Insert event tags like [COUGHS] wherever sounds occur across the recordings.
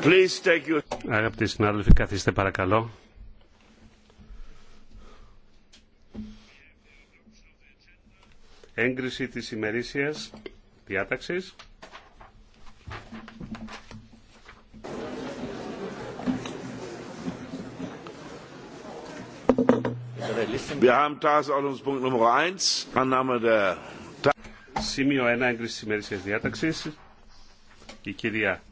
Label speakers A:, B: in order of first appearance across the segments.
A: Please take your... Αγαπητοί συνάδελφοι, καθίστε παρακαλώ. Έγκριση της ημερήσιας διάταξης. Wir haben Tagesordnungspunkt Nummer 1, Annahme der Σημείο 1 έγκριση τη ημερήσια διάταξη. Η κυρία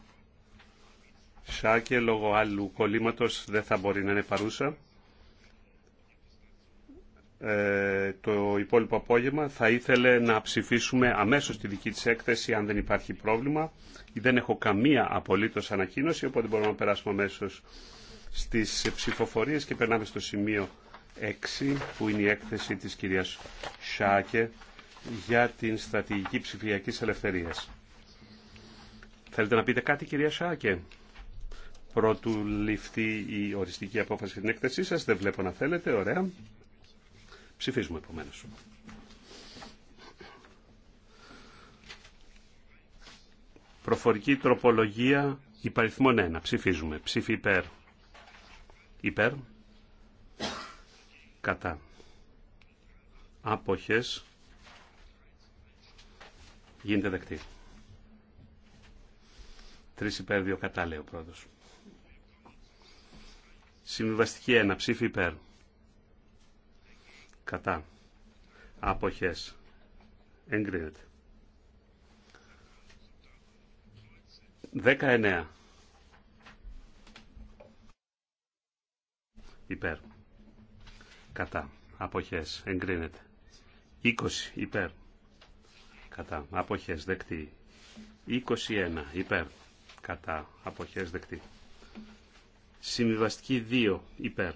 A: Σάκε λόγω άλλου κολλήματο δεν θα μπορεί να είναι παρούσα. Ε, το υπόλοιπο απόγευμα θα ήθελε να ψηφίσουμε αμέσως τη δική της έκθεση αν δεν υπάρχει πρόβλημα. Δεν έχω καμία απολύτως ανακοίνωση, οπότε μπορούμε να περάσουμε αμέσως στις ψηφοφορίες και περνάμε στο σημείο 6 που είναι η έκθεση της κυρίας Σάκε για την στρατηγική ψηφιακής ελευθερίας. Θέλετε να πείτε κάτι κυρία Σάκε. Πρώτου ληφθεί η οριστική απόφαση για έκθεσή σα. Δεν βλέπω να θέλετε. Ωραία. Ψηφίζουμε επομένω. Προφορική τροπολογία υπαριθμών 1. Ψηφίζουμε. Ψήφι υπέρ. Υπέρ. Κατά. Άποχες. Γίνεται δεκτή. Τρεις υπέρ, δύο κατά, λέει ο πρώτος. Συμβιβαστική 1. Ψήφι υπέρ. Κατά. Αποχές. Εγκρίνεται. εννέα. Υπέρ. Κατά. Αποχές. Εγκρίνεται. 20. Υπέρ κατά αποχές δεκτή 21 υπέρ κατά αποχές δεκτή συμβιβαστική 2 υπέρ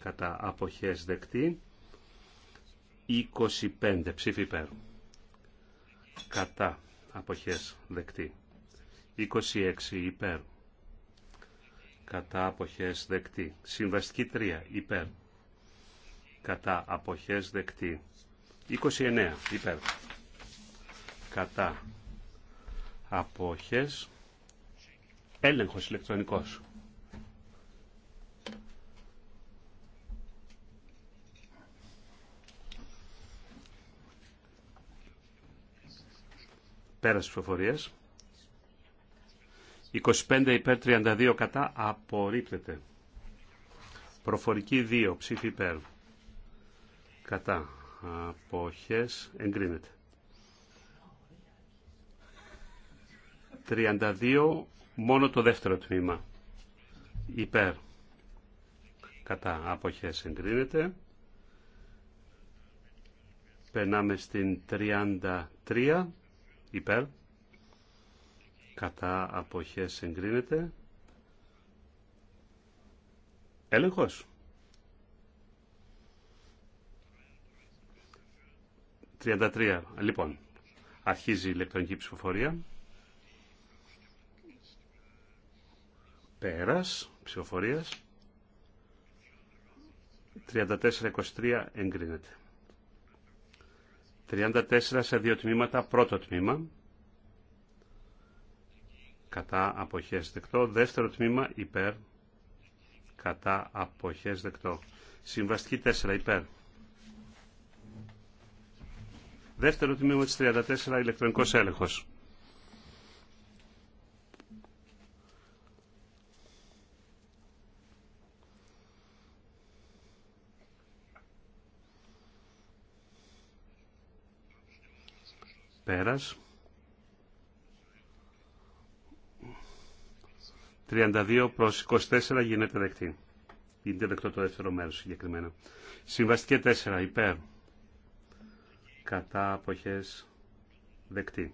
A: κατά αποχές δεκτή 25 ψήφι υπέρ κατά αποχές δεκτή 26 υπέρ κατά αποχές δεκτή συμβαστική 3 υπέρ κατά αποχές δεκτή 29 υπέρ κατά αποχές έλεγχος ηλεκτρονικός πέρας προφορίες, 25 υπέρ 32 κατά απορρίπτεται. Προφορική 2 ψήφι υπέρ. Κατά αποχές εγκρίνεται. 32 μόνο το δεύτερο τμήμα. Υπέρ. Κατά αποχές εγκρίνεται. Περνάμε στην 33. Υπέρ. Κατά αποχές εγκρίνεται. Έλεγχος. 33. Λοιπόν, αρχίζει η ηλεκτρονική ψηφοφορία. Πέρας ψηφοφορίας. 34-23 εγκρίνεται. 34 σε δύο τμήματα, πρώτο τμήμα. Κατά αποχές δεκτό. Δεύτερο τμήμα υπέρ. Κατά αποχές δεκτό. Συμβαστική 4 υπέρ. Δεύτερο τμήμα της 34 ηλεκτρονικός έλεγχος. Πέρας. 32 προς 24 γίνεται δεκτή. Γίνεται δεκτό το δεύτερο μέρος συγκεκριμένα. Συμβαστική 4 υπέρ. Κατά αποχές δεκτή.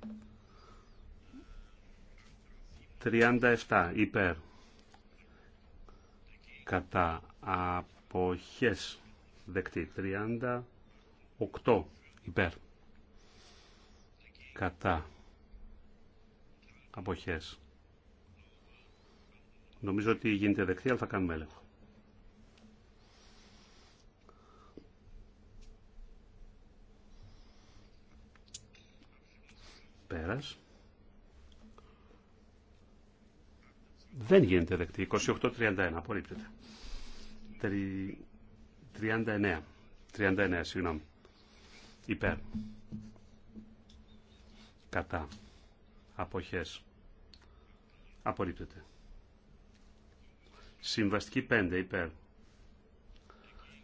A: 37 υπέρ. Κατά αποχές δεκτή. 38 υπέρ κατά αποχές. Νομίζω ότι γίνεται δεκτή, αλλά θα κάνουμε έλεγχο. Πέρας. Δεν γίνεται δεκτή. 28-31. Απορρίπτεται. 39. 39, συγγνώμη. Υπέρ κατά αποχές απορρίπτεται. Συμβαστική 5 υπέρ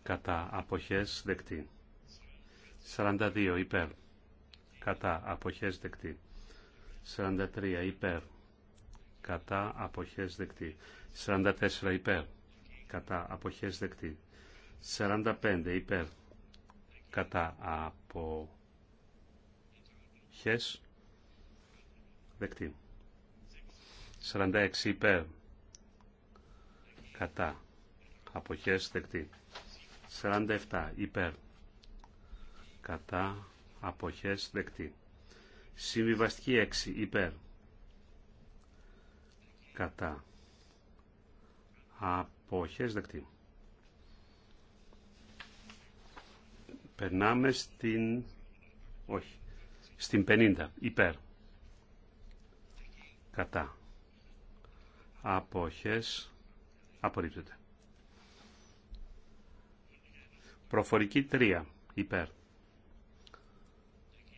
A: κατά αποχές δεκτή. 42 υπέρ κατά αποχές δεκτή. 43 υπέρ κατά αποχές δεκτή. 44 υπέρ κατά αποχές δεκτή. 45 υπέρ κατά αποχές Δεκτή. 46 υπέρ. Κατά. Αποχές δεκτή. 47 υπέρ. Κατά. Αποχές δεκτή. Συμβιβαστική 6 υπέρ. Κατά. Αποχές δεκτή. Περνάμε στην... Όχι. Στην 50 υπέρ κατά αποχές απορρίπτεται. Προφορική 3 υπέρ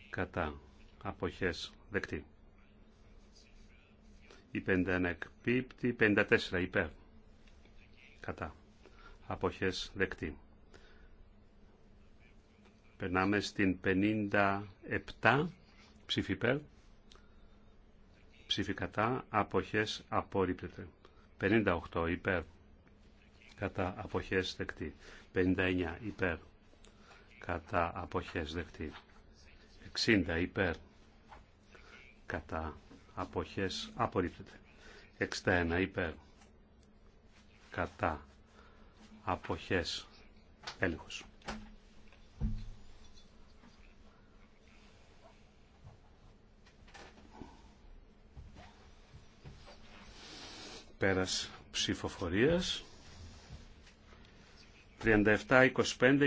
A: κατά αποχές δεκτή. Η 51 εκπίπτει, 54 υπέρ κατά αποχές δεκτή. Περνάμε στην 57 ψήφι υπέρ ψήφι κατά, αποχές απορρίπτεται. 58 υπέρ, κατά αποχές δεκτή. 59 υπέρ, κατά αποχές δεκτή. 60 υπέρ, κατά αποχές απορρίπτεται. 61 υπέρ, κατά αποχές έλεγχος. πέρας ψηφοφορίας. 37-25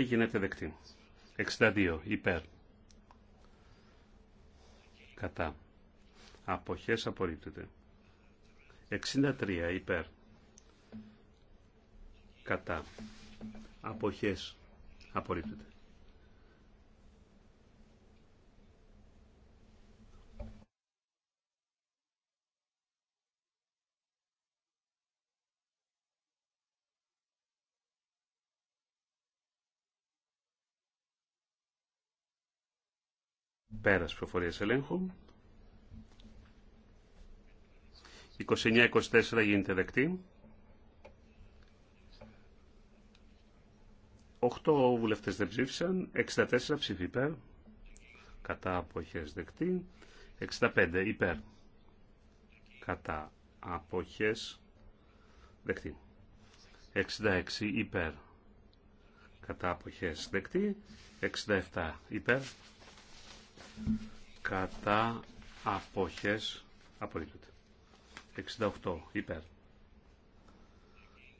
A: γίνεται δεκτή. 62 υπέρ. Κατά. Αποχές απορρίπτεται. 63 υπέρ. Κατά. Αποχές απορρίπτεται. περας προφορια προφορίας ελέγχου. 29-24 γίνεται δεκτή. 8 βουλευτές δεν ψήφισαν. 64 ψήφι υπέρ. Κατά αποχές δεκτή. 65 υπέρ. Κατά αποχές δεκτή. 66 υπέρ. Κατά αποχές δεκτή. 67 υπέρ κατά αποχές απορρίπτεται. 68 υπέρ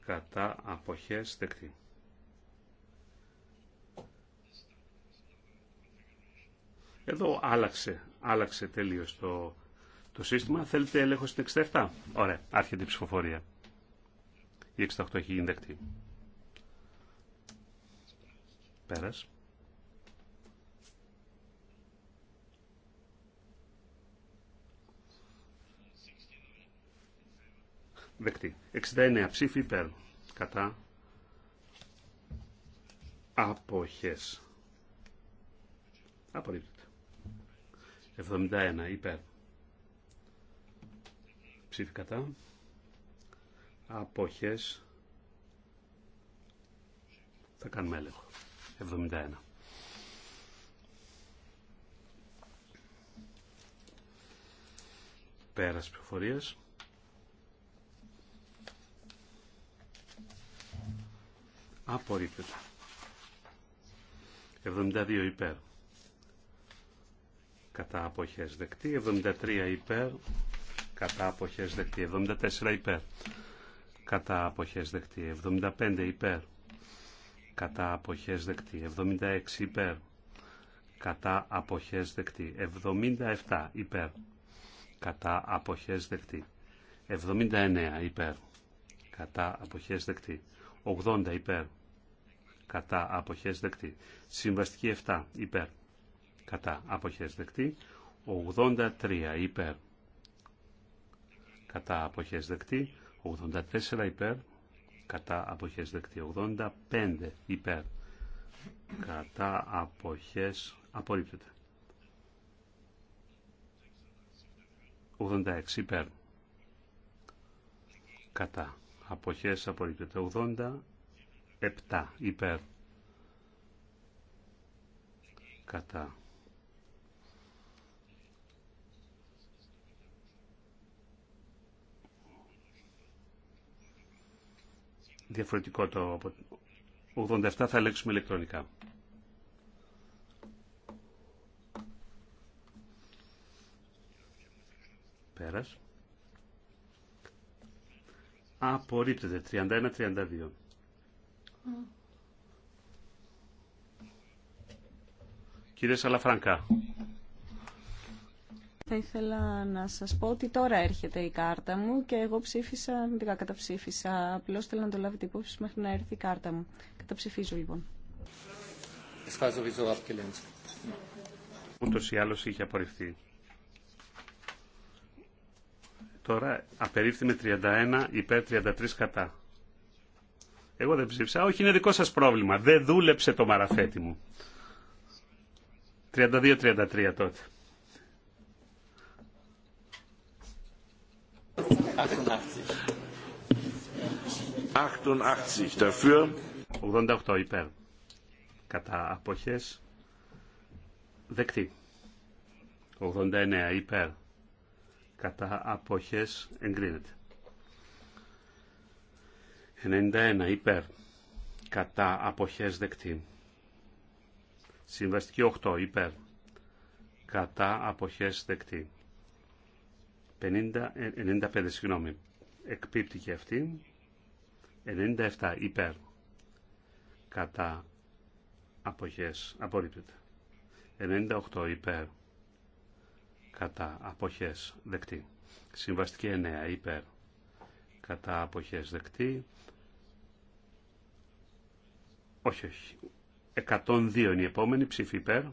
A: κατά αποχές δεκτή. Εδώ άλλαξε, άλλαξε τελείως το, το σύστημα. Θέλετε έλεγχο στην 67. Ωραία, άρχεται η ψηφοφορία. Η 68 έχει γίνει δεκτή. Πέρας. Δεκτή. 69 ψήφι υπέρ. Κατά. Αποχές. Απορρίπτεται. 71 υπέρ. Ψήφι κατά. Αποχές. Θα κάνουμε έλεγχο. 71. Πέρας πληροφορίας. Απορρίπτεται. 72 υπέρ. Κατά αποχές δεκτή. 73 υπέρ. Κατά αποχές δεκτή. 74 υπέρ. Κατά αποχές δεκτή. 75 υπέρ. Κατά αποχές δεκτή. 76 υπέρ. Κατά αποχές δεκτή. 77 υπέρ. Κατά αποχές δεκτή. 79 υπέρ. Κατά αποχές δεκτή. 80 υπέρ κατά αποχές δεκτή. Συμβαστική 7 υπέρ κατά αποχές δεκτή. 83 υπέρ κατά αποχές δεκτή. 84 υπέρ κατά αποχές δεκτή. 85 υπέρ κατά αποχές απορρίπτεται. 86 υπέρ κατά αποχές απορρίπτεται 87 υπέρ κατά διαφορετικό το 87 θα ελέγξουμε ηλεκτρονικά πέρας Απορρίπτεται. 31-32. Κύριε Σαλαφρανκά.
B: Θα ήθελα να σας πω ότι τώρα έρχεται η κάρτα μου και εγώ ψήφισα, δεν καταψήφισα, απλώς θέλω να το λάβετε υπόψη μέχρι να έρθει η κάρτα μου. Καταψηφίζω λοιπόν.
A: Ούτως ή άλλως είχε απορριφθεί. Τώρα απερίφθη με 31 υπέρ 33 κατά. Εγώ δεν ψήφισα. Όχι, είναι δικό σας πρόβλημα. Δεν δούλεψε το μαραφέτη μου. 32-33 τότε. dafür. 88 υπέρ. Κατά αποχές. Δεκτή. 89 υπέρ κατά αποχές εγκρίνεται. 91 υπέρ κατά αποχές δεκτή. Συμβαστική 8 υπέρ κατά αποχές δεκτή. 50, 95 ε, συγγνώμη. Εκπίπτει και αυτή. 97 υπέρ κατά αποχές απορρίπτεται. 98 υπέρ κατά αποχές δεκτή. Συμβαστική 9 υπέρ κατά αποχές δεκτή. Όχι, όχι. 102 είναι η επόμενη ψήφι υπέρ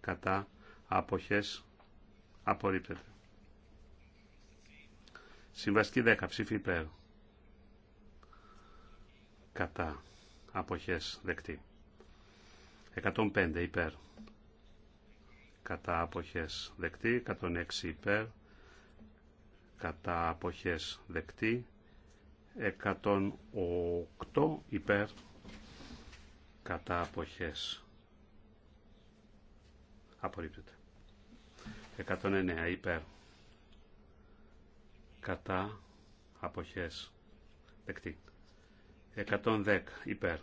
A: κατά αποχές απορρίπτεται. Συμβαστική 10 ψήφι υπέρ κατά αποχές δεκτή. 105 υπέρ κατά αποχές δεκτή, 106 υπέρ, κατά αποχές δεκτή, 108 υπέρ, κατά αποχές απορρίπτεται. 109 υπέρ, κατά αποχές δεκτή. 110 υπέρ,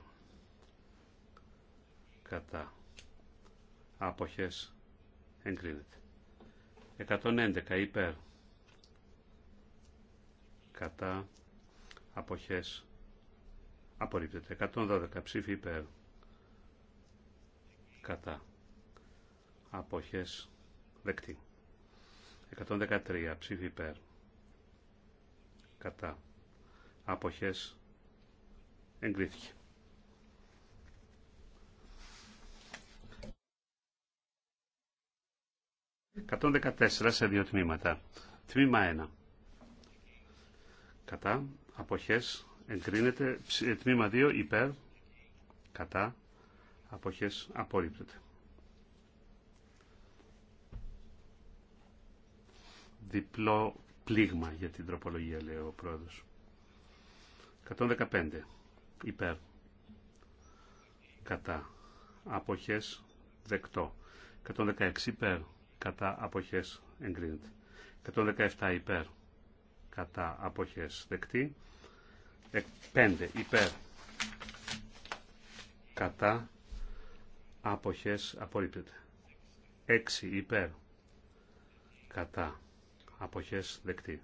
A: κατά αποχές εγκρίνεται. 111 υπέρ κατά αποχές απορρίπτεται. 112 ψήφι υπέρ κατά αποχές δεκτή. 113 ψήφι υπέρ κατά αποχές εγκρίθηκε. 114 σε δύο τμήματα. Τμήμα 1. Κατά. Αποχές. Εγκρίνεται. Ε, τμήμα 2. Υπέρ. Κατά. Αποχές. Απορρίπτεται. Διπλό Πλήγμα για την τροπολογία λέει ο πρόεδρος. 115. Υπέρ. Κατά. Αποχές. Δεκτό. 116. Υπέρ κατά αποχές εγκρίνεται. 117 υπέρ κατά αποχές δεκτή. 5 υπέρ κατά αποχές απορρίπτεται. 6 υπέρ κατά αποχές δεκτή.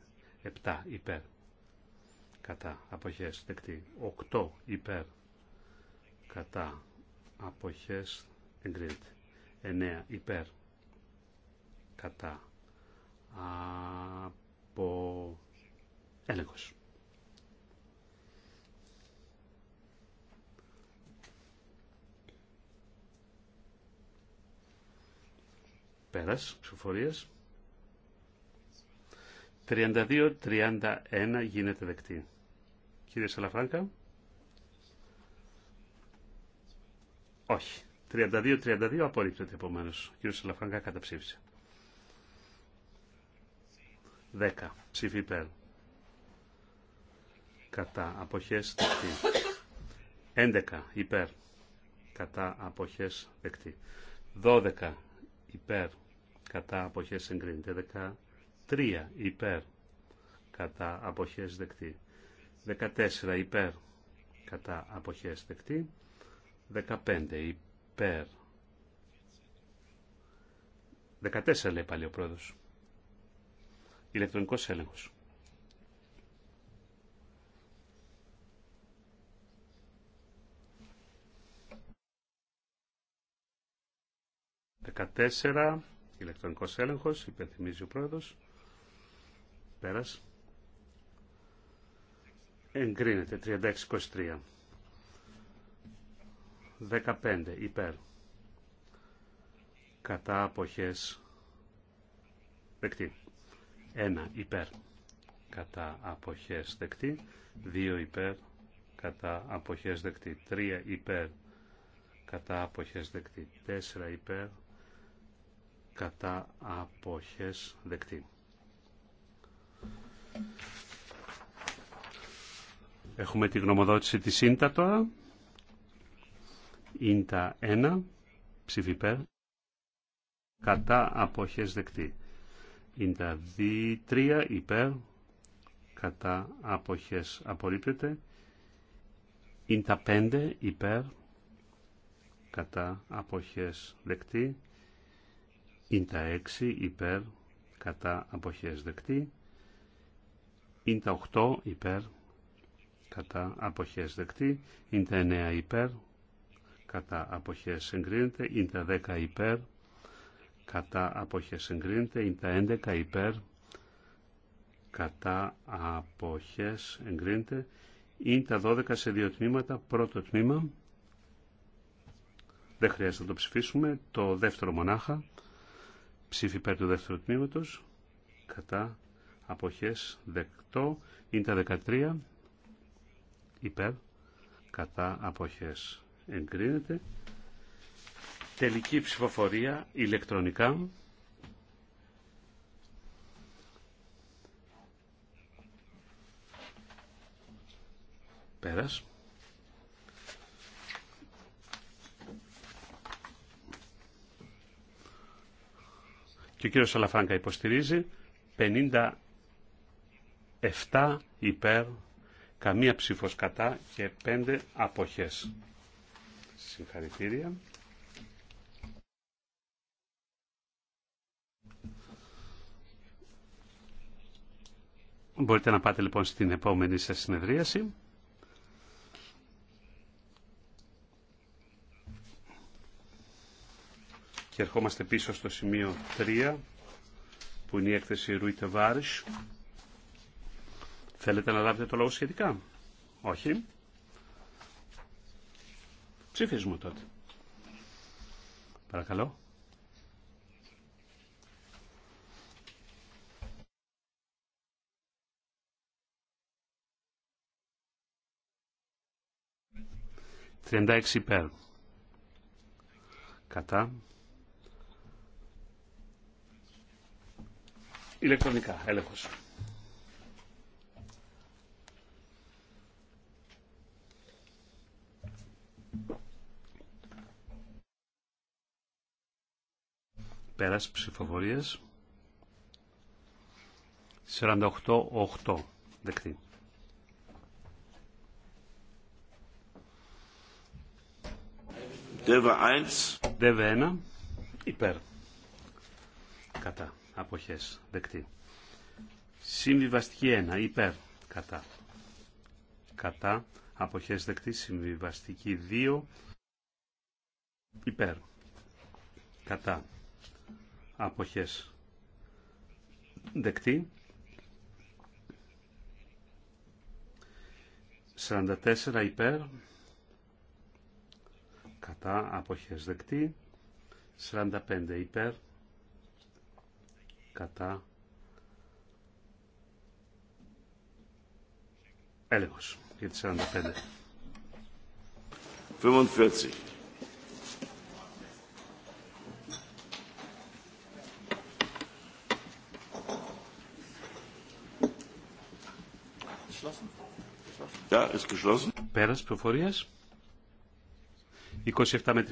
A: 7 υπέρ κατά αποχές δεκτή. 8 υπέρ κατά αποχές εγκρίνεται. 9 υπέρ κατά από έλεγχος. Πέρας ψηφοφορίας. 32-31 γίνεται δεκτή. Κύριε Σαλαφράγκα. Όχι. 32-32 απορρίπτεται επομένω. επομένως. Σαλαφράγκα καταψήφισε. 10. Ψήφι υπέρ. Κατά αποχές δεκτή. 11. Υπέρ. Κατά αποχές δεκτή. 12. Υπέρ. Κατά αποχές εγκρίνεται. 13. Υπέρ. Κατά αποχές δεκτή. 14. Υπέρ. Κατά αποχές δεκτή. 15. Υπέρ. 14 λέει πάλι ο πρόεδρος. Ηλεκτρονικός έλεγχος. Δεκατέσσερα, ηλεκτρονικός έλεγχος, υπενθυμίζει ο πρόεδρος. Πέρας. Εγκρίνεται, 36-23. 15 υπέρ κατά αποχές δεκτή 1 υπέρ κατά αποχές δεκτή, 2 υπέρ κατά αποχές δεκτή, 3 υπέρ κατά αποχές δεκτή, 4 υπέρ κατά αποχές δεκτή. Έχουμε τη γνωμοδότηση της ίντα τώρα. Ίντα 1, ψηφιπέρ, κατά αποχές δεκτή. 53 3 υπέρ κατά αποχές απορρίπτεται. 5 υπέρ κατά αποχές δεκτή. 56 υπέρ κατά αποχές δεκτή. 8 υπέρ κατά αποχές δεκτή. 59 υπέρ κατά αποχές εγκρίνεται. 10 υπέρ κατά αποχές εγκρίνεται, τα 11 υπέρ κατά αποχές εγκρίνεται, είναι τα 12 σε δύο τμήματα, πρώτο τμήμα, δεν χρειάζεται να το ψηφίσουμε, το δεύτερο μονάχα, ψήφι υπέρ του δεύτερου τμήματος, κατά αποχές δεκτό, είναι τα 13 υπέρ κατά αποχές εγκρίνεται, Τελική ψηφοφορία ηλεκτρονικά. Πέρας. Και ο κύριος Σαλαφράγκα υποστηρίζει 57 υπέρ, καμία ψήφος κατά και 5 αποχές. Συγχαρητήρια. Μπορείτε να πάτε λοιπόν στην επόμενη σας συνεδρίαση. Και ερχόμαστε πίσω στο σημείο 3, που είναι η έκθεση Ρουίτε Βάρισ. Θέλετε να λάβετε το λόγο σχετικά. Όχι. Ψήφισμα τότε. Παρακαλώ. 36 υπέρ. Κατά. Ηλεκτρονικά, έλεγχος. Πέρας ψηφοφορίας. 48-8 δεκτή. ΔΕΒΕ 1. 1. Υπέρ. Κατά. Αποχές. Δεκτή. Συμβιβαστική 1. Υπέρ. Κατά. Κατά. Αποχές δεκτή. Συμβιβαστική 2. Υπέρ. Κατά. Αποχές δεκτή. 44 υπέρ κατά αποχές δεκτή 45 υπέρ κατά έλεγχος για τις 45 45 Ja, ist geschlossen. Πέρας προφορίας. 27 με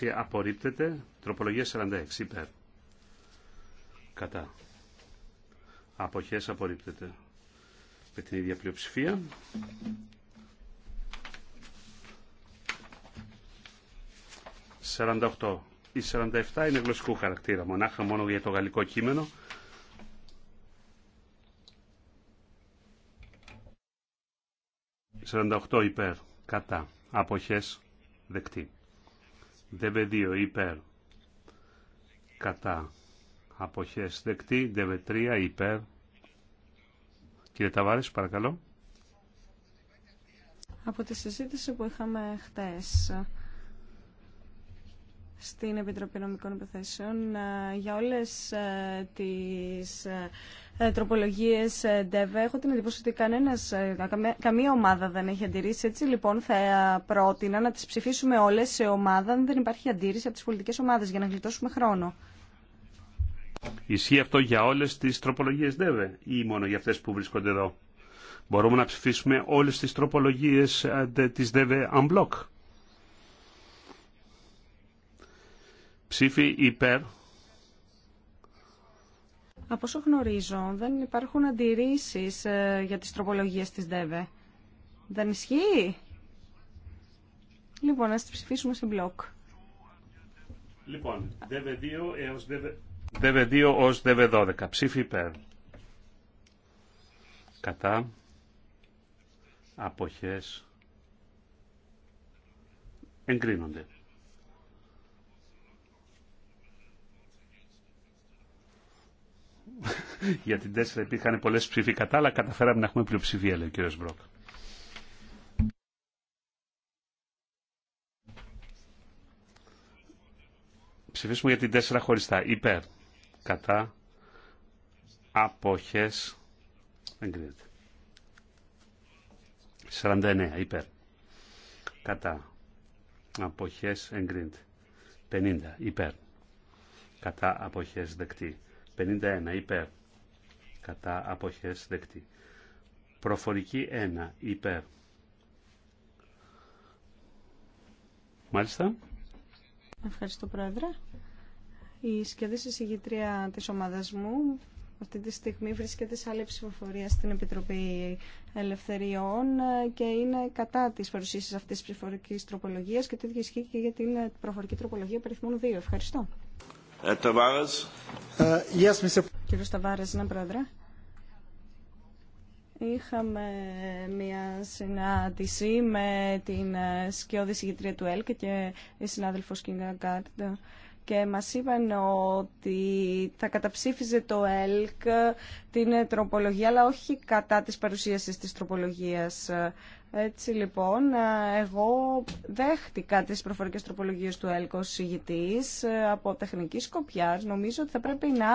A: 36 απορρίπτεται. Τροπολογία 46 υπέρ. Κατά. Αποχές απορρίπτεται. Με την ίδια πλειοψηφία. ...48. Η 47 είναι γλωσσικού χαρακτήρα, μονάχα μόνο για το γαλλικό κείμενο. ...48 υπέρ, κατά, αποχές, δεκτη DB2 υπέρ κατά αποχές δεκτή. DB3 υπέρ. Κύριε Ταβάρη, παρακαλώ.
B: Από τη συζήτηση που είχαμε χτες, στην Επιτροπή Νομικών Επιθέσεων ε, για όλες ε, τις ε, τροπολογίες ΔΕΒΕ. Έχω την εντύπωση ότι κανένας, καμία ομάδα δεν έχει αντιρρήσει. Έτσι λοιπόν θα πρότεινα να τις ψηφίσουμε όλες σε ομάδα αν δεν υπάρχει αντίρρηση από τις πολιτικές ομάδες για να γλιτώσουμε χρόνο.
A: Ισχύει αυτό για όλες τις τροπολογίες ΔΕΒΕ ή μόνο για αυτές που βρίσκονται εδώ. Μπορούμε να ψηφίσουμε όλες τις τροπολογίες της ΔΕΒΕ unblock. Ψήφι υπέρ. Από
B: όσο γνωρίζω, δεν υπάρχουν αντιρρήσεις ε, για τις τροπολογίες της ΔΕΒΕ. Δεν ισχύει. Λοιπόν, ας ψηφίσουμε σε μπλοκ.
A: Λοιπόν, ΔΕΒΕ 2 έως ΔΕΒΕ... 2 ΔΕΒΕ 12. Ψήφι υπέρ. Κατά. Αποχές. Εγκρίνονται. [LAUGHS] Για την 4 υπήρχαν πολλέ ψήφοι κατά, αλλά καταφέραμε να έχουμε πλειοψηφία, λέει ο κύριο Μπροκ. Ψηφίσουμε για την 4 χωριστά. Υπέρ. Κατά. Αποχές. Εγκρίνεται. 49. Υπέρ. Κατά. απόχέ Εγκρίνεται. 50. Υπέρ. Κατά. Αποχές. Δεκτή. 51 υπέρ κατά αποχές δεκτή. Προφορική 1 υπέρ. Μάλιστα.
B: Ευχαριστώ Πρόεδρε. Η σχεδίση εισηγητρία της ομάδας μου αυτή τη στιγμή βρίσκεται σε άλλη ψηφοφορία στην Επιτροπή Ελευθεριών και είναι κατά τη παρουσίαση αυτή τη ψηφοφορική τροπολογία και το ίδιο ισχύει και για την προφορική τροπολογία περιθμών 2. Ευχαριστώ. Κύριε Σταβάρες, ε, ναι, πρόεδρε. Είχαμε μια συνάντηση με την ε, σκιώδη συγκεκριά του ΕΛΚ και η συνάδελφος Κίνγκα Γκάρντ και μας είπαν ότι θα καταψήφιζε το ΕΛΚ την τροπολογία αλλά όχι κατά της παρουσίασης της τροπολογίας. Έτσι λοιπόν, ε, εγώ δέχτηκα τις προφορικές τροπολογίες του ΕΛΚΟ συγητής ε, από τεχνική σκοπιά. Νομίζω ότι θα πρέπει να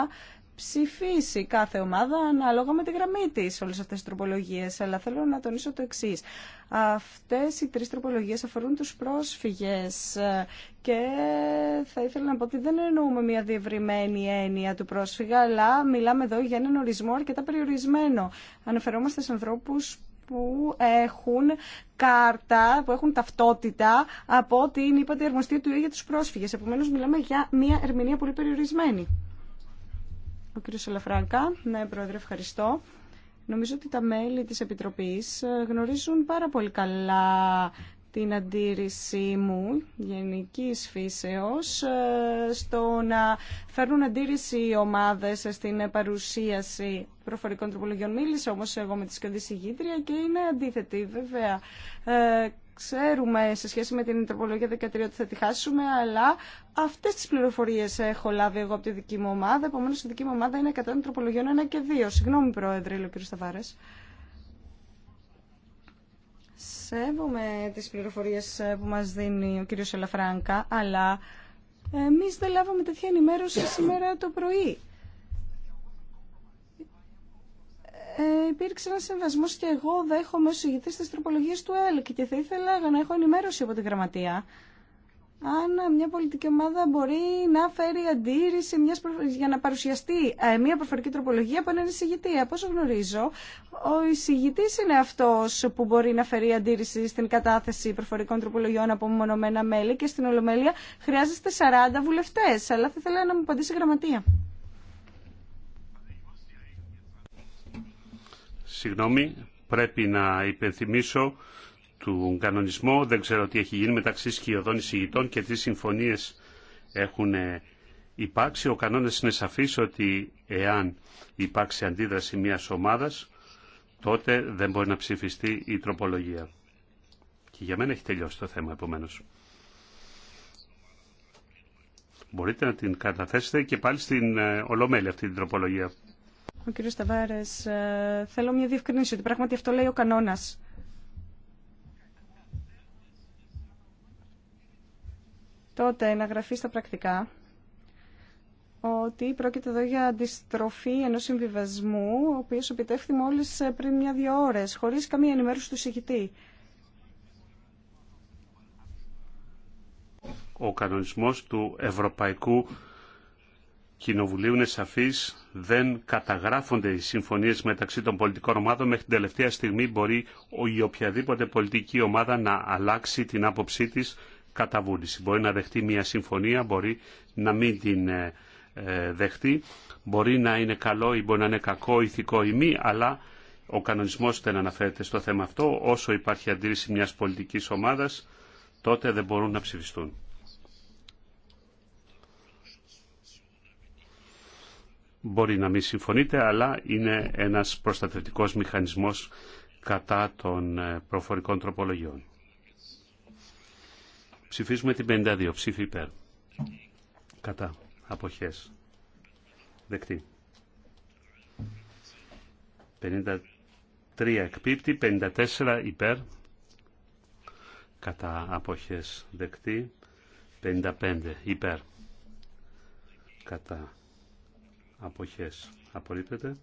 B: ψηφίσει κάθε ομάδα ανάλογα με τη γραμμή τη όλε αυτέ τι τροπολογίε. Αλλά θέλω να τονίσω το εξή. Αυτέ οι τρει τροπολογίε αφορούν του πρόσφυγε. Ε, και θα ήθελα να πω ότι δεν εννοούμε μια διευρυμένη έννοια του πρόσφυγα, αλλά μιλάμε εδώ για έναν ορισμό αρκετά περιορισμένο. Αναφερόμαστε σε ανθρώπου που έχουν κάρτα, που έχουν ταυτότητα από την είπατε του ΙΕ για τους πρόσφυγες. Επομένως μιλάμε για μια ερμηνεία πολύ περιορισμένη. Ο κύριος Σαλαφράγκα. Ναι, Πρόεδρε, ευχαριστώ. Νομίζω ότι τα μέλη της Επιτροπής γνωρίζουν πάρα πολύ καλά την αντίρρησή μου γενική φύσεως ε, στο να φέρνουν αντίρρηση οι ομάδες στην παρουσίαση προφορικών τροπολογιών. Μίλησα όμως εγώ με τη σκοντή συγγήτρια και είναι αντίθετη βέβαια. Ε, ξέρουμε σε σχέση με την τροπολογία 13 ότι θα τη χάσουμε, αλλά αυτές τις πληροφορίες έχω λάβει εγώ από τη δική μου ομάδα. Επομένως, η δική μου ομάδα είναι κατά τροπολογιών 1 και 2. Συγγνώμη, Πρόεδρε, λέει ο κ. Σταβάρες. Σέβομαι τις πληροφορίες ε, που μας δίνει ο κύριος Ελαφράνκα, αλλά εμείς δεν λάβαμε τέτοια ενημέρωση σήμερα το πρωί. Ε, υπήρξε ένα συμβασμό και εγώ δέχομαι ως ηγητής της τροπολογίας του ΕΛΚ και θα ήθελα να έχω ενημέρωση από τη γραμματεία αν μια πολιτική ομάδα μπορεί να φέρει αντίρρηση μιας για να παρουσιαστεί ε, μια προφορική τροπολογία από έναν εισηγητή. Από όσο γνωρίζω, ο εισηγητή είναι αυτό που μπορεί να φέρει αντίρρηση στην κατάθεση προφορικών τροπολογιών από μονομένα μέλη και στην Ολομέλεια χρειάζεστε 40 βουλευτέ. Αλλά θα ήθελα να μου απαντήσει η γραμματεία.
A: Συγγνώμη, πρέπει να υπενθυμίσω του κανονισμού. Δεν ξέρω τι έχει γίνει μεταξύ σκιωδών εισηγητών και τι συμφωνίες έχουν ε, υπάρξει. Ο κανόνας είναι σαφής ότι εάν υπάρξει αντίδραση μιας ομάδας, τότε δεν μπορεί να ψηφιστεί η τροπολογία. Και για μένα έχει τελειώσει το θέμα επομένω. Μπορείτε να την καταθέσετε και πάλι στην ε, Ολομέλη αυτή την τροπολογία.
B: Ο κύριος Σταβάρες, ε, θέλω μια διευκρινήση ότι πράγματι αυτό λέει ο κανόνας. τότε να γραφεί στα πρακτικά ότι πρόκειται εδώ για αντιστροφή ενός συμβιβασμού, ο οποίος επιτεύχθη μόλις ε, πριν μια-δυο ώρες, χωρίς καμία ενημέρωση του συγκητή.
A: Ο κανονισμός του Ευρωπαϊκού Κοινοβουλίου είναι σαφής, δεν καταγράφονται οι συμφωνίες μεταξύ των πολιτικών ομάδων. Μέχρι την τελευταία στιγμή μπορεί η οποιαδήποτε πολιτική ομάδα να αλλάξει την άποψή της κατά Μπορεί να δεχτεί μια συμφωνία, μπορεί να μην την ε, ε, δεχτεί, μπορεί να είναι καλό ή μπορεί να είναι κακό, ηθικό ή μη, αλλά ο κανονισμός δεν αναφέρεται στο θέμα αυτό. Όσο υπάρχει αντίρρηση μιας πολιτικής ομάδας, τότε δεν μπορούν να ψηφιστούν. Μπορεί να μην συμφωνείτε, αλλά είναι ένας προστατευτικός μηχανισμός κατά των ε, προφορικών τροπολογιών. Ψηφίζουμε την 52. Ψήφι υπέρ. Κατά. Αποχές. Δεκτή. 53 εκπίπτει. 54 υπέρ. Κατά. Αποχές. Δεκτή. 55 υπέρ. Κατά. Αποχές. Απορρίπτεται.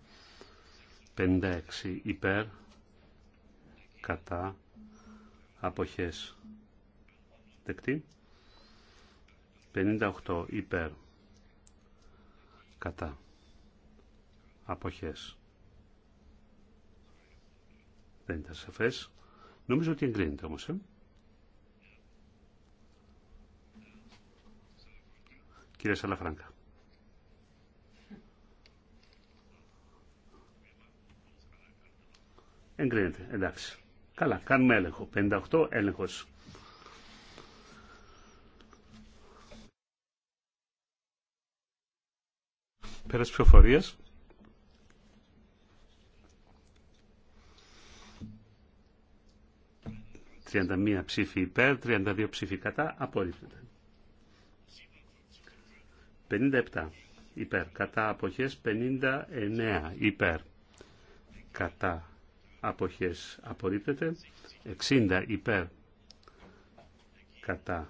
A: 56 υπέρ. Κατά. Αποχές δεκτή. 58 υπέρ κατά αποχές δεν ήταν σαφές νομίζω ότι εγκρίνεται όμως ε? κύριε Σαλαφράγκα εγκρίνεται εντάξει καλά κάνουμε έλεγχο 58 έλεγχος περισσότερες ψηφοφορίας. ...31 ψήφοι υπέρ, 32 ψήφοι κατά, απορρίπτεται. 57 υπέρ, κατά αποχές 59 υπέρ, κατά αποχές απορρίπτεται, 60 υπέρ, κατά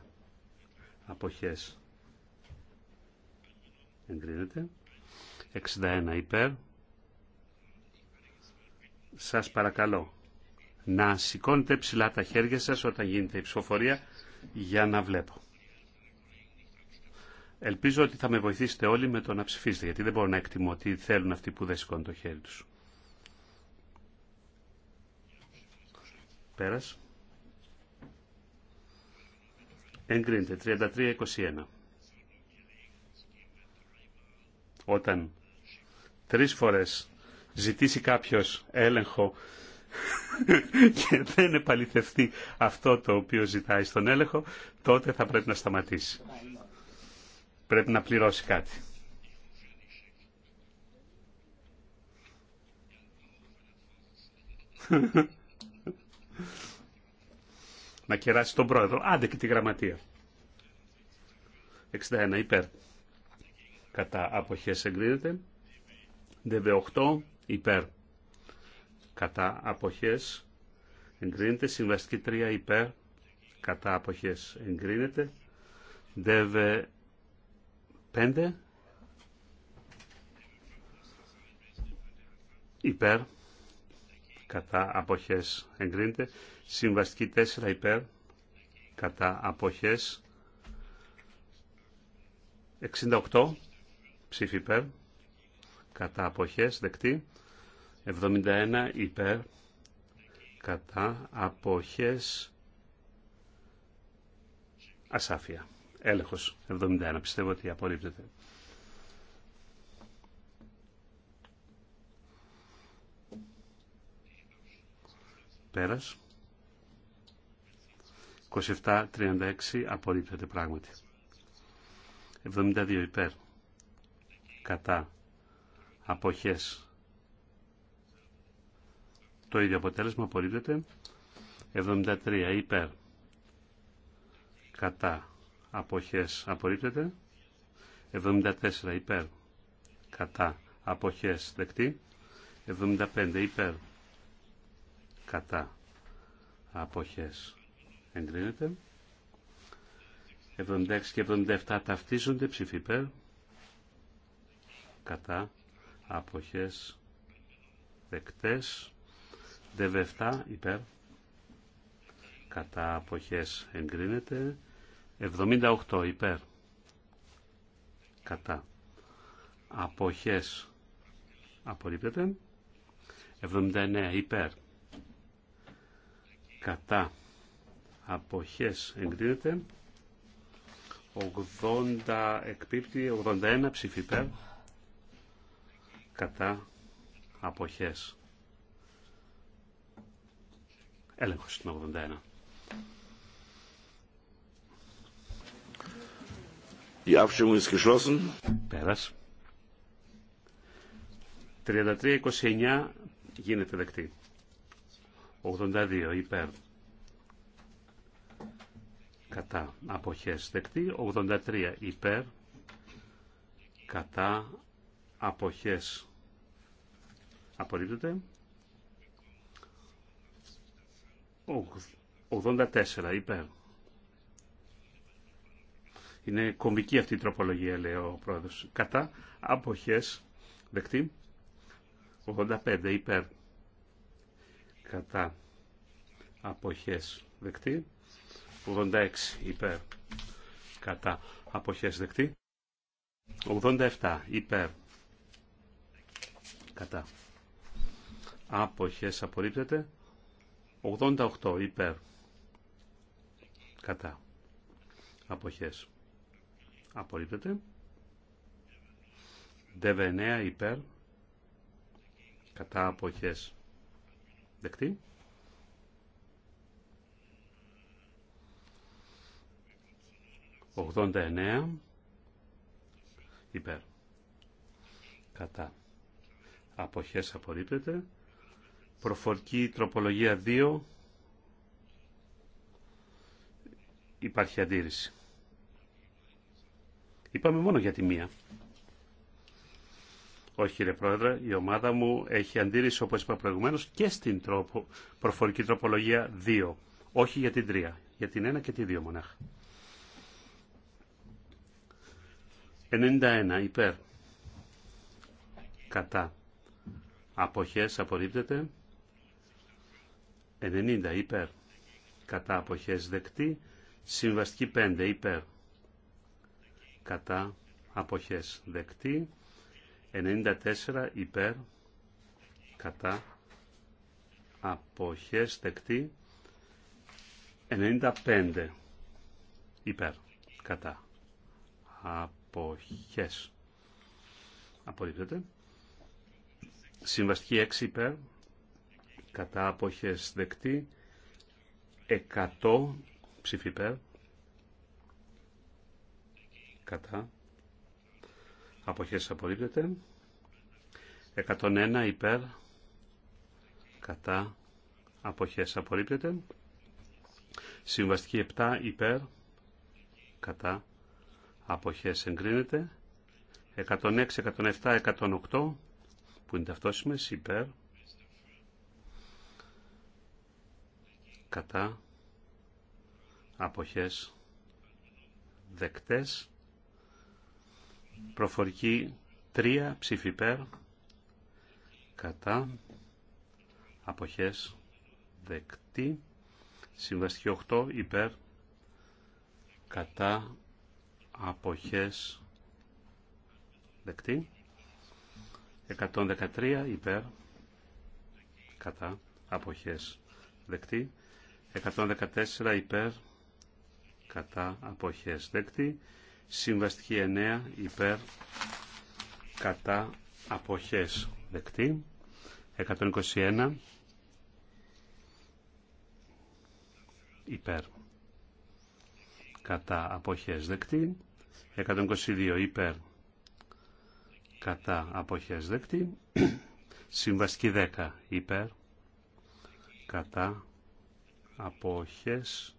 A: αποχές εγκρίνεται. 61 υπέρ. Σας παρακαλώ να σηκώνετε ψηλά τα χέρια σας όταν γίνεται η ψηφοφορία για να βλέπω. Ελπίζω ότι θα με βοηθήσετε όλοι με το να ψηφίσετε, γιατί δεν μπορώ να εκτιμώ τι θέλουν αυτοί που δεν σηκώνουν το χέρι τους. Πέρας. Εγκρίνεται 33-21. Όταν τρεις φορές ζητήσει κάποιος έλεγχο [LAUGHS] και δεν επαληθευτεί αυτό το οποίο ζητάει στον έλεγχο, τότε θα πρέπει να σταματήσει. Πρέπει να πληρώσει κάτι. [LAUGHS] να κεράσει τον πρόεδρο. Άντε και τη γραμματεία. 61 υπέρ. Κατά αποχές εγκρίνεται δβ 8 υπέρ κατά αποχές εγκρίνεται. Συμβαστική 3 υπέρ κατά αποχές εγκρίνεται. DV5 υπέρ κατά αποχές εγκρίνεται. Συμβαστική 4 υπέρ κατά αποχές 68 ψήφι υπέρ κατά αποχές δεκτή 71 υπέρ κατά αποχές ασάφεια έλεγχος 71 πιστεύω ότι απορρίπτεται πέρας 27-36 απορρίπτεται πράγματι 72 υπέρ κατά αποχές. Το ίδιο αποτέλεσμα απορρίπτεται. 73 υπέρ κατά αποχές απορρίπτεται. 74 υπέρ κατά αποχές δεκτή. 75 υπέρ κατά αποχές εγκρίνεται. 76 και 77 ταυτίζονται ψηφί υπέρ κατά αποχές δεκτές δεβεφτά υπέρ κατά αποχές εγκρίνεται 78 υπέρ κατά αποχές απορρίπτεται 79 υπέρ κατά αποχές εγκρίνεται 80 εκπίπτει 81 ψηφι κατά αποχές. Έλεγχος στην 81. Η Abstimmung ist 33 33-29 γίνεται δεκτή. 82 υπέρ. Κατά αποχές δεκτή. 83 υπέρ. Κατά αποχές απορρίπτεται 84 υπέρ είναι κομική αυτή η τροπολογία λέει ο πρόεδρος κατά αποχές δεκτή 85 υπέρ κατά αποχές δεκτή 86 υπέρ κατά αποχές δεκτή 87 υπέρ κατά άποχες απορρίπτεται 88 υπέρ κατά αποχές απορρίπτεται ΔΕΒΕΝΕΑ υπέρ κατά αποχές δεκτή ...89 υπέρ κατά αποχές απορρίπτεται. Προφορική τροπολογία 2 υπάρχει αντίρρηση. Είπαμε μόνο για τη μία. Όχι κύριε Πρόεδρε, η ομάδα μου έχει αντίρρηση όπως είπα προηγουμένως και στην τρόπο, προφορική τροπολογία 2. Όχι για την 3, για την 1 και τη 2 μονάχα. 91 υπέρ. Κατά αποχές απορρίπτεται 90 υπέρ κατά αποχές δεκτή συμβαστική 5 υπέρ κατά αποχές δεκτή 94 υπέρ κατά αποχές δεκτή 95 υπέρ κατά αποχές απορρίπτεται Συμβαστική 6 υπέρ, κατά αποχές δεκτή, 100 ψήφι υπέρ, κατά αποχές απορρίπτεται, 101 υπέρ, κατά αποχές απορρίπτεται, συμβαστική 7 υπέρ, κατά αποχές εγκρίνεται, 106, 107, 108, που είναι ταυτόσιμες υπέρ κατά αποχές δεκτές προφορική 3 ψήφι υπέρ κατά αποχές δεκτή συμβαστική 8 υπέρ κατά αποχές δεκτή 113 υπέρ κατά αποχές δεκτή 114 υπέρ κατά αποχές δεκτή συμβαστική 9 υπέρ κατά αποχές δεκτή 121 υπέρ κατά αποχές δεκτή 122 υπέρ κατά αποχές δεκτή. [CLEARS THROAT] Συμβαστική 10 υπέρ κατά αποχές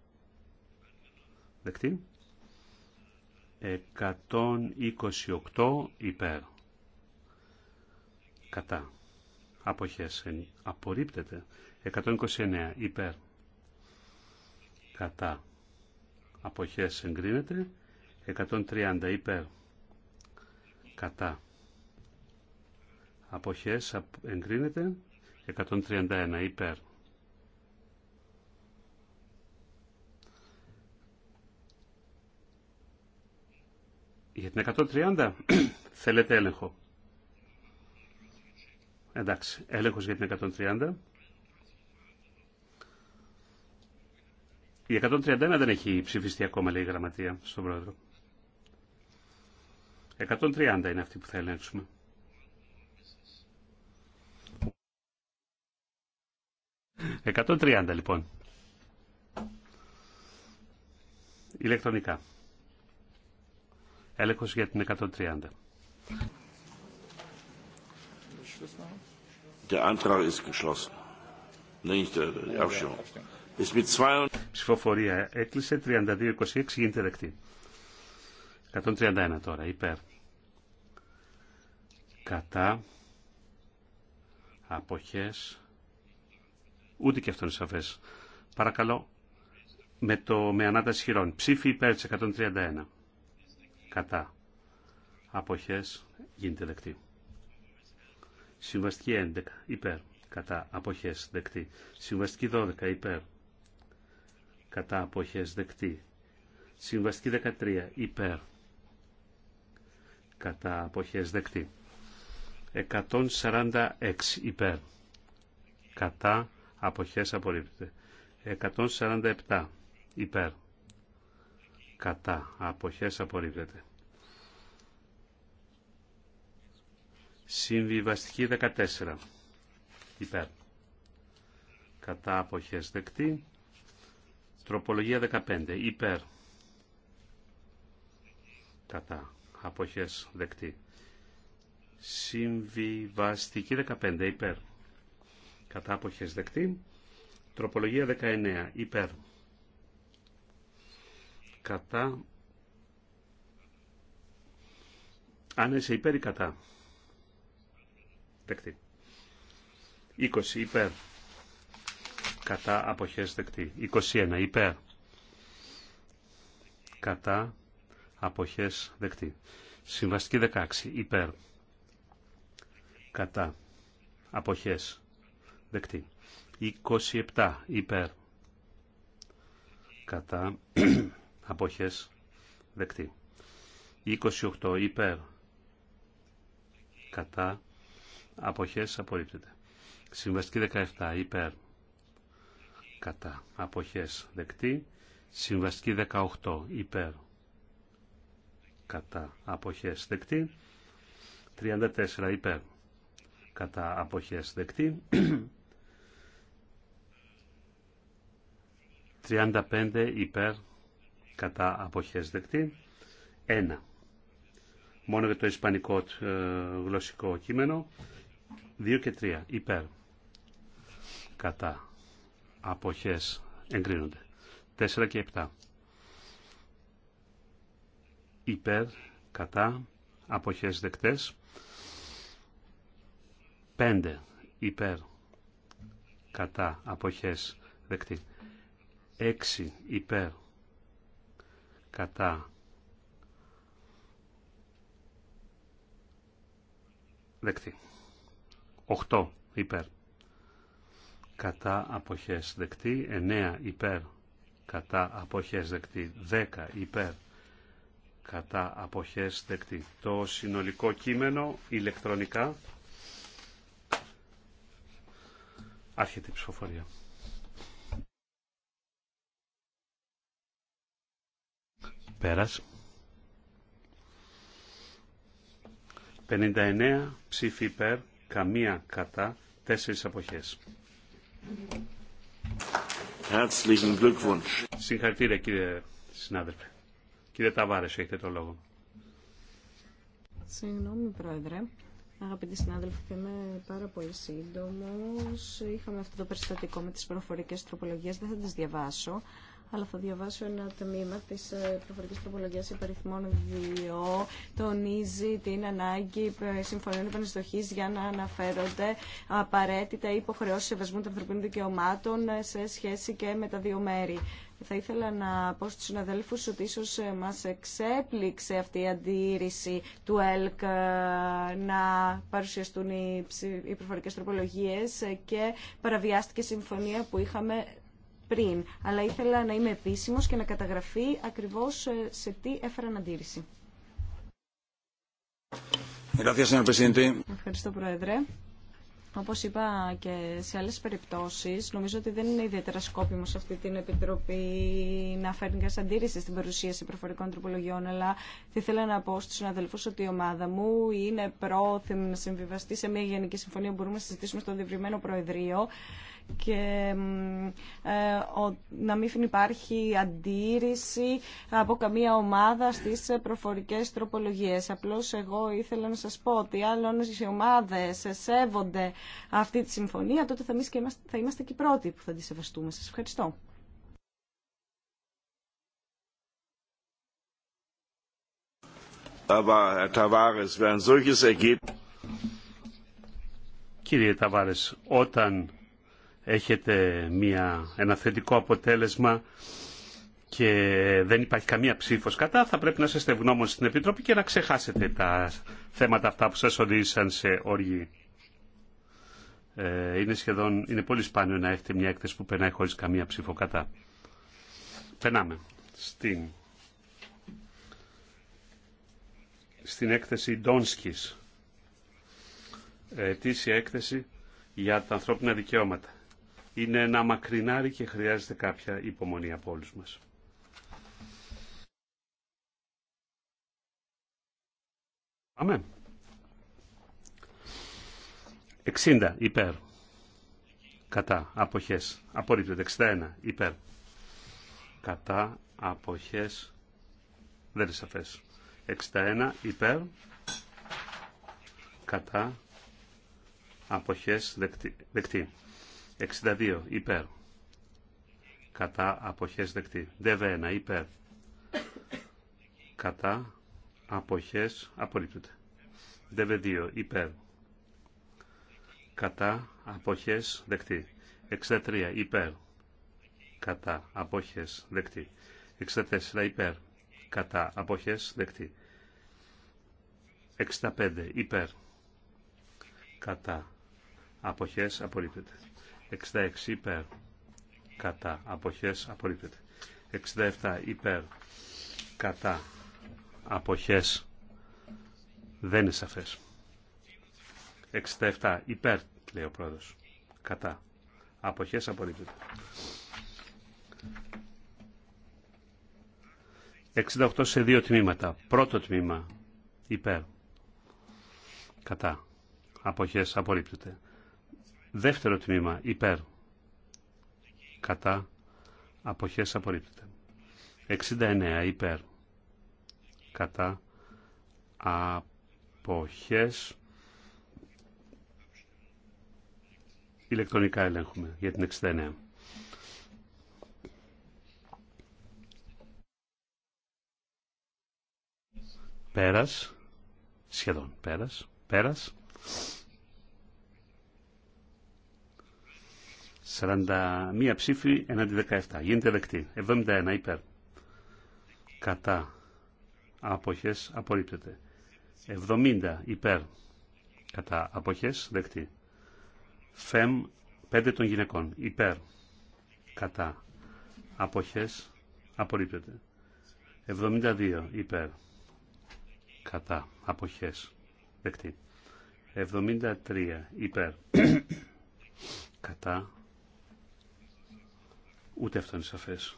A: δεκτή. 128 υπέρ κατά αποχές απορρίπτεται 129 υπέρ κατά αποχές εγκρίνεται 130 υπέρ κατά αποχές εγκρίνεται 131 υπέρ για την 130 [CLEARS THROAT] θέλετε έλεγχο εντάξει έλεγχος για την 130 η 131 δεν έχει ψηφιστεί ακόμα λέει η γραμματεία στον πρόεδρο 130 είναι αυτή που θα ελέγξουμε 130 λοιπόν. Ηλεκτρονικά. Έλεγχος για την 130. Der Antrag ist geschlossen. Äh, Ψηφοφορία έκλεισε 32-26 γίνεται δεκτή. 131 τώρα υπέρ. Κατά. Αποχές Ούτε και αυτό είναι σαφέ. Παρακαλώ, με, το, με ανάταση χειρών. Ψήφι υπέρ τη 131. Κατά. Αποχές γίνεται δεκτή. Συμβαστική 11 υπέρ. Κατά. Αποχές δεκτή. Συμβαστική 12 υπέρ. Κατά. Αποχές δεκτή. Συμβαστική 13 υπέρ. Κατά. Αποχές δεκτή. 146 υπέρ. Κατά αποχές απορρίπτεται. 147 υπέρ κατά αποχές απορρίπτεται. Συμβιβαστική 14 υπέρ κατά αποχές δεκτή. Τροπολογία 15 υπέρ κατά αποχές δεκτή. Συμβιβαστική 15 υπέρ κατά αποχές δεκτή. Τροπολογία 19 υπέρ κατά αν είσαι υπέρ ή κατά δεκτή. 20 υπέρ κατά αποχές δεκτή. 21 υπέρ κατά αποχές δεκτή. Συμβαστική 16 υπέρ κατά αποχές δεκτή. 27 υπέρ κατά [CLEARS THROAT] αποχές δεκτή. 28 υπέρ κατά αποχές απορρίπτεται. Συμβαστική 17 υπέρ κατά αποχές δεκτή. Συμβαστική 18 υπέρ κατά αποχές δεκτή. 34 υπέρ κατά αποχές δεκτή. [CLEARS THROAT] 35 υπέρ κατά αποχές δεκτή. 1. Μόνο για το ισπανικό ε, γλωσσικό κείμενο. 2 και 3 υπέρ κατά αποχές εγκρίνονται. 4 και 7 υπέρ κατά αποχές δεκτές. 5 υπέρ κατά αποχές δεκτή. 6 υπέρ κατά δεκτή 8 υπέρ κατά αποχές δεκτή 9 υπέρ κατά αποχές δεκτή 10 υπέρ κατά αποχές δεκτή το συνολικό κείμενο ηλεκτρονικά άρχεται η ψηφοφορία Πέρας. 59 ψήφοι υπέρ, καμία κατά, τέσσερις αποχές. Herzlichen Glückwunsch. Συγχαρητήρια κύριε συνάδελφε. Κύριε Ταβάρες, έχετε το λόγο.
B: Συγγνώμη, Πρόεδρε. Αγαπητοί συνάδελφοι, είμαι πάρα πολύ σύντομο. Είχαμε αυτό το περιστατικό με τι προφορικέ τροπολογίε, δεν θα τι διαβάσω αλλά θα διαβάσω ένα τμήμα τη ε, Προφορική τροπολογία υπαριθμών 2. Τονίζει την ανάγκη ε, συμφωνιών επανεστοχής για να αναφέρονται απαραίτητα υποχρεώσει σεβασμού των ανθρωπίνων δικαιωμάτων ε, σε σχέση και με τα δύο μέρη. Θα ήθελα να πω στους συναδέλφους ότι ίσως μας εξέπληξε αυτή η αντίρρηση του ΕΛΚ να παρουσιαστούν οι προφορικές τροπολογίες και παραβιάστηκε η συμφωνία που είχαμε πριν, αλλά ήθελα να είμαι επίσημος και να καταγραφεί ακριβώς ε, σε τι έφεραν αντίρρηση. Ευχαριστώ, Πρόεδρε. Όπω είπα και σε άλλε περιπτώσει, νομίζω ότι δεν είναι ιδιαίτερα σκόπιμο σε αυτή την Επιτροπή να φέρνει κανεί αντίρρηση στην παρουσίαση προφορικών τροπολογιών, αλλά θα ήθελα να πω στου συναδελφού ότι η ομάδα μου είναι πρόθυμη να συμβιβαστεί σε μια γενική συμφωνία που μπορούμε να συζητήσουμε στο διευρυμένο Προεδρείο και ε, να μην υπάρχει αντίρρηση από καμία ομάδα στις ε, προφορικές τροπολογίες. Απλώς εγώ ήθελα να σας πω ότι αν οι ομάδες σέβονται αυτή τη συμφωνία, τότε θα, και είμαστε, θα είμαστε και οι πρώτοι που θα τη σεβαστούμε. Σας ευχαριστώ.
A: Κύριε Ταβάρες, όταν έχετε μια, ένα θετικό αποτέλεσμα και δεν υπάρχει καμία ψήφος κατά, θα πρέπει να είστε ευγνώμων στην Επιτροπή και να ξεχάσετε τα θέματα αυτά που σας οδήγησαν σε όργη. Ε, είναι, σχεδόν, είναι πολύ σπάνιο να έχετε μια έκθεση που περνάει χωρίς καμία ψήφο κατά. Περνάμε στην, στην έκθεση Ντόνσκης, ε, ετήσια έκθεση για τα ανθρώπινα δικαιώματα είναι ένα μακρινάρι και χρειάζεται κάποια υπομονή από όλους μας. Πάμε. 60 υπέρ. Κατά αποχές. Απορρίπτεται. 61 υπέρ. Κατά αποχές. Δεν είναι σαφές. 61 υπέρ. Κατά αποχές δεκτή. δεκτή. 62 υπέρ. Κατά αποχές Δεβένα, ΔΕΒ1 υπέρ. Κατά αποχές Δεβε ΔΕΒ2 υπέρ. Κατά αποχές δεκτή. 63 υπέρ. Κατά αποχές δεκτή. 64 υπέρ. Κατά αποχές δεκτή. 65 υπέρ. Κατά αποχές απορρίπτεται. 66 υπέρ κατά αποχές απορρίπτεται. 67 υπέρ κατά αποχές δεν είναι σαφές. 67 υπέρ λέει ο πρόεδρος κατά αποχές απορρίπτεται. 68 σε δύο τμήματα. Πρώτο τμήμα υπέρ κατά αποχές απορρίπτεται. Δεύτερο τμήμα υπέρ. Κατά. Αποχές απορρίπτεται. 69 υπέρ. Κατά. Αποχές. Ηλεκτρονικά ελέγχουμε για την 69. Πέρας, σχεδόν πέρας, πέρας, 41 ψήφοι έναντι 17. Γίνεται δεκτή. 71 υπέρ. Κατά. Αποχές απορρίπτεται. 70 υπέρ. Κατά. Αποχές δεκτή. Φεμ 5 των γυναικών. Υπέρ. Κατά. Αποχές απορρίπτεται. 72 υπέρ. Κατά. Αποχές δεκτή. 73 υπέρ. Κατά Ούτε αυτό είναι σαφές.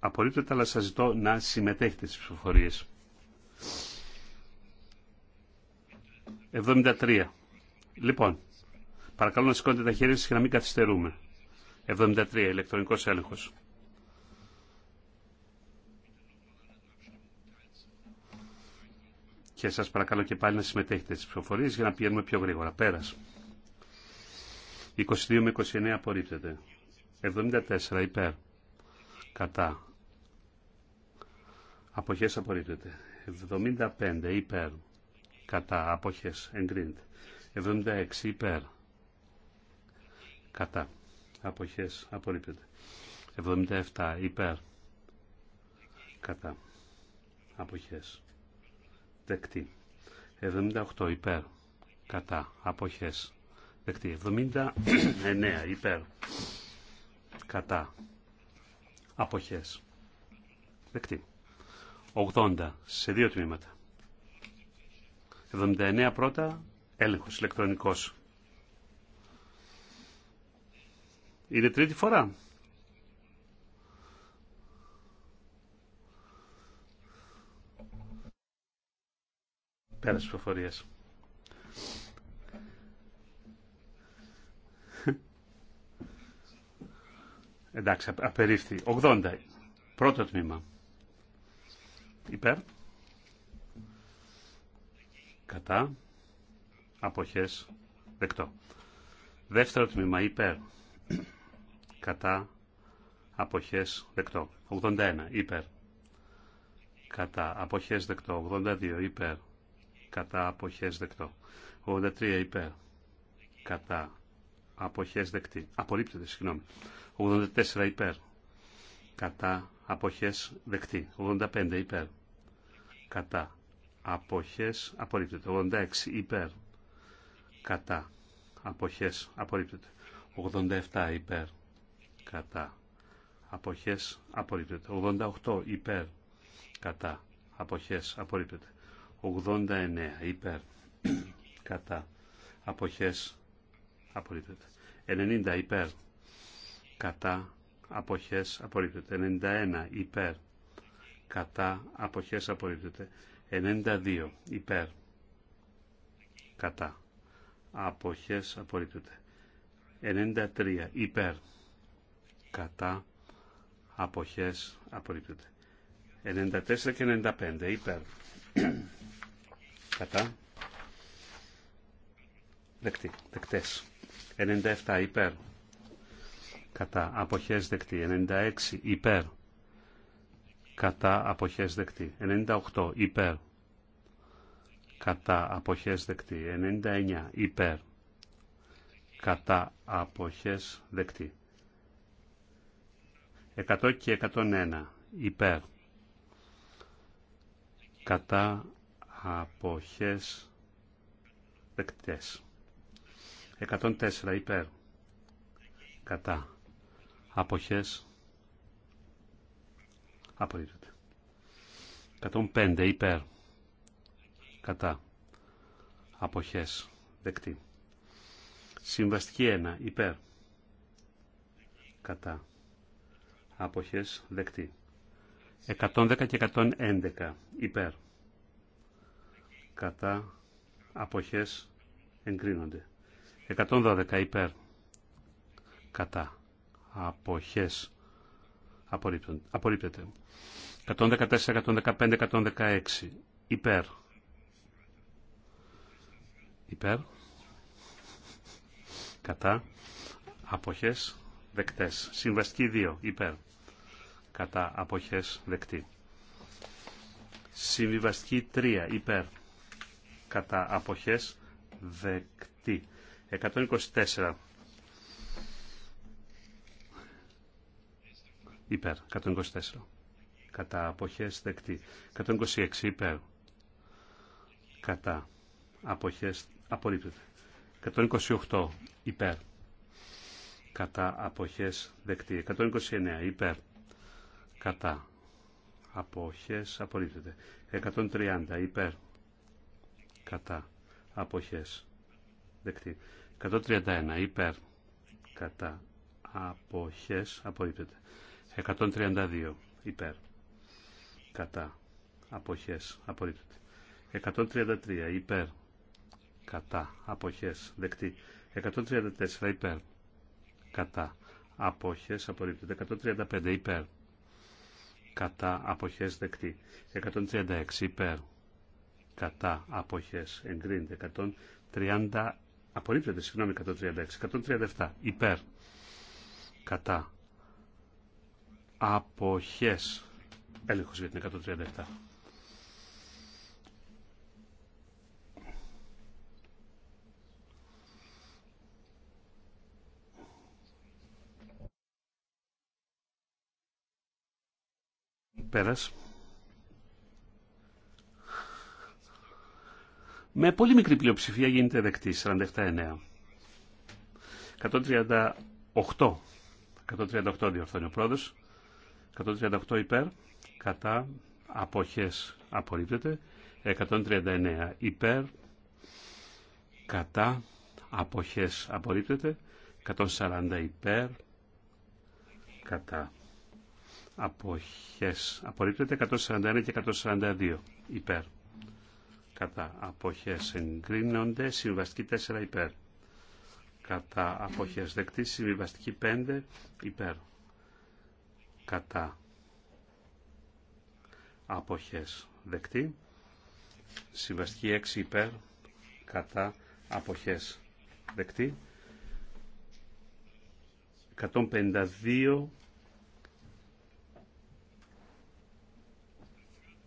A: Απολύτως, αλλά σας ζητώ να συμμετέχετε στις ψηφοφορίες. 73. Λοιπόν, παρακαλώ να σηκώνετε τα χέρια σας και να μην καθυστερούμε. 73. Ηλεκτρονικός έλεγχος. Και σας παρακαλώ και πάλι να συμμετέχετε στις ψηφοφορίες για να πηγαίνουμε πιο γρήγορα. Πέρας. 22 με 29 απορρίπτεται. 74 υπέρ. Κατά. Αποχές απορρίπτεται. 75 υπέρ. Κατά. Αποχές εγκρίνεται. 76 υπέρ. Κατά. Αποχές απορρίπτεται. 77 υπέρ. Κατά. Αποχές. Δεκτή. 78 υπέρ. Κατά. Αποχές Δεκτή. 79 υπέρ. Κατά. Αποχές. Δεκτή. 80 σε δύο τμήματα. 79 πρώτα. Έλεγχος ηλεκτρονικός. Είναι τρίτη φορά. Πέρας ψηφοφορίας. Εντάξει, απερίφθη. 80. Πρώτο τμήμα. Υπέρ. Κατά. Αποχές. Δεκτό. Δεύτερο τμήμα. Υπέρ. Κατά. Αποχές. Δεκτό. 81. Υπέρ. Κατά. Αποχές. Δεκτό. 82. Υπέρ. Κατά. Αποχές. Δεκτό. 83. Υπέρ. Κατά αποχές δεκτή. Απορρίπτεται, συγγνώμη. 84 υπέρ. Κατά αποχές δεκτή. 85 υπέρ. Κατά αποχές απορρίπτεται. 86 υπέρ. Κατά αποχές απορρίπτεται. 87 υπέρ. Κατά αποχές απορρίπτεται. 88 υπέρ. Κατά αποχές απορρίπτεται. 89 υπέρ. Κατά αποχές απορρίπτεται. 90 υπέρ κατά αποχές απορρίπτεται. 91 υπέρ κατά αποχές απορρίπτεται. 92 υπέρ κατά αποχές απορρίπτεται. 93 υπέρ κατά αποχές απορρίπτεται. 94 και 95 υπέρ κατά δεκτή, δεκτές. 97 υπέρ. Κατά αποχές δεκτή. 96 υπέρ. Κατά αποχές δεκτή. 98 υπέρ. Κατά αποχές δεκτή. 99 υπέρ. Κατά αποχές δεκτή. 100 και 101 υπέρ. Κατά αποχές δεκτές. 104 υπέρ. Κατά. Αποχές. Απορρίπτεται. 105 υπέρ. Κατά. Αποχές. Δεκτή. Συμβαστική 1 υπέρ. Κατά. Αποχές. Δεκτή. 110 και 111 υπέρ. Κατά. Αποχές εγκρίνονται. 112 υπέρ κατά αποχές απορρίπτεται. 114, 115, 116 υπέρ. Υπέρ. Κατά. Αποχές δεκτές. Συμβαστική 2 υπέρ. Κατά αποχές δεκτή. Συμβιβαστική 3 υπέρ. Κατά αποχές δεκτή. 124. Υπέρ. 124. Κατά αποχές δεκτή. 126. Υπέρ. Κατά αποχές απορρίπτεται. 128. Υπέρ. Κατά αποχές δεκτή. 129. Υπέρ. Κατά αποχές απορρίπτεται. 130. Υπέρ. Κατά αποχές δεκτή. 131 υπέρ κατά αποχές απορρίπτεται. 132 υπέρ κατά αποχές απορρίπτεται. 133 υπέρ κατά αποχές δεκτή. 134 υπέρ κατά αποχές απορρίπτεται. 135 υπέρ κατά αποχές δεκτή. 136 υπέρ κατά αποχές εγκρίνεται. Απορρίπτεται, συγγνώμη, 136. 137. Υπέρ. Κατά. Αποχές. Έλεγχος για την 137. Πέρας. με πολύ μικρή πλειοψηφία γίνεται δεκτή, 47-9. 138, 138 διορθώνει ο πρόεδρος, 138 υπέρ, κατά αποχές απορρίπτεται, 139 υπέρ, κατά αποχές απορρίπτεται, 140 υπέρ, κατά αποχές απορρίπτεται, 141 και 142 υπέρ κατά αποχές εγκρίνονται, συμβαστική 4 υπέρ. Κατά αποχές δεκτή, συμβιβαστική 5 υπέρ. Κατά αποχές δεκτή, συμβαστική 6 υπέρ. Κατά αποχές δεκτή, 152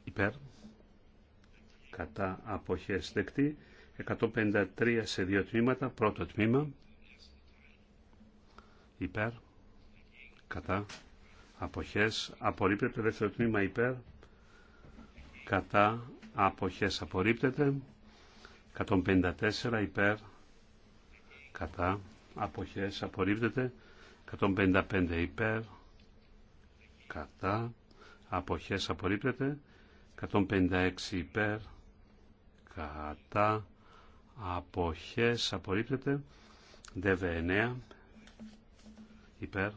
A: υπέρ κατά αποχές δεκτή 153 σε δύο τμήματα πρώτο τμήμα υπέρ κατά αποχές απορρίπτεται δεύτερο τμήμα υπέρ κατά αποχές απορρίπτεται 154 υπέρ κατά αποχές απορρίπτεται 155 υπέρ κατά αποχές απορρίπτεται 156 υπέρ κατά αποχές απορρίπτεται DV9 υπέρ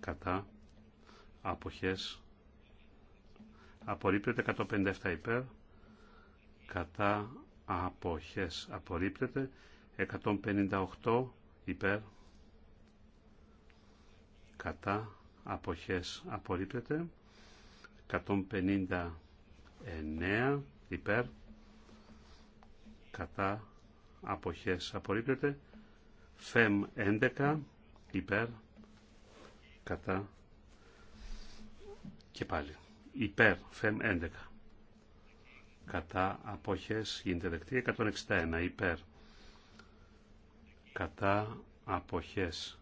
A: κατά αποχές απορρίπτεται 157 υπέρ κατά αποχές απορρίπτεται 158 υπέρ κατά αποχές απορρίπτεται 9 υπέρ κατά αποχές απορρίπτεται φεμ 11 υπέρ κατά και πάλι υπέρ φεμ 11 κατά αποχές γίνεται δεκτή 161 υπέρ κατά αποχές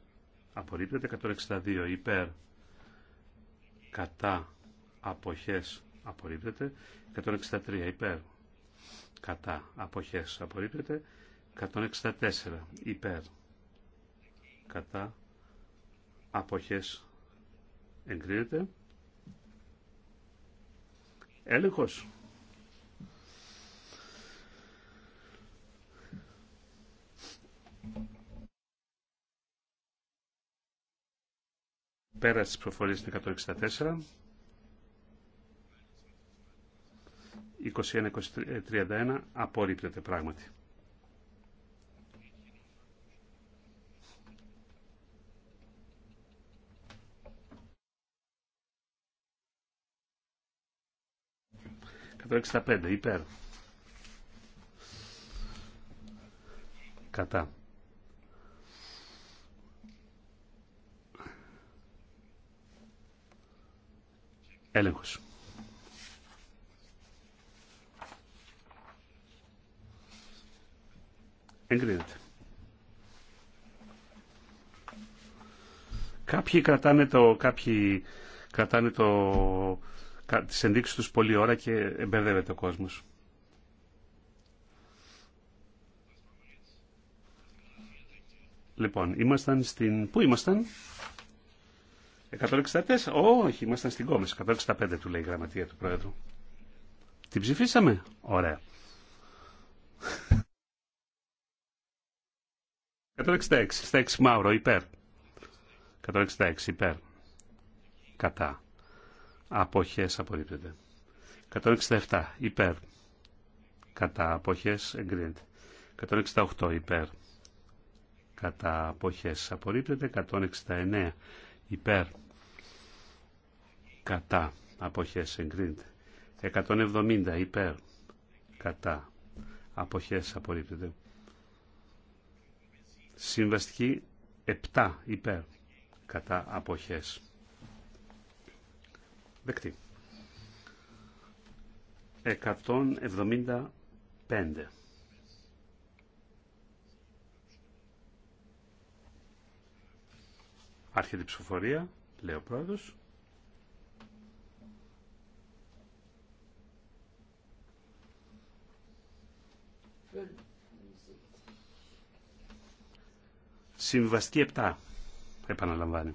A: απορρίπτεται 162 υπέρ κατά αποχές απορρίπτεται. 163 υπέρ κατά αποχές απορρίπτεται. 164 υπέρ κατά αποχές εγκρίνεται. Έλεγχος. Πέρα στις προφορίες 164 21-31 απορρίπτεται πράγματι. Κατά 65 υπέρ. Κατά. Έλεγχος. Εγκρίνεται. Κάποιοι κρατάνε το, κάποιοι κρατάνε το, τις ενδείξεις τους πολλή ώρα και εμπερδεύεται ο κόσμος. Λοιπόν, ήμασταν στην... Πού ήμασταν? 164. Όχι, ήμασταν στην Κόμες. 165 του λέει η γραμματεία του Πρόεδρου. Την ψηφίσαμε. Ωραία. 166. 6 μαύρο υπέρ. 166 υπέρ. Κατά. Αποχές απορρίπτεται. 167 υπέρ. Κατά αποχές εγκρίνεται. 168 υπέρ. Κατά αποχές απορρίπτεται. 169 υπέρ. Κατά αποχές εγκρίνεται. 170 υπέρ. Κατά αποχές απορρίπτεται. Συμβαστική 7 υπέρ κατά αποχές. Δεκτή. 175. Άρχεται η ψηφοφορία, λέει ο πρόεδρος. Συμβιβαστική 7. Επαναλαμβάνει.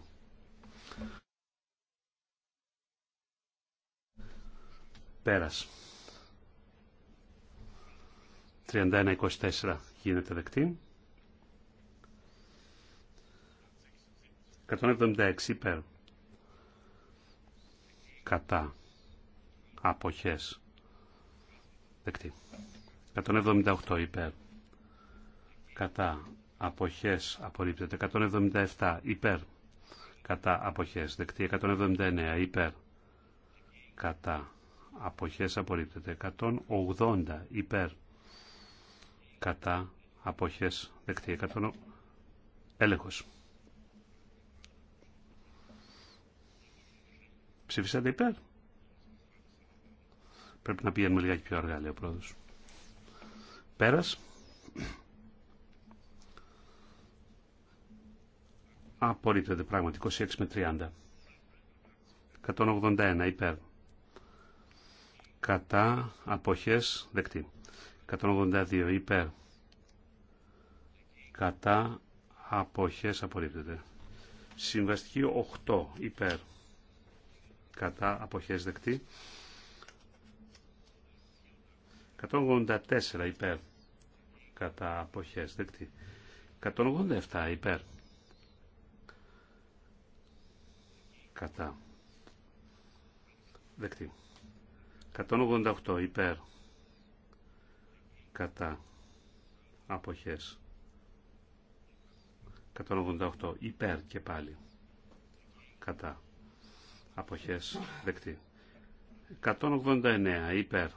A: Πέρας. 31-24 γίνεται δεκτή. 176 υπέρ. Κατά. Αποχές. Δεκτή. 178 υπέρ. Κατά αποχές απορρίπτεται 177 υπέρ κατά αποχές δεκτή 179 υπέρ κατά αποχές απορρίπτεται 180 υπέρ κατά αποχές δεκτή 100 έλεγχος ψηφίσατε υπέρ πρέπει να πηγαίνουμε λιγάκι πιο αργά λέει ο πρόεδρος πέρας Απορρίπτεται πράγματι. 26 με 30. 181 υπέρ. Κατά αποχές δεκτή. 182 υπέρ. Κατά αποχές απορρίπτεται. Συμβαστική 8 υπέρ. Κατά αποχές δεκτή. 184 υπέρ. Κατά αποχές δεκτή. 187 υπέρ κατά δεκτή 188 υπέρ κατά αποχές 188 υπέρ και πάλι κατά αποχές δεκτή 189 υπέρ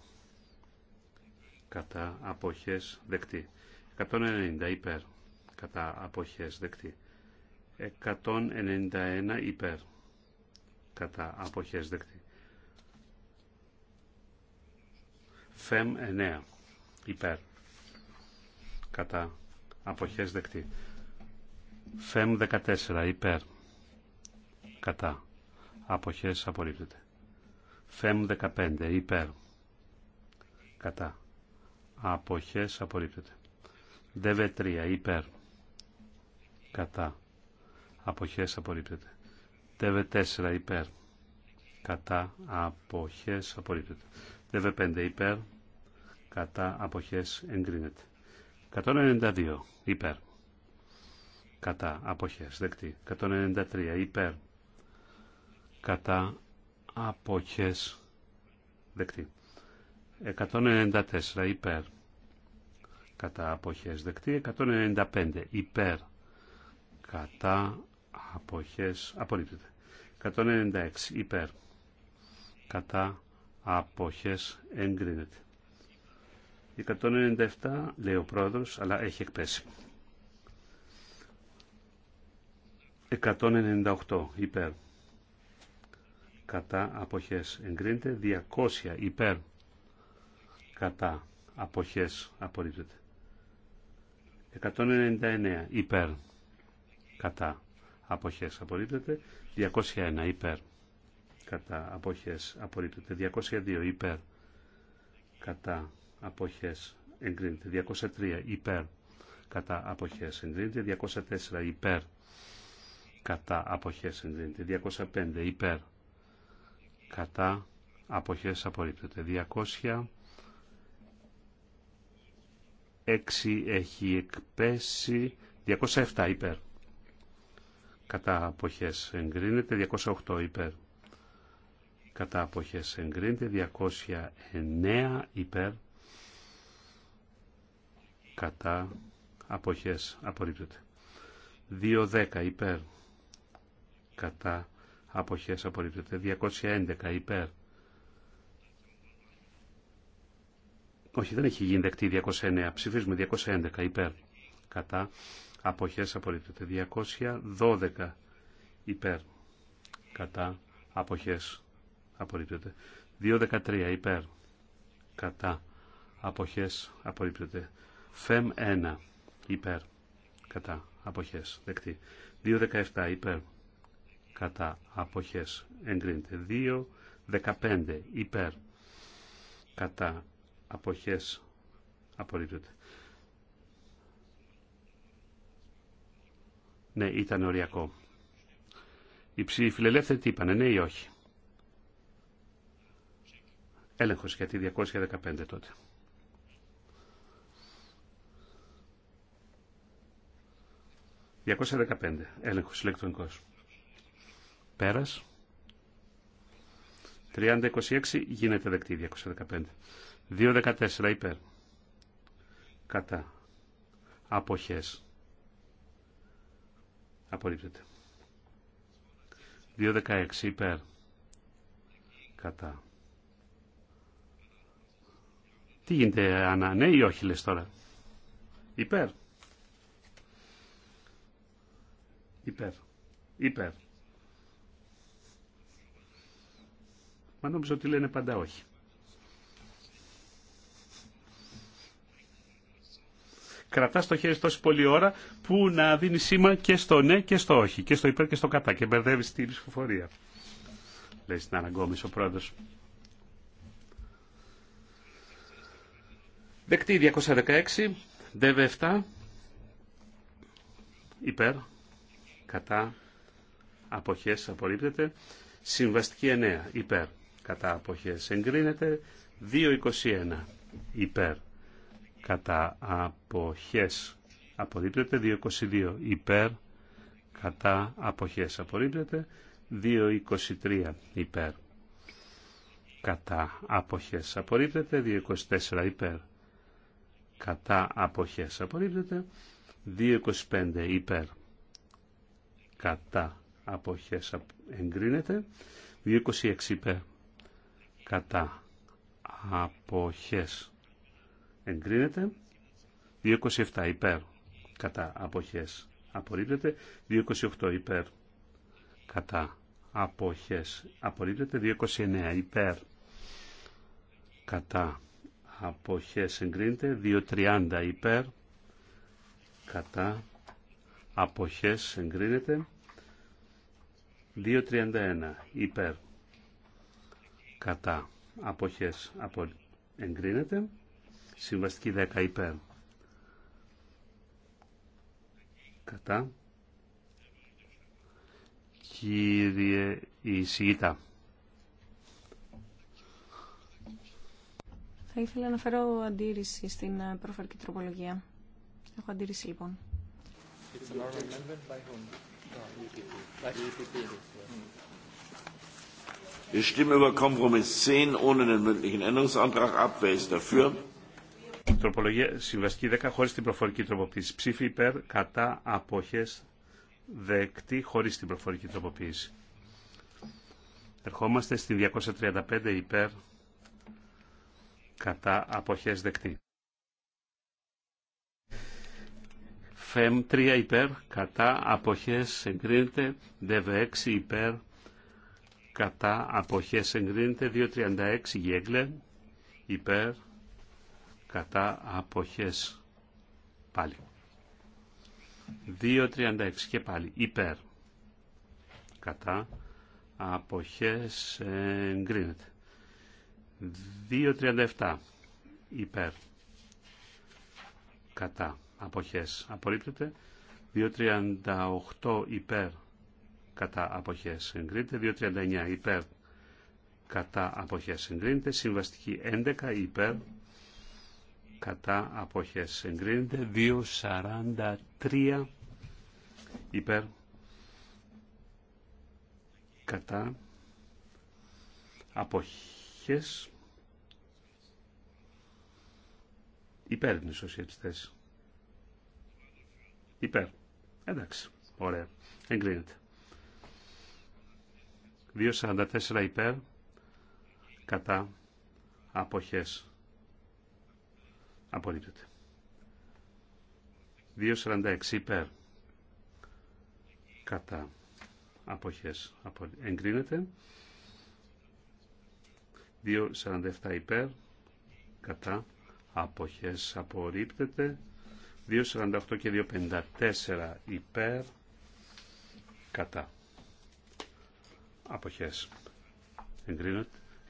A: κατά αποχές δεκτή 190 υπέρ κατά αποχές δεκτή 191 υπέρ κατά αποχές δεκτή. Φεμ 9 υπέρ κατά αποχές δεκτή. Φεμ 14 υπέρ κατά αποχές απορρίπτεται. Φεμ 15 υπέρ κατά αποχές απορρίπτεται. Δεβε 3 υπέρ κατά αποχές απορρίπτεται. ΤΒ4 υπέρ κατά αποχές απορρίπτεται. ΤΒ5 υπέρ κατά αποχές εγκρίνεται. 192 υπέρ κατά αποχές δεκτή. 193 υπέρ κατά αποχές δεκτή. 194 υπέρ κατά αποχές δεκτή. 195 υπέρ κατά αποχές απορρίπτεται. 196 υπέρ κατά αποχές εγκρίνεται. 197 λέει ο πρόεδρος αλλά έχει εκπέσει. 198 υπέρ κατά αποχές εγκρίνεται. 200 υπέρ κατά αποχές απορρίπτεται. 199 υπέρ κατά αποχές απορρίπτεται. 201 υπέρ κατά αποχές απορρίπτεται 202 υπέρ κατά αποχές εγκρίνεται 203 υπέρ κατά αποχές εγκρίνεται 204 υπέρ κατά αποχές εγκρίνεται 205 υπέρ κατά αποχές απορρίπτεται 200 6 έχει εκπέσει 207 υπέρ κατά αποχές εγκρίνεται 208 υπέρ κατά αποχές εγκρίνεται 209 υπέρ κατά αποχές απορρίπτεται 210 υπέρ κατά αποχές απορρίπτεται 211 υπέρ όχι δεν έχει γίνει δεκτή 209 ψηφίζουμε 211 υπέρ κατά αποχές απορρίπτεται 212 υπέρ κατά αποχές απορρίπτεται 213 υπέρ κατά αποχές απορρίπτεται φεμ 1 υπέρ κατά αποχές δεκτή 217 υπέρ κατά αποχές εγκρίνεται 215 υπέρ κατά αποχές απορρίπτεται Ναι, ήταν οριακό. Οι φιλελεύθεροι τι είπαν, ναι ή όχι. Έλεγχος για τη 215 τότε. «215. Έλεγχος ηλεκτρονικός». Πέρας. 30-26 γίνεται δεκτή 215. 2-14 υπέρ. Κατά. Αποχές. Απορρίπτεται. 2.16 υπέρ. Κατά. Τι γίνεται, Άννα, ναι ή όχι λες τώρα. Υπέρ. Υπέρ. Υπέρ. Μα νόμιζα ότι λένε πάντα όχι. κρατά το χέρι τόση πολλή ώρα που να δίνει σήμα και στο ναι και στο όχι, και στο υπέρ και στο κατά και μπερδεύει την ψηφοφορία. Λέει στην αναγκόμη ο πρόεδρο. Δεκτή 216, Δεβε 7 υπέρ, κατά, αποχές απορρίπτεται, συμβαστική 9, υπέρ, κατά αποχές εγκρίνεται, 221, υπέρ, κατά αποχές απορρίπτεται 2.22 υπέρ κατά αποχές απορρίπτεται 2.23 υπέρ κατά αποχές απορρίπτεται 2.24 υπέρ κατά αποχές απορρίπτεται 2.25 υπέρ κατά αποχές εγκρίνεται 2.26 υπέρ κατά αποχές εγκρίνεται. 2.27 υπέρ κατά αποχές απορρίπτεται. 2.28 υπέρ κατά αποχές απορρίπτεται. 2.29 υπέρ κατά αποχές εγκρίνεται. 2.30 υπέρ κατά αποχές εγκρίνεται. 2.31 υπέρ κατά αποχές απο... εγκρίνεται Συμβαστική 10 είπε Κατά. Κύριε Ισηγητά.
B: Θα ήθελα να φέρω αντίρρηση στην ε, προφορική τροπολογία. Έχω αντίρρηση λοιπόν.
A: Ich stimme über Kompromiss 10 ohne den mündlichen Änderungsantrag ab. Wer ist dafür? Τροπολογία συμβαστική 10 χωρίς την προφορική τροποποίηση. Ψήφι υπέρ κατά αποχές δεκτή χωρίς την προφορική τροποποίηση. Ερχόμαστε στη 235 υπέρ κατά αποχές δεκτή. ΦΕΜ 3 υπέρ κατά αποχές εγκρίνεται. ΔΕΒ 6 υπέρ κατά αποχές εγκρίνεται. 236 γέγλε υπέρ κατά αποχές πάλι 2.36 και πάλι υπέρ κατά αποχές εγκρίνεται 2.37 υπέρ κατά αποχές απορρίπτεται 2.38 υπέρ κατά αποχές εγκρίνεται 2.39 υπέρ κατά αποχές εγκρίνεται συμβαστική 11 υπέρ κατά αποχές εγκρίνεται 2.43 υπέρ κατά αποχές υπέρ είναι οι υπέρ εντάξει ωραία εγκρίνεται 2.44 υπέρ κατά αποχές Απορρίπτεται. 2.46 υπέρ. Κατά. Αποχές. Εγκρίνεται. 2.47 υπέρ. Κατά. Αποχές. Απορρίπτεται. 2.48 και 2.54 υπέρ. Κατά. Αποχές.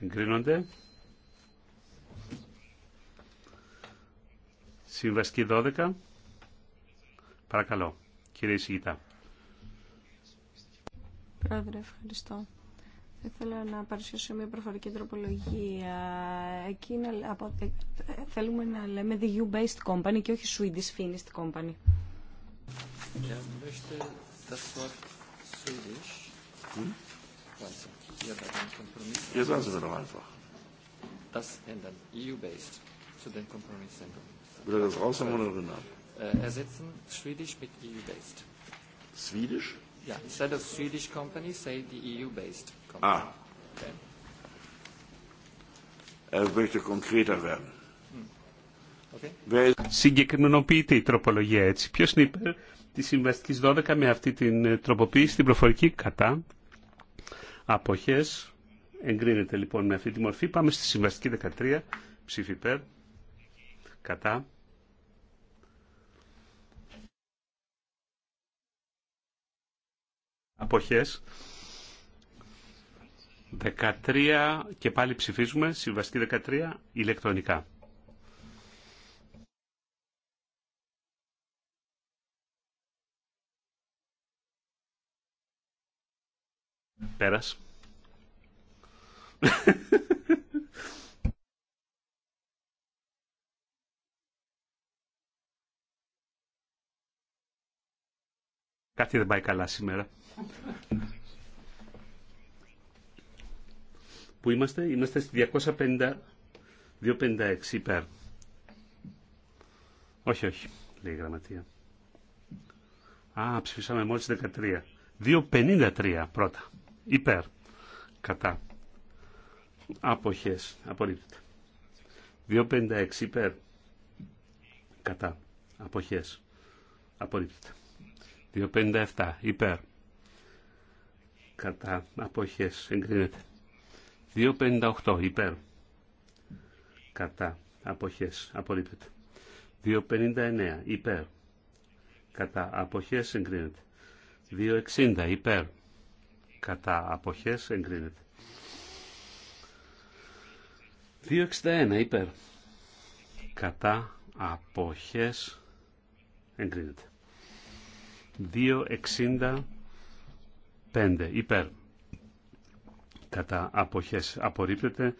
A: Εγκρίνονται. Συμβαστική 12. Παρακαλώ, κύριε Ισηγητά.
B: Πρόεδρε, ευχαριστώ. Θέλω να παρουσιάσω μια προφορική τροπολογία. από, ε, θέλουμε να λέμε the u based company και όχι Swedish finished company.
A: Will er er äh, Ersetzen mit EU-based. Ja, instead of Swedish company, say the
C: EU-based company. Ah. Er möchte konkreter
A: werden. Hm. Συγκεκριμενοποιείται η τροπολογία έτσι. Ποιο είναι υπέρ τη συμβαστική 12 με αυτή την ε, τροποποίηση, την προφορική κατά. Αποχέ. Εγκρίνεται λοιπόν με αυτή τη μορφή. Πάμε στη συμβαστική 13. Ψήφι υπέρ κατά αποχές 13 και πάλι ψηφίζουμε συμβαστή 13 ηλεκτρονικά πέρας Κάτι δεν πάει καλά σήμερα. Πού είμαστε? Είμαστε στη 250... 256 υπέρ. Όχι, όχι, λέει η γραμματεία. Α, ψηφίσαμε μόλις 13. 253 πρώτα. Υπέρ. Κατά. Αποχές. Απορρίπτεται. 256 υπέρ. Κατά. Αποχές. Απορρίπτεται. 257 υπέρ. Κατά αποχές εγκρίνεται. 258 υπέρ. Κατά αποχές απορρίπτεται. 259 υπέρ. Κατά αποχές εγκρίνεται. 260 υπέρ. Κατά αποχές εγκρίνεται. 261 υπέρ. Κατά αποχές εγκρίνεται. 2.65 υπέρ. Κατά αποχές απορρίπτεται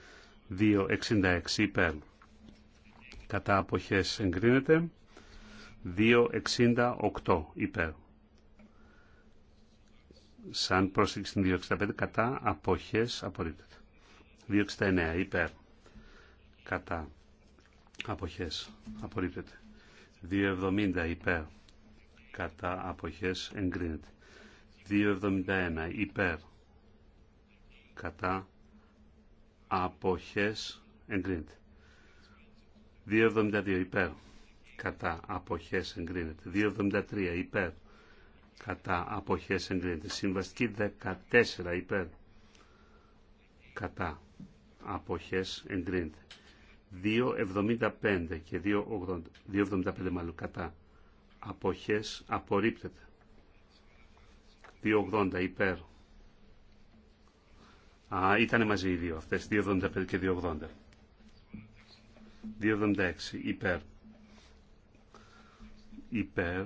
A: 2.66 υπέρ. Κατά αποχές εγκρίνεται 2.68 υπέρ. Σαν πρόσθεση στην 2.65 κατά αποχές απορρίπτεται. 2.69 υπέρ. Κατά αποχές απορρίπτεται. 2.70 υπέρ κατά αποχές εγκρίνεται. 2.71 υπέρ κατά αποχές εγκρίνεται. 2.72 υπέρ κατά αποχές εγκρίνεται. 2.73 υπέρ κατά αποχές εγκρίνεται. Συμβαστική 14 υπέρ κατά αποχές εγκρίνεται. 2.75 και 2.85 μάλλον κατά αποχές απορρίπτεται. 2.80 υπέρ. Α, ήταν μαζί οι δύο αυτές, 2.75 και 2.80. 2.76 υπέρ. Υπέρ.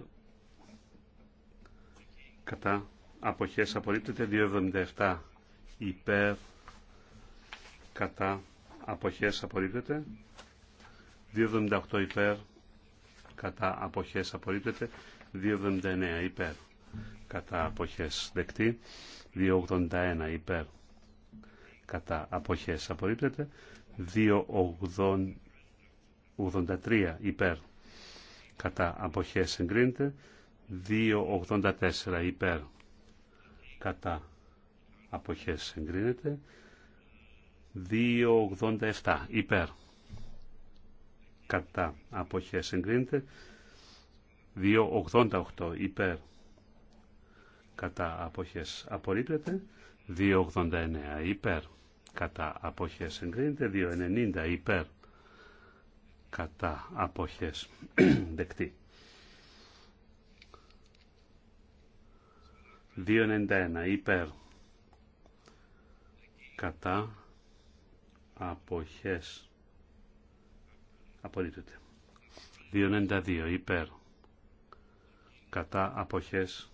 A: Κατά αποχές απορρίπτεται 2.77 υπέρ. Κατά αποχές απορρίπτεται 2.78 υπέρ κατά αποχές απορρίπτεται 2,79 υπέρ κατά αποχές δεκτή 2,81 υπέρ κατά αποχές απορρίπτεται 2,83 υπέρ κατά αποχές εγκρίνεται 2,84 υπέρ κατά αποχές εγκρίνεται 2,87 υπέρ κατά αποχές εγκρίνεται 2.88 υπέρ κατά αποχές απορρίπτεται 2.89 υπέρ κατά αποχές εγκρίνεται 2.90 υπέρ κατά αποχές [CLEARS THROAT] δεκτή 2.91 υπέρ κατά αποχές Απορρίπτεται. 2.92 υπέρ. Κατά αποχές.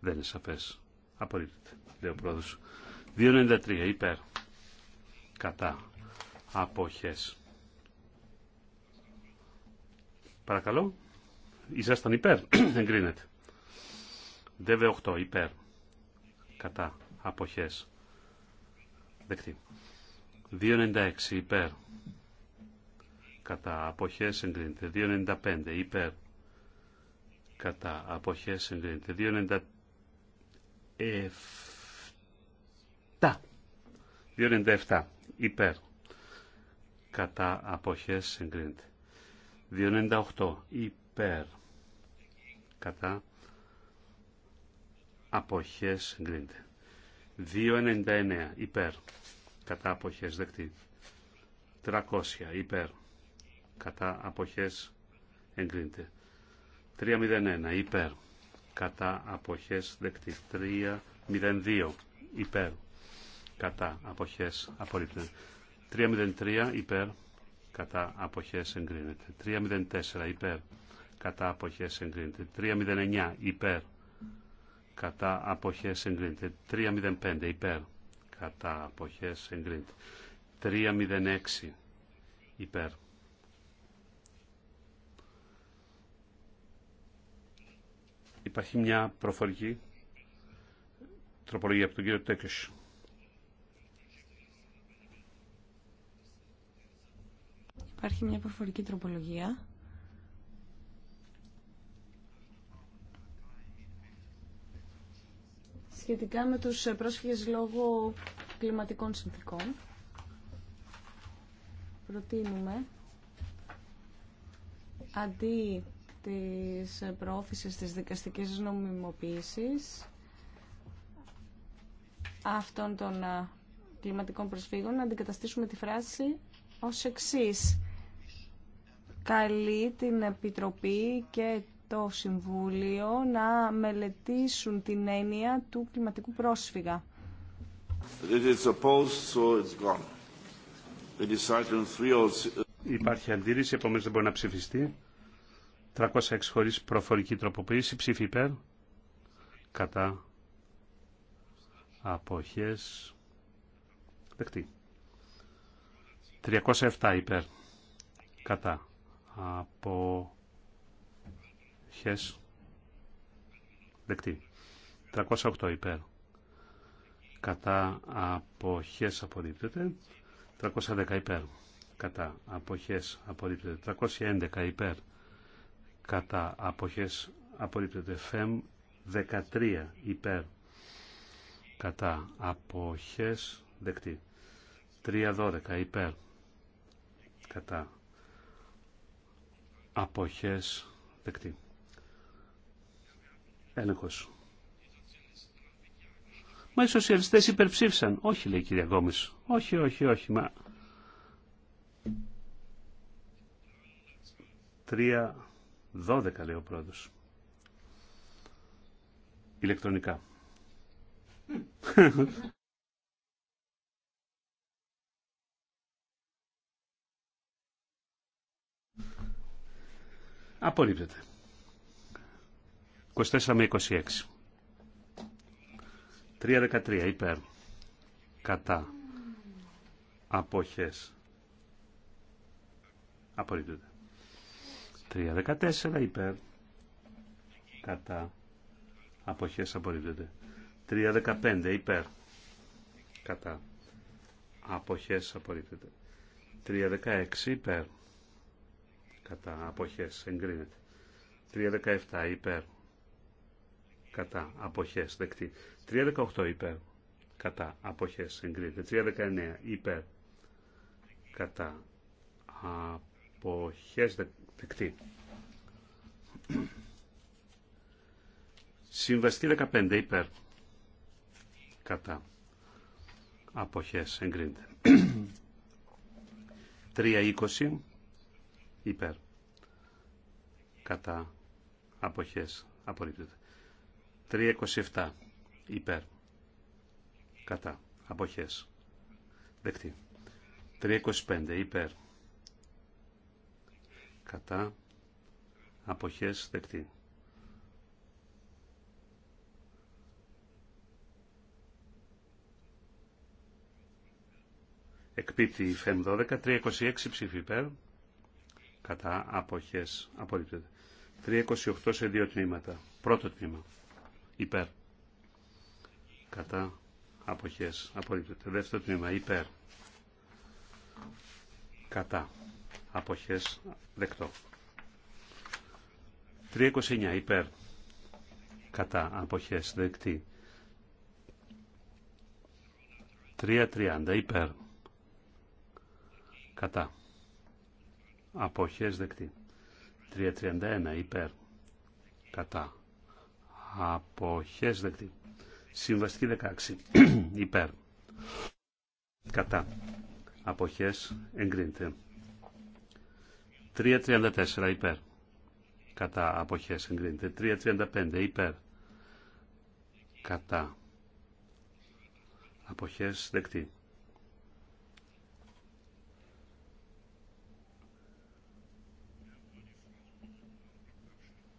A: Δεν είναι σαφές. Απορρίπτεται. Λέω 2.93 υπέρ. Κατά αποχές. Παρακαλώ. Ήσασταν υπέρ. [CLEARS THROAT] Εγκρίνεται. ΔΕΒΕ 8 υπέρ. Κατά αποχές. Δεκτή. 2.96 υπέρ κατά αποχές εγκρίνεται 2.95 υπέρ κατά αποχές εγκρίνεται 2.97 2.97 υπέρ κατά αποχές εγκρίνεται 2.98 υπέρ κατά αποχές εγκρίνεται 2.99 υπέρ κατά αποχές δεκτή 300 υπέρ κατά αποχές εγκρίνεται. 3.01 υπέρ κατά αποχές δεκτή. 3.02 υπέρ κατά αποχές απορρίπτεται. 3.03 υπέρ κατά αποχές εγκρίνεται. 3.04 υπέρ κατά αποχές εγκρίνεται. 3.09 υπέρ κατά αποχές εγκρίνεται. 3.05 υπέρ κατά αποχές εγκρίνεται. 3.06 υπέρ Υπάρχει μια προφορική τροπολογία από τον κύριο Τέκεσ.
B: Υπάρχει μια προφορική τροπολογία. Σχετικά με τους πρόσφυγες λόγω κλιματικών συνθήκων, προτείνουμε αντί της προώθησης της δικαστικής νομιμοποίησης αυτών των κλιματικών προσφύγων να αντικαταστήσουμε τη φράση ως εξής. Καλεί την Επιτροπή και το Συμβούλιο να μελετήσουν την έννοια του κλιματικού πρόσφυγα.
A: Υπάρχει αντίρρηση, επομένως δεν μπορεί να ψηφιστεί. 306 χωρίς προφορική τροποποίηση. Ψήφι υπέρ. Κατά. Αποχές. Δεκτή. 307 υπέρ. Κατά. Αποχές. Δεκτή. 308 υπέρ. Κατά αποχές απορρίπτεται. 310 υπέρ. Κατά αποχές απορρίπτεται. 311 υπέρ κατά αποχές απορρίπτεται φεμ 13 υπέρ κατά αποχές δεκτή 312 υπέρ κατά αποχές δεκτή έλεγχος Μα οι σοσιαλιστές υπερψήφισαν. Όχι, λέει η κυρία Γκόμης. Όχι, όχι, όχι. Μα... 12 λέει ο πρόεδρος. Ηλεκτρονικά. [LAUGHS] Απορρίπτεται. 24 με 26. 3-13 υπέρ. Κατά. Αποχές. Απορρίπτεται. 3.14 υπέρ κατά αποχές απορρίπτεται. 3.15 υπέρ κατά αποχές απορρίπτεται. 3.16 υπέρ κατά αποχές εγκρίνεται. 3.17 υπέρ κατά αποχές δεκτή. 3.18 υπέρ κατά αποχές εγκρίνεται. 3.19 υπέρ κατά αποχές δεκτή Δεκτή. Συμβαστή 15 υπέρ. Κατά. Αποχές εγκρίνεται. 3.20 υπέρ. Κατά. Αποχές απορρίπτεται. 3.27 υπέρ. Κατά. Αποχές. Δεκτή. 3.25 υπέρ κατά αποχές δεκτή. Εκπίπτει ΦΕΜ 12, 326 ψήφι υπέρ, κατά αποχές απορρίπτεται. 328 σε δύο τμήματα. Πρώτο τμήμα υπέρ, κατά αποχές απορρίπτεται. Δεύτερο τμήμα υπέρ, κατά αποχές δεκτό. 329 υπέρ κατά αποχές δεκτή. 330 υπέρ κατά αποχές δεκτή. 331 υπέρ κατά αποχές δεκτή. Συμβαστική 16 υπέρ κατά αποχές εγκρίνεται. 3.34 υπέρ. Κατά αποχές εγκρίνεται. 3.35 υπέρ. Κατά αποχές δεκτή.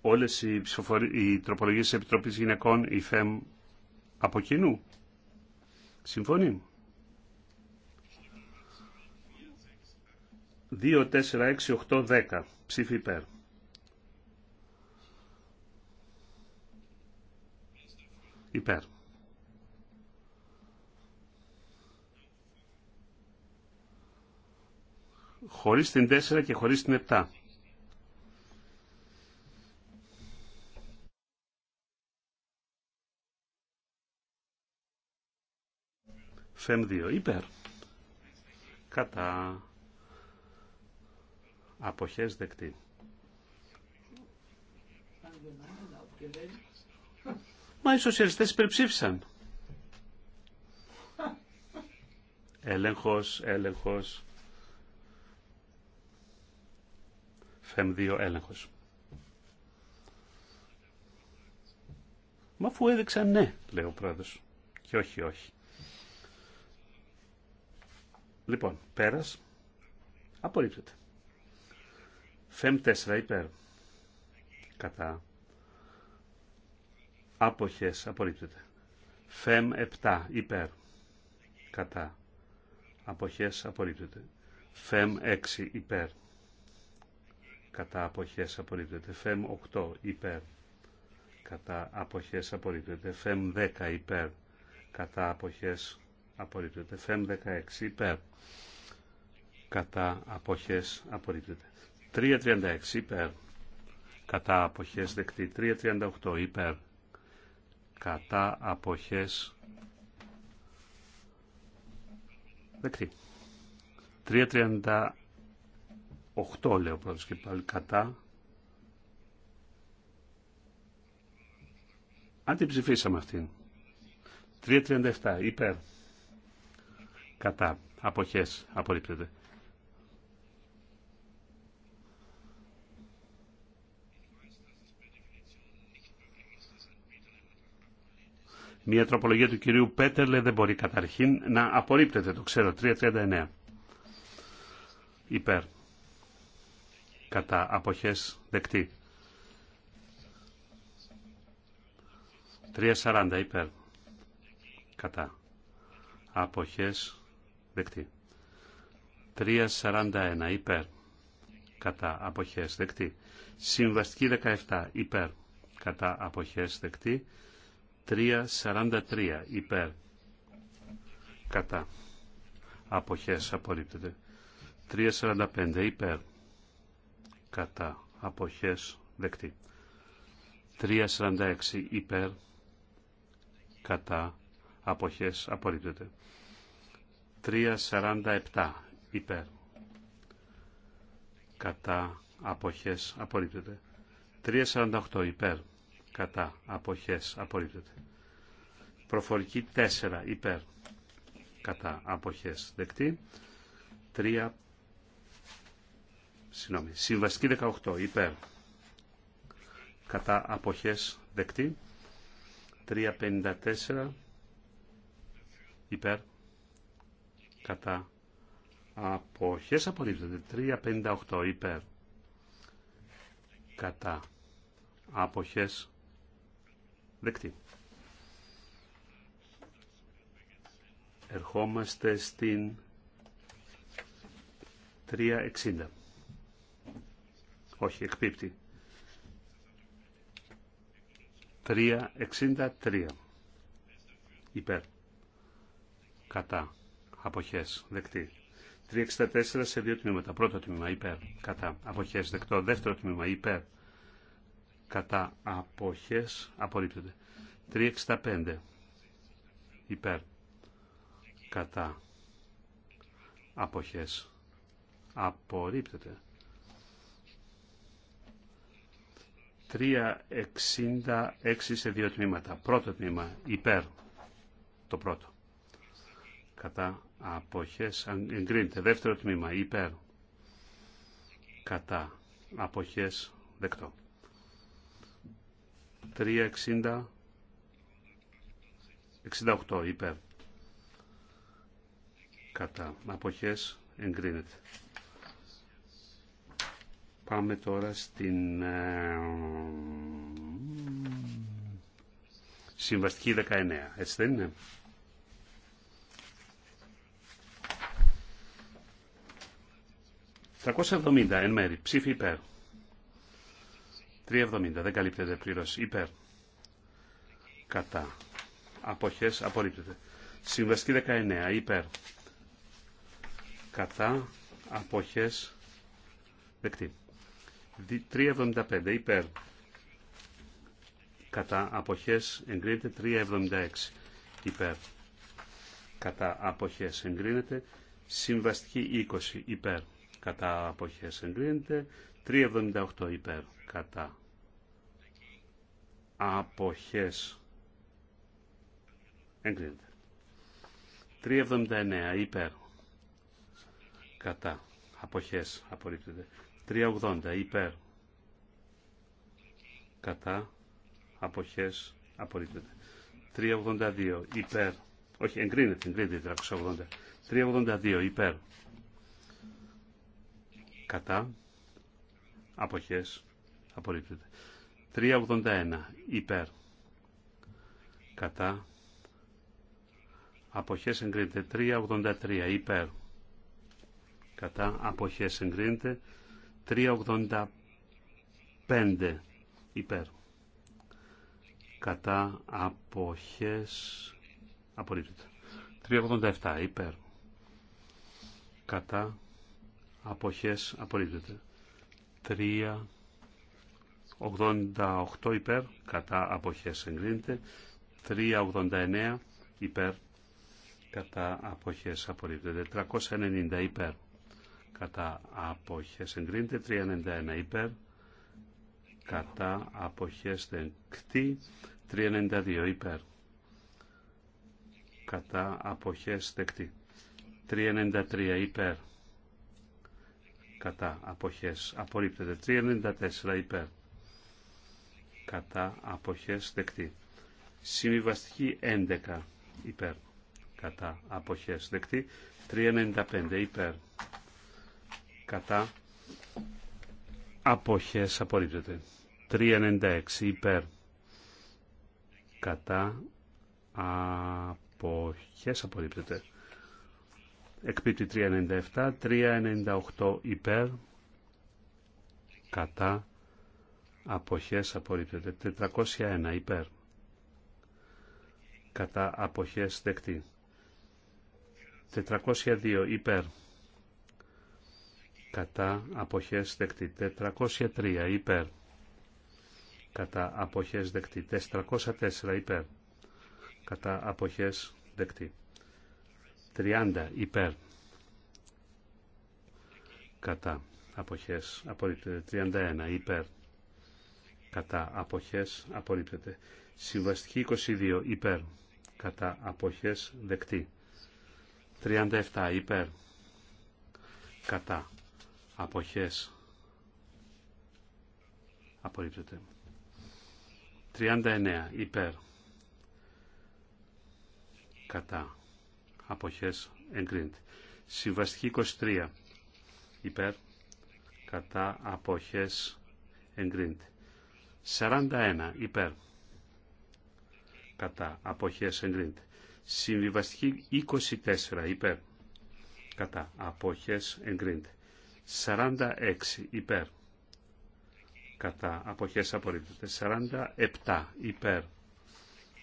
A: Όλες οι, οι τροπολογίες της Επιτροπής Γυναικών, η ΦΕΜ, από κοινού. Συμφωνεί. 2, 4, 6, 8, 10. Ψήφι υπέρ. Υπέρ. Χωρίς την 4 και χωρίς την 7. Φεμ 2. Υπέρ. Κατά. Αποχές δεκτή. Μα οι σοσιαλιστές υπερψήφισαν. Έλεγχος, έλεγχος. δύο έλεγχος. Μα αφού έδειξαν ναι, λέει ο πρόεδρος. Και όχι, όχι. Λοιπόν, πέρας. Απορρίπτεται. Φεμ 4 υπέρ. Κατά. Άποχες απορρίπτεται. Φεμ 7 υπέρ. Κατά. Αποχές απορρίπτεται. Φεμ 6 υπέρ. Κατά αποχές απορρίπτεται. Φεμ 8 υπέρ. Κατά αποχές απορρίπτεται. Φεμ 10 υπέρ. Κατά αποχές απορρίπτεται. Φεμ 16 υπέρ. Κατά αποχές απορρίπτεται. 3.36 υπέρ κατά αποχές δεκτή 3.38 υπέρ κατά αποχές δεκτή 3.38 λέω πρώτος και πάλι κατά αν την ψηφίσαμε αυτήν 3.37 υπέρ κατά αποχές απορρίπτεται Μία τροπολογία του κυρίου Πέτερλε δεν μπορεί καταρχήν να απορρίπτεται, το ξέρω, 339. Υπέρ. Κατά αποχές δεκτή. 340 υπέρ. Κατά. Αποχές δεκτή. 341 υπέρ. Κατά αποχές δεκτή. Συμβαστική 17 υπέρ. Κατά αποχές δεκτή. 3.43 υπέρ κατά αποχές απορρίπτεται 3.45 υπέρ κατά αποχές δεκτή 3.46 υπέρ κατά αποχές απορρίπτεται 3.47 υπέρ κατά αποχές απορρίπτεται 3.48 υπέρ κατά αποχές απορρίπτεται. Προφορική 4 υπέρ κατά αποχές δεκτή. 3 Συγγνώμη. Συμβαστική 18 υπέρ κατά αποχές δεκτή. 354 υπέρ κατά αποχές απορρίπτεται. 358 υπέρ κατά αποχές Δεκτή. Ερχόμαστε στην 360. Όχι, εκπίπτει. 363. Υπέρ. Κατά. Αποχές. Δεκτή. 364 σε δύο τμήματα. Πρώτο τμήμα υπέρ. Κατά. Αποχές. Δεκτό. Δεύτερο τμήμα υπέρ κατά αποχές απορρίπτεται. 365 υπέρ κατά αποχές απορρίπτεται. 366 σε δύο τμήματα. Πρώτο τμήμα υπέρ το πρώτο. Κατά αποχές εγκρίνεται. Δεύτερο τμήμα υπέρ κατά αποχές δεκτό. 360 68 υπέρ κατά αποχές εγκρίνεται πάμε τώρα στην ε, συμβαστική 19 έτσι δεν είναι ...370 εν μέρη. Ψήφι υπέρ. 370 δεν καλύπτεται πλήρω υπέρ κατά αποχές απορρίπτεται συμβαστική 19 υπέρ κατά αποχές δεκτή 375 υπέρ κατά αποχές εγκρίνεται 376 υπέρ κατά αποχές εγκρίνεται συμβαστική 20 υπέρ κατά αποχές εγκρίνεται 378 υπέρ κατά αποχές εγκρίνεται 379 υπέρ κατά αποχές απορρίπτεται 380 υπέρ κατά αποχές απορρίπτεται 382 υπέρ όχι εγκρίνεται εγκρίνεται 380 382 υπέρ κατά αποχές απορρίπτεται. 381 υπέρ κατά αποχές εγκρίνεται. 383 υπέρ κατά αποχές εγκρίνεται. 385 υπέρ κατά αποχές απορρίπτεται. 387 υπέρ κατά αποχές απορρίπτεται. 3, 88 υπέρ, κατά αποχές εγκρίνεται, 389 υπέρ, κατά αποχές απορρίπτεται, 490 υπέρ, κατά αποχές εγκρίνεται, 391 υπέρ, κατά αποχές δεκτή, 392 υπέρ, κατά αποχές δεκτή, 393 υπέρ, κατά αποχές απορρίπτεται 394 υπέρ κατά αποχές δεκτή συμβιβαστική 11 υπέρ κατά αποχές δεκτή 395 υπέρ κατά αποχές απορρίπτεται 396 υπέρ κατά αποχές απορρίπτεται εκπίπτει 397, 398 υπέρ, κατά, αποχές απορρίπτεται, 401 υπέρ, κατά, αποχές δεκτή, 402 υπέρ, κατά, αποχές δεκτή, 403 υπέρ, κατά, αποχές δεκτή, 404 υπέρ, κατά, αποχές δεκτή. 30 υπέρ κατά αποχές απορρίπτεται 31 υπέρ κατά αποχές απορρίπτεται συμβαστική 22 υπέρ κατά αποχές δεκτή 37 υπέρ κατά αποχές απορρίπτεται 39 υπέρ κατά αποχές εγκρίνεται. Συμβαστική 23 υπέρ κατά αποχές εγκρίνεται. 41 υπέρ κατά αποχές εγκρίνεται. Συμβιβαστική 24 υπέρ κατά αποχές εγκρίνεται. 46 υπέρ κατά αποχές απορρίπτεται. 47 υπέρ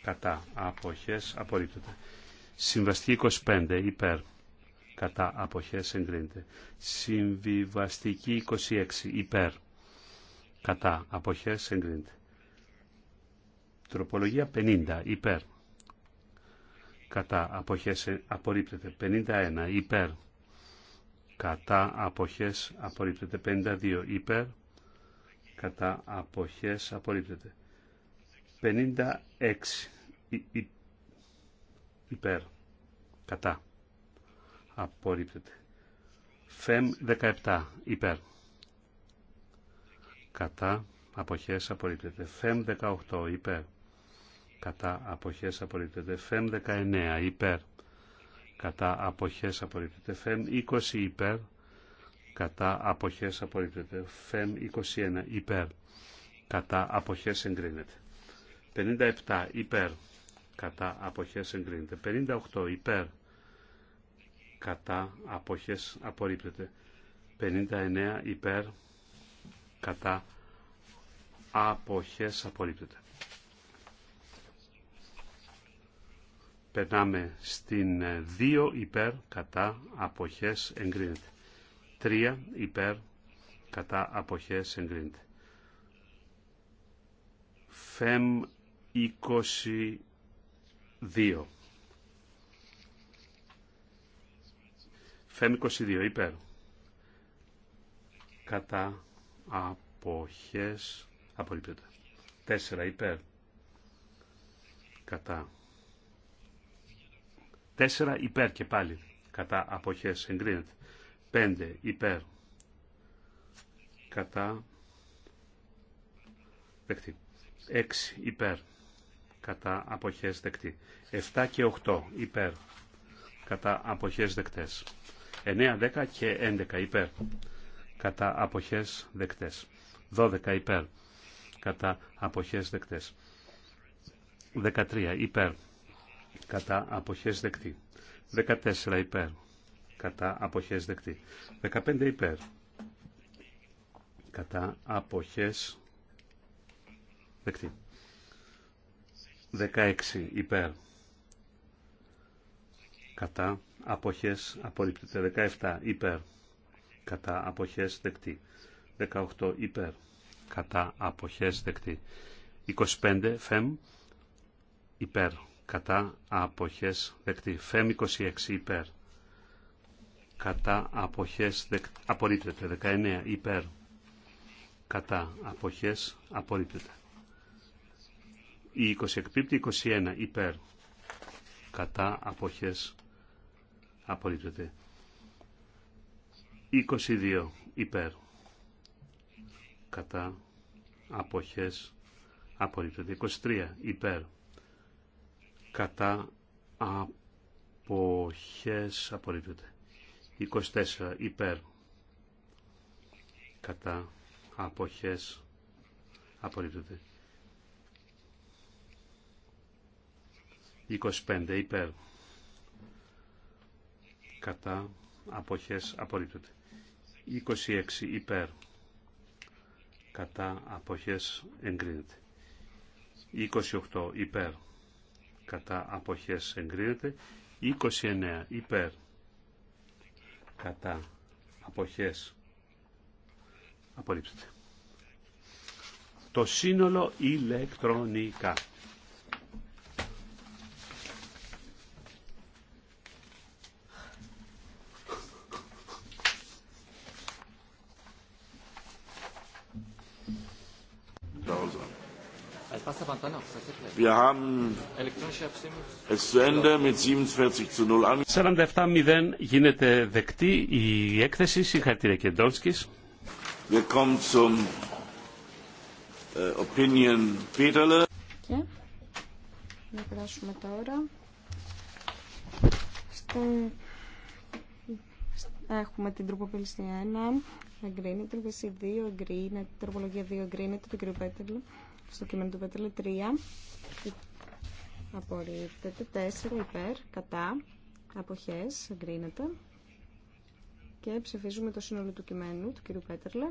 A: κατά αποχές απορρίπτεται. Συμβαστική 25 υπέρ κατά αποχές εγκρίνεται. Συμβιβαστική 26 υπέρ κατά αποχές εγκρίνεται. Τροπολογία 50 ε, υπέρ κατά αποχές απορρίπτεται. 51 υπέρ κατά αποχές απορρίπτεται. 52 υπέρ κατά αποχές απορρίπτεται. 56 υπέρ υπέρ, κατά, απορρίπτεται. Φεμ 17 υπέρ, κατά, αποχές απορρίπτεται. Φεμ 18 υπέρ, κατά, αποχές απορρίπτεται. Φεμ 19 υπέρ, κατά, αποχές απορρίπτεται. Φεμ 20 υπέρ, κατά, αποχές απορρίπτεται. Φεμ 21 υπέρ, κατά, αποχές εγκρίνεται. 57 υπέρ, κατά αποχές εγκρίνεται. 58 υπέρ κατά αποχές απορρίπτεται. 59 υπέρ κατά αποχές απορρίπτεται. Περνάμε στην 2 ε, υπέρ κατά αποχές εγκρίνεται. 3 υπέρ κατά αποχές εγκρίνεται. Φεμ 20 2. Φέμ 22 υπέρ. Κατά αποχές απορρίπτεται. 4 υπέρ. Κατά. 4 υπέρ και πάλι. Κατά αποχές εγκρίνεται. 5 υπέρ. Κατά. Δεχτή. 6 υπέρ κατά αποχές δεκτή. 7 και 8 υπέρ κατά αποχές δεκτές. 9, 10 και 11 υπέρ κατά αποχές δεκτές. 12 υπέρ κατά αποχές δεκτές. 13 υπέρ κατά αποχές δεκτή. 14 υπέρ κατά αποχές δεκτή. 15 υπέρ κατά αποχές δεκτή. 16 υπέρ κατά αποχές απορρίπτεται 17 υπέρ κατά αποχές δεκτή 18 υπέρ κατά αποχές δεκτή 25 φεμ υπέρ κατά αποχές δεκτή φεμ 26 υπέρ κατά αποχές δεκτή απορρίπτεται 19 υπέρ κατά αποχές απορρίπτεται η 20 εκπίπτει, 21 υπέρ. Κατά αποχές απορρίπτεται. 22 υπέρ. Κατά αποχές απορρίπτεται. 23 υπέρ. Κατά αποχές απορρίπτεται. 24 υπέρ. Κατά αποχές απορρίπτεται. 25 υπέρ κατά αποχές απορρίπτεται 26 υπέρ κατά αποχές εγκρίνεται 28 υπέρ κατά αποχές εγκρίνεται 29 υπέρ κατά αποχές απορρίπτεται το σύνολο ηλεκτρονικά Wir haben es zu Ende mit 47 zu 0 47-0 γίνεται δεκτή η έκθεση. Συγχαρητήρια και Ντόλσκης.
C: Wir kommen zum äh, Opinion Peterle.
B: Και να περάσουμε τώρα. Στην... Έχουμε την τροποποίηση 1, εγκρίνεται, τροποποίηση 2, εγκρίνεται, τροπολογία 2, εγκρίνεται, του κ. Πέτερλου στο κείμενο του Πέτρελε 3 απορρίπτεται 4 υπέρ κατά αποχές εγκρίνεται και ψηφίζουμε το σύνολο του κειμένου του κυρίου Πέτερλε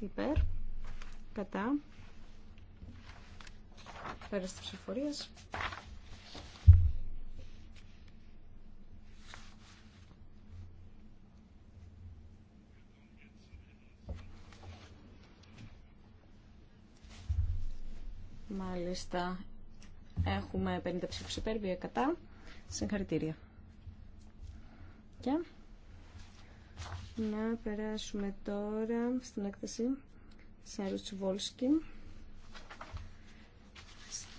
B: υπέρ κατά πέρας της ψηφορίας Μάλιστα. Έχουμε 50 ψήφους υπέρ, 2 κατά. Συγχαρητήρια. Και να περάσουμε τώρα στην έκθεση Σάρου Τσουβόλσκι.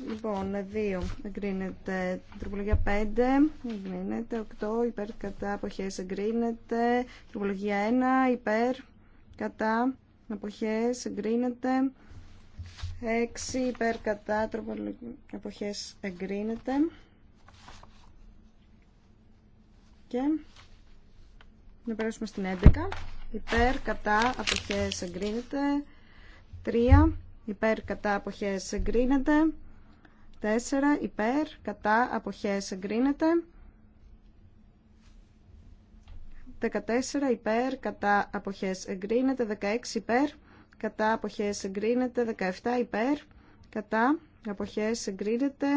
B: Λοιπόν, 2 εγκρίνεται. Τροπολογία 5 εγκρίνεται. 8 υπέρ κατά αποχές εγκρίνεται. Τροπολογία 1 υπέρ κατά αποχές εγκρίνεται. 6 υπέρ κατά εποχές εγκρίνεται και να περάσουμε στην 11 υπέρ κατά αποχές εγκρίνεται 3 υπέρ κατά αποχές εγκρίνεται 4 υπέρ κατά αποχές εγκρίνεται 14 υπέρ κατά αποχές εγκρίνεται 16 υπέρ κατά αποχές εγκρίνεται, 17 υπέρ, κατά αποχές εγκρίνεται,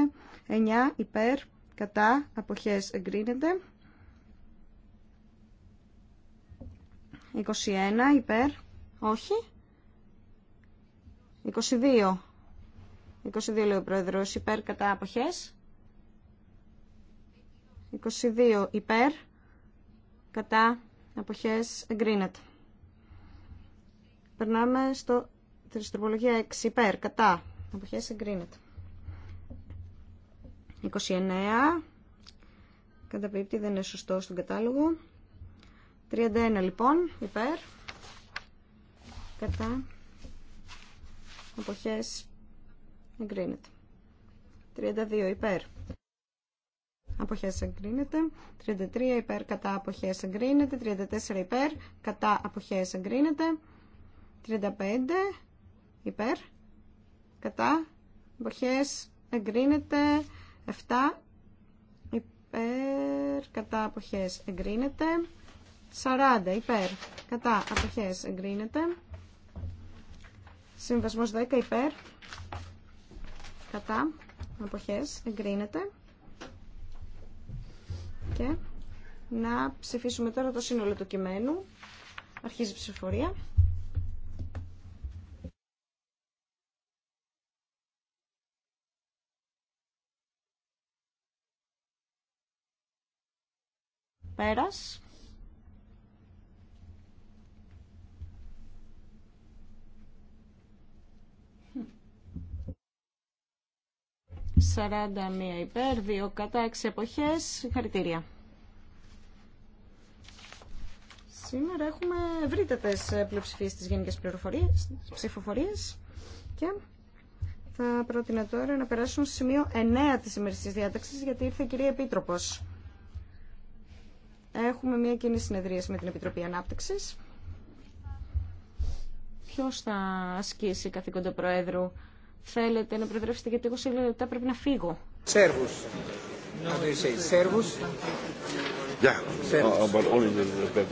B: 9 υπέρ, κατά αποχές εγκρίνεται, 21 υπέρ, όχι, 22, 22 λέει ο πρόεδρος, υπέρ κατά αποχές, 22 υπέρ, κατά αποχές εγκρίνεται. Περνάμε στο τριστροπολογία 6 υπέρ, κατά. Αποχές εγκρίνεται. 29. Καταπίπτει, δεν είναι σωστό στον κατάλογο. 31 λοιπόν, υπέρ. Κατά. Αποχές εγκρίνεται. 32 υπέρ. Αποχές εγκρίνεται. 33 υπέρ κατά αποχές εγκρίνεται. 34 υπέρ κατά αποχές εγκρίνεται. 35 υπέρ κατά αποχές εγκρίνεται 7 υπέρ κατά αποχές εγκρίνεται 40 υπέρ κατά αποχές εγκρίνεται Συμβασμός 10 υπέρ κατά αποχές εγκρίνεται και να ψηφίσουμε τώρα το σύνολο του κειμένου αρχίζει η ψηφοφορία Πέρας. Σαράντα μία υπέρ, δύο κατά, έξι εποχές. Χαρητήρια. Σήμερα έχουμε ευρύτατες πλειοψηφίες της γενικές πληροφορίες, ψηφοφορίες και θα πρότεινα τώρα να περάσουν στο σημείο 9 της ημερησίας διάταξης γιατί ήρθε η κυρία Επίτροπος έχουμε μια κοινή συνεδρίαση με την Επιτροπή ανάπτυξη. Ποιο θα ασκήσει καθήκοντα Προέδρου. Θέλετε να προεδρεύσετε γιατί εγώ σε λίγα λεπτά πρέπει να φύγω.
C: Oh,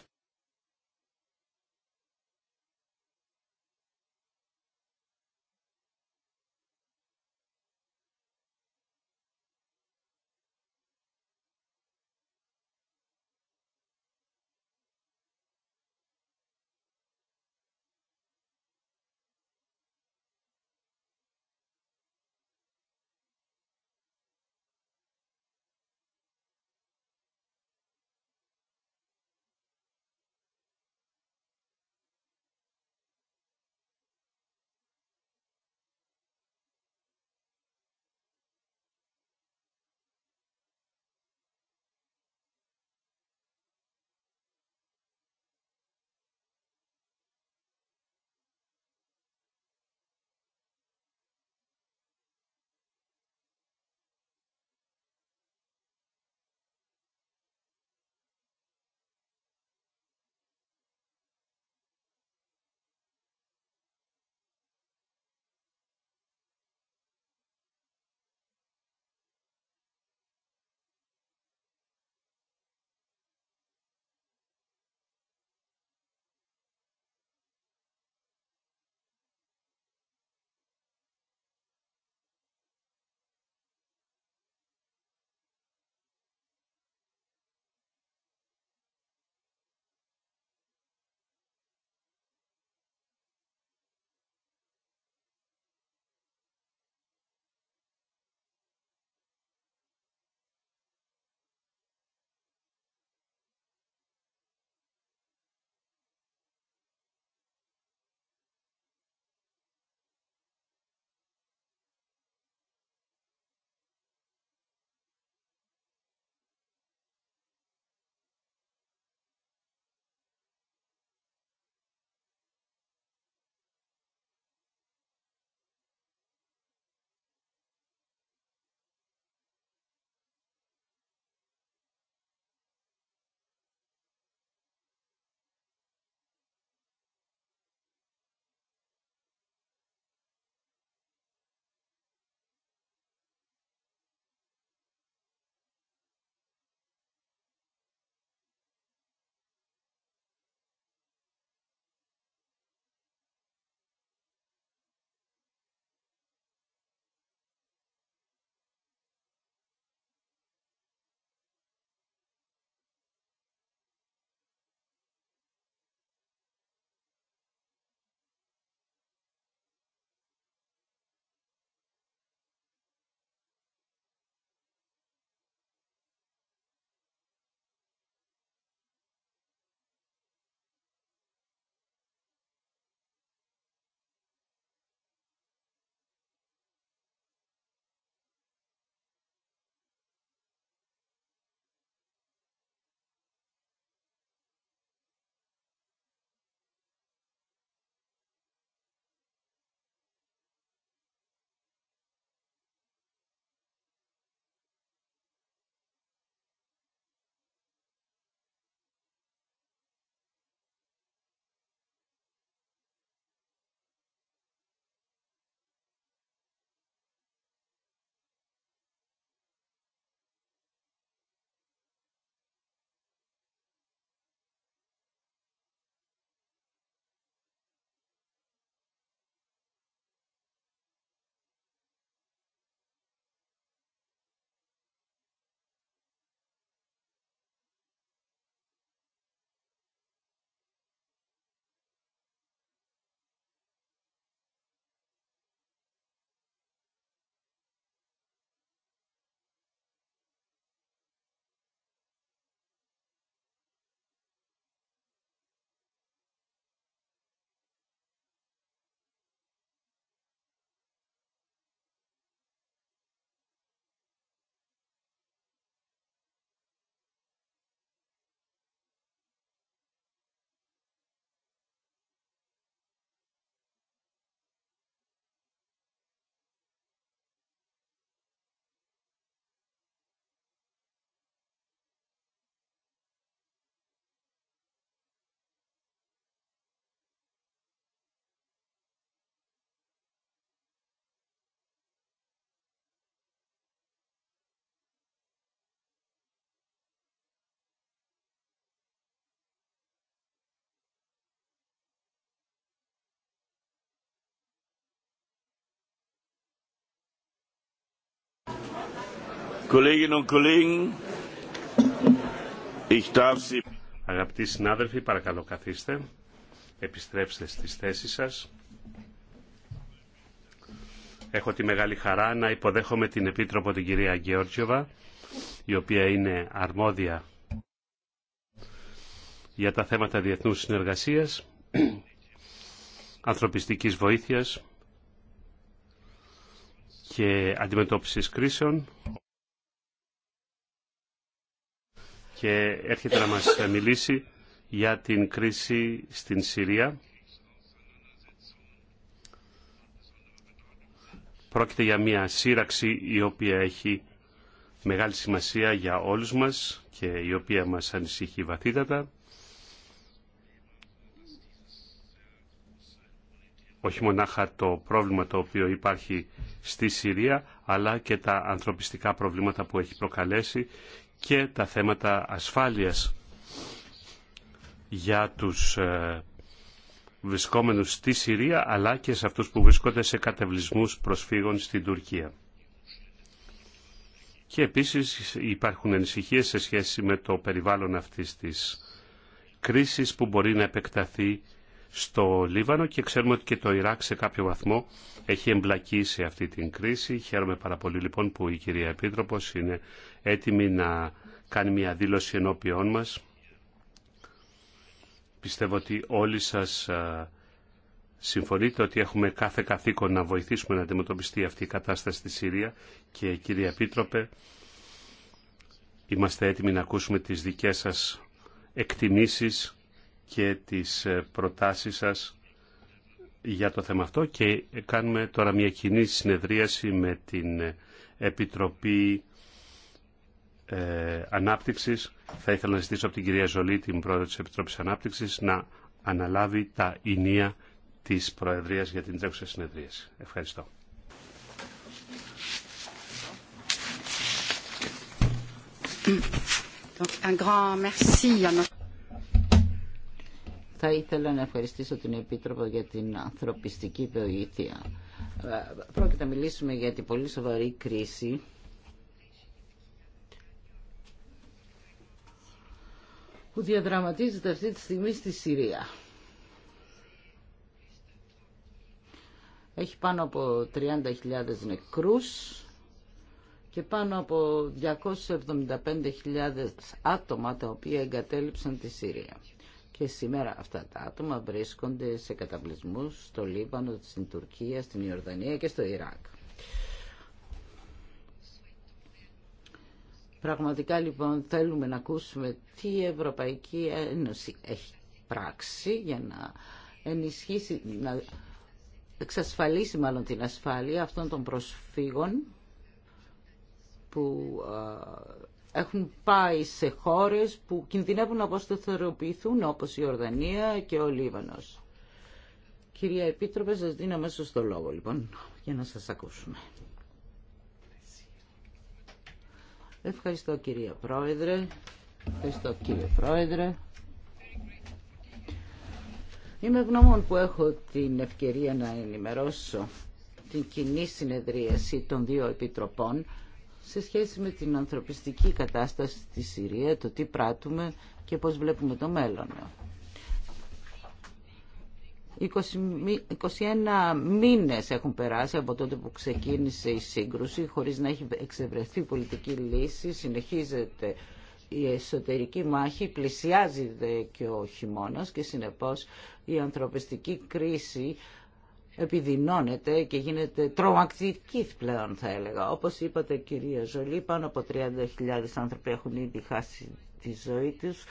A: Kolleginnen und Kollegen, ich darf Sie... Αγαπητοί συνάδελφοι, παρακαλώ καθίστε. Επιστρέψτε στις θέσεις σας. Έχω τη μεγάλη χαρά να υποδέχομαι την Επίτροπο την κυρία Γεώργιοβα, η οποία είναι αρμόδια για τα θέματα διεθνούς συνεργασίας, ανθρωπιστικής βοήθειας και αντιμετώπισης κρίσεων. και έρχεται να μας μιλήσει για την κρίση στην Συρία. Πρόκειται για μια σύραξη η οποία έχει μεγάλη σημασία για όλους μας και η οποία μας ανησυχεί βαθύτατα. όχι μονάχα το πρόβλημα το οποίο υπάρχει στη Συρία, αλλά και τα ανθρωπιστικά προβλήματα που έχει προκαλέσει και τα θέματα ασφάλειας για τους ε, βρισκόμενους στη Συρία αλλά και σε αυτούς που βρισκόνται σε κατευλισμούς προσφύγων στην Τουρκία. Και επίσης υπάρχουν ενησυχίες σε σχέση με το περιβάλλον αυτής της κρίσης που μπορεί να επεκταθεί στο Λίβανο και ξέρουμε ότι και το Ιράκ σε κάποιο βαθμό έχει εμπλακεί σε αυτή την κρίση. Χαίρομαι πάρα πολύ λοιπόν που η κυρία Επίτροπος είναι έτοιμη να κάνει μια δήλωση ενώπιόν μας. Πιστεύω ότι όλοι σας συμφωνείτε ότι έχουμε κάθε καθήκον να βοηθήσουμε να αντιμετωπιστεί αυτή η κατάσταση στη Συρία και κυρία Επίτροπε είμαστε έτοιμοι να ακούσουμε τις δικές σας εκτιμήσεις και τις ε, προτάσεις σας για το θέμα αυτό και κάνουμε τώρα μια κοινή συνεδρίαση με την ε, Επιτροπή ε, Ανάπτυξης. Θα ήθελα να ζητήσω από την κυρία Ζολή, την πρόεδρο της Επιτροπής Ανάπτυξης, να αναλάβει τα ηνία της Προεδρίας για την τρέχουσα συνεδρίαση. Ευχαριστώ.
D: Θα ήθελα να ευχαριστήσω την Επίτροπο για την ανθρωπιστική βοήθεια. Ε, πρόκειται να μιλήσουμε για την πολύ σοβαρή κρίση που διαδραματίζεται αυτή τη στιγμή στη Συρία. Έχει πάνω από 30.000 νεκρούς και πάνω από 275.000 άτομα τα οποία εγκατέλειψαν τη Συρία. Και σήμερα αυτά τα άτομα βρίσκονται σε καταβλισμούς στο Λίβανο, στην Τουρκία, στην Ιορδανία και στο Ιράκ. Πραγματικά λοιπόν θέλουμε να ακούσουμε τι η Ευρωπαϊκή Ένωση έχει πράξει για να ενισχύσει, να εξασφαλίσει μάλλον την ασφάλεια αυτών των προσφύγων που έχουν πάει σε χώρες που κινδυνεύουν να αποστοθεροποιηθούν, όπως η Ορδανία και ο Λίβανος. Κυρία Επίτροπε, σας δίνω αμέσως στο λόγο λοιπόν για να σας ακούσουμε. Ευχαριστώ κυρία Πρόεδρε. Ευχαριστώ κύριε Πρόεδρε. Είμαι ευγνωμών που έχω την ευκαιρία να ενημερώσω την κοινή συνεδρίαση των δύο επιτροπών σε σχέση με την ανθρωπιστική κατάσταση στη Συρία, το τι πράττουμε και πώς βλέπουμε το μέλλον. 21 μήνες έχουν περάσει από τότε που ξεκίνησε η σύγκρουση χωρίς να έχει εξευρεθεί πολιτική λύση. Συνεχίζεται η εσωτερική μάχη, πλησιάζεται και ο χειμώνας και συνεπώς η ανθρωπιστική κρίση επιδεινώνεται και γίνεται τρομακτική πλέον θα έλεγα. Όπως είπατε κυρία Ζολή, πάνω από 30.000 άνθρωποι έχουν ήδη χάσει τη ζωή τους,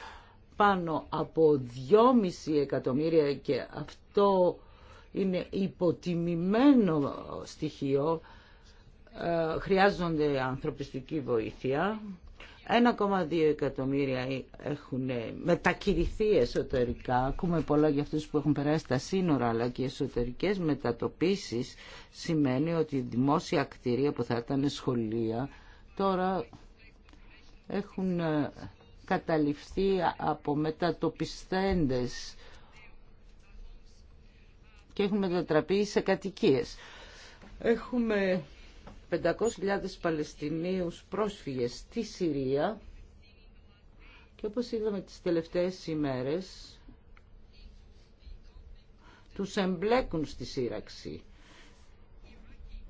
D: πάνω από 2,5 εκατομμύρια και αυτό είναι υποτιμημένο στοιχείο, ε, χρειάζονται ανθρωπιστική βοήθεια 1,2 εκατομμύρια έχουν μετακυρηθεί εσωτερικά. Ακούμε πολλά για αυτούς που έχουν περάσει τα σύνορα, αλλά και οι εσωτερικές μετατοπίσεις σημαίνει ότι η δημόσια κτίρια που θα ήταν σχολεία τώρα έχουν ε, καταληφθεί από μετατοπιστέντες και έχουν μετατραπεί σε κατοικίες. Έχουμε 500.000 Παλαιστινίους πρόσφυγες στη Συρία και όπως είδαμε τις τελευταίες ημέρες τους εμπλέκουν στη σύραξη.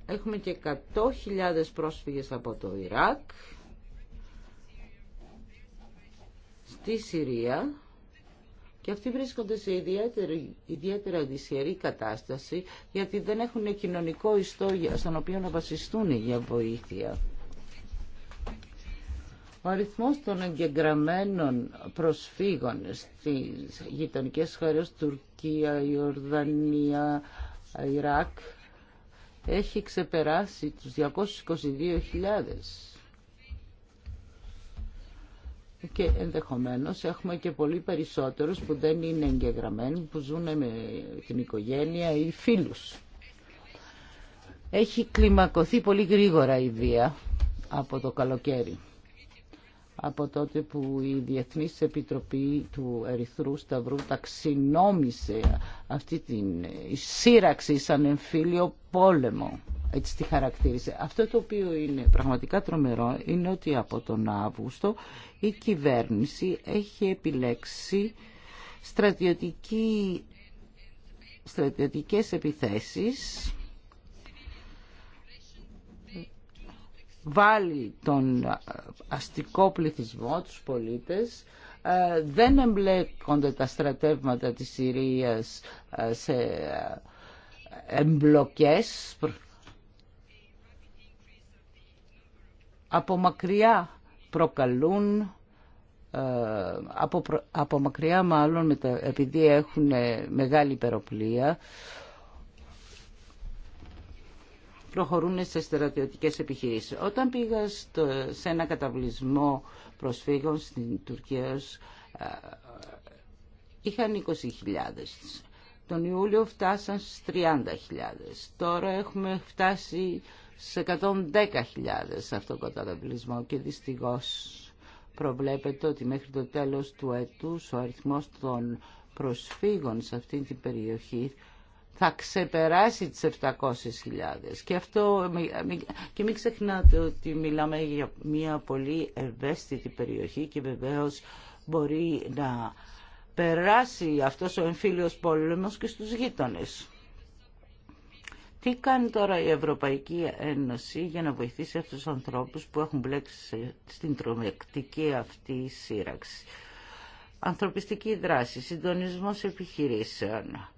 D: Έχουμε και 100.000 πρόσφυγες από το Ιράκ στη Συρία και αυτοί βρίσκονται σε ιδιαίτερη, ιδιαίτερα δυσχερή κατάσταση γιατί δεν έχουν κοινωνικό ιστό στον οποίο να βασιστούν για βοήθεια. Ο αριθμός των εγγεγραμμένων προσφύγων στις γειτονικές χώρες Τουρκία, Ιορδανία, Ιράκ έχει ξεπεράσει τους 222.000 και ενδεχομένως έχουμε και πολύ περισσότερους που δεν είναι εγγεγραμμένοι, που ζουν με την οικογένεια ή φίλους. Έχει κλιμακωθεί πολύ γρήγορα η βία από το καλοκαίρι. Από τότε που η Διεθνής Επιτροπή του Ερυθρού Σταυρού ταξινόμησε αυτή την σύραξη σαν εμφύλιο πόλεμο. Έτσι τη χαρακτήρισε. Αυτό το οποίο είναι πραγματικά τρομερό είναι ότι από τον Αύγουστο η κυβέρνηση έχει επιλέξει στρατιωτική, στρατιωτικές επιθέσεις βάλει τον αστικό πληθυσμό, τους πολίτες, ε, δεν εμπλέκονται τα στρατεύματα της Συρίας ε, σε ε, εμπλοκές από μακριά προκαλούν ε, από, από μακριά μάλλον επειδή έχουν μεγάλη υπεροπλία προχωρούν σε στρατιωτικές επιχειρήσεις. Όταν πήγα σε ένα καταβλισμό προσφύγων στην Τουρκία ε, είχαν 20.000. Τον Ιούλιο φτάσαν στις 30.000. Τώρα έχουμε φτάσει σε 110.000 αυτοκαταβεβλισμό και δυστυχώς προβλέπεται ότι μέχρι το τέλος του έτους ο αριθμός των προσφύγων σε αυτή την περιοχή θα ξεπεράσει τις 700.000. Και, αυτό, και μην ξεχνάτε ότι μιλάμε για μια πολύ ευαίσθητη περιοχή και βεβαίως μπορεί να περάσει αυτός ο εμφύλιος πόλεμος και στους γείτονες. Τι κάνει τώρα η Ευρωπαϊκή Ένωση για να βοηθήσει αυτούς τους ανθρώπους που έχουν μπλέξει στην τρομεκτική αυτή σύραξη. Ανθρωπιστική δράση, συντονισμός επιχειρήσεων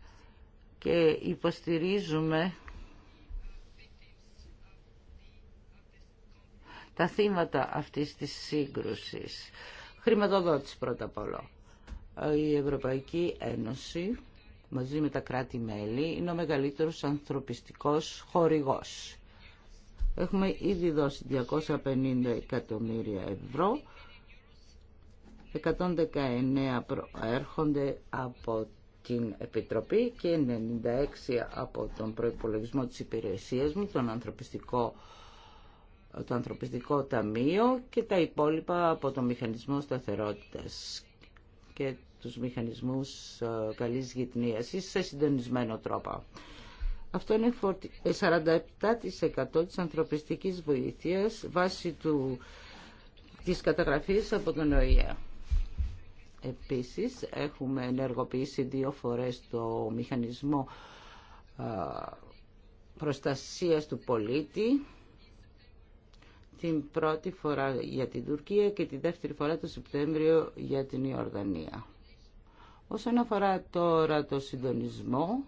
D: και υποστηρίζουμε τα θύματα αυτής της σύγκρουσης. Χρηματοδότηση πρώτα απ' όλο Η Ευρωπαϊκή Ένωση μαζί με τα κράτη-μέλη είναι ο μεγαλύτερος ανθρωπιστικός χορηγός. Έχουμε ήδη δώσει 250 εκατομμύρια ευρώ, 119 προέρχονται από την Επιτροπή και 96 από τον προϋπολογισμό της υπηρεσίας μου, τον ανθρωπιστικό το Ανθρωπιστικό Ταμείο και τα υπόλοιπα από το Μηχανισμό Σταθερότητας και τους μηχανισμούς ε, καλής γυτνίασης σε συντονισμένο τρόπο. Αυτό είναι 47% ε, της ανθρωπιστικής βοήθειας βάσει του, της καταγραφής από τον ΟΗΕ. Επίσης, έχουμε ενεργοποιήσει δύο φορές το μηχανισμό ε, προστασίας του πολίτη την πρώτη φορά για την Τουρκία και τη δεύτερη φορά το Σεπτέμβριο για την Ιορδανία. Όσον αφορά τώρα το συντονισμό,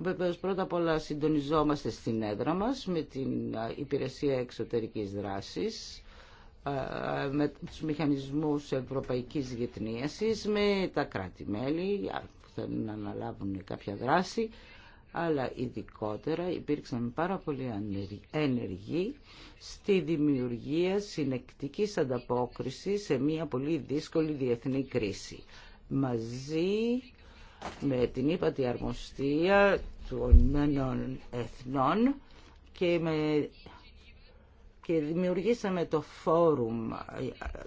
D: βεβαίως πρώτα απ' όλα συντονιζόμαστε στην έδρα μας με την Υπηρεσία Εξωτερικής Δράσης, με τους μηχανισμούς ευρωπαϊκής γετνίασης, με τα κράτη-μέλη που θέλουν να αναλάβουν κάποια δράση, αλλά ειδικότερα υπήρξαν πάρα πολλοί ενεργοί στη δημιουργία συνεκτικής ανταπόκρισης σε μια πολύ δύσκολη διεθνή κρίση μαζί με την ύπατη αρμοστία των Ηνωμένων Εθνών και με και δημιουργήσαμε το φόρουμ,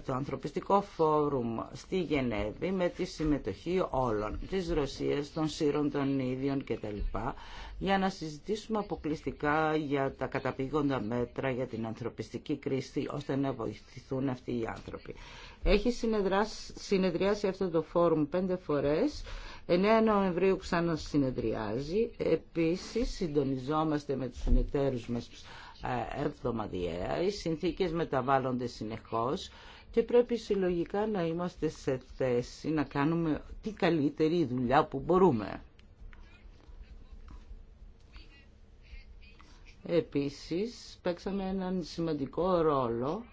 D: το ανθρωπιστικό φόρουμ στη Γενέβη με τη συμμετοχή όλων, της Ρωσίας, των Σύρων, των Ίδιων κτλ. για να συζητήσουμε αποκλειστικά για τα καταπήγοντα μέτρα, για την ανθρωπιστική κρίση, ώστε να βοηθηθούν αυτοί οι άνθρωποι. Έχει συνεδριάσει αυτό το φόρουμ πέντε φορές 9 Νοεμβρίου ξανά συνεδριάζει. Επίσης συντονιζόμαστε με τους συνεταίρους μας εβδομαδιαία. Οι συνθήκες μεταβάλλονται συνεχώς και πρέπει συλλογικά να είμαστε σε θέση να κάνουμε τη καλύτερη δουλειά που μπορούμε. Επίσης, παίξαμε έναν σημαντικό ρόλο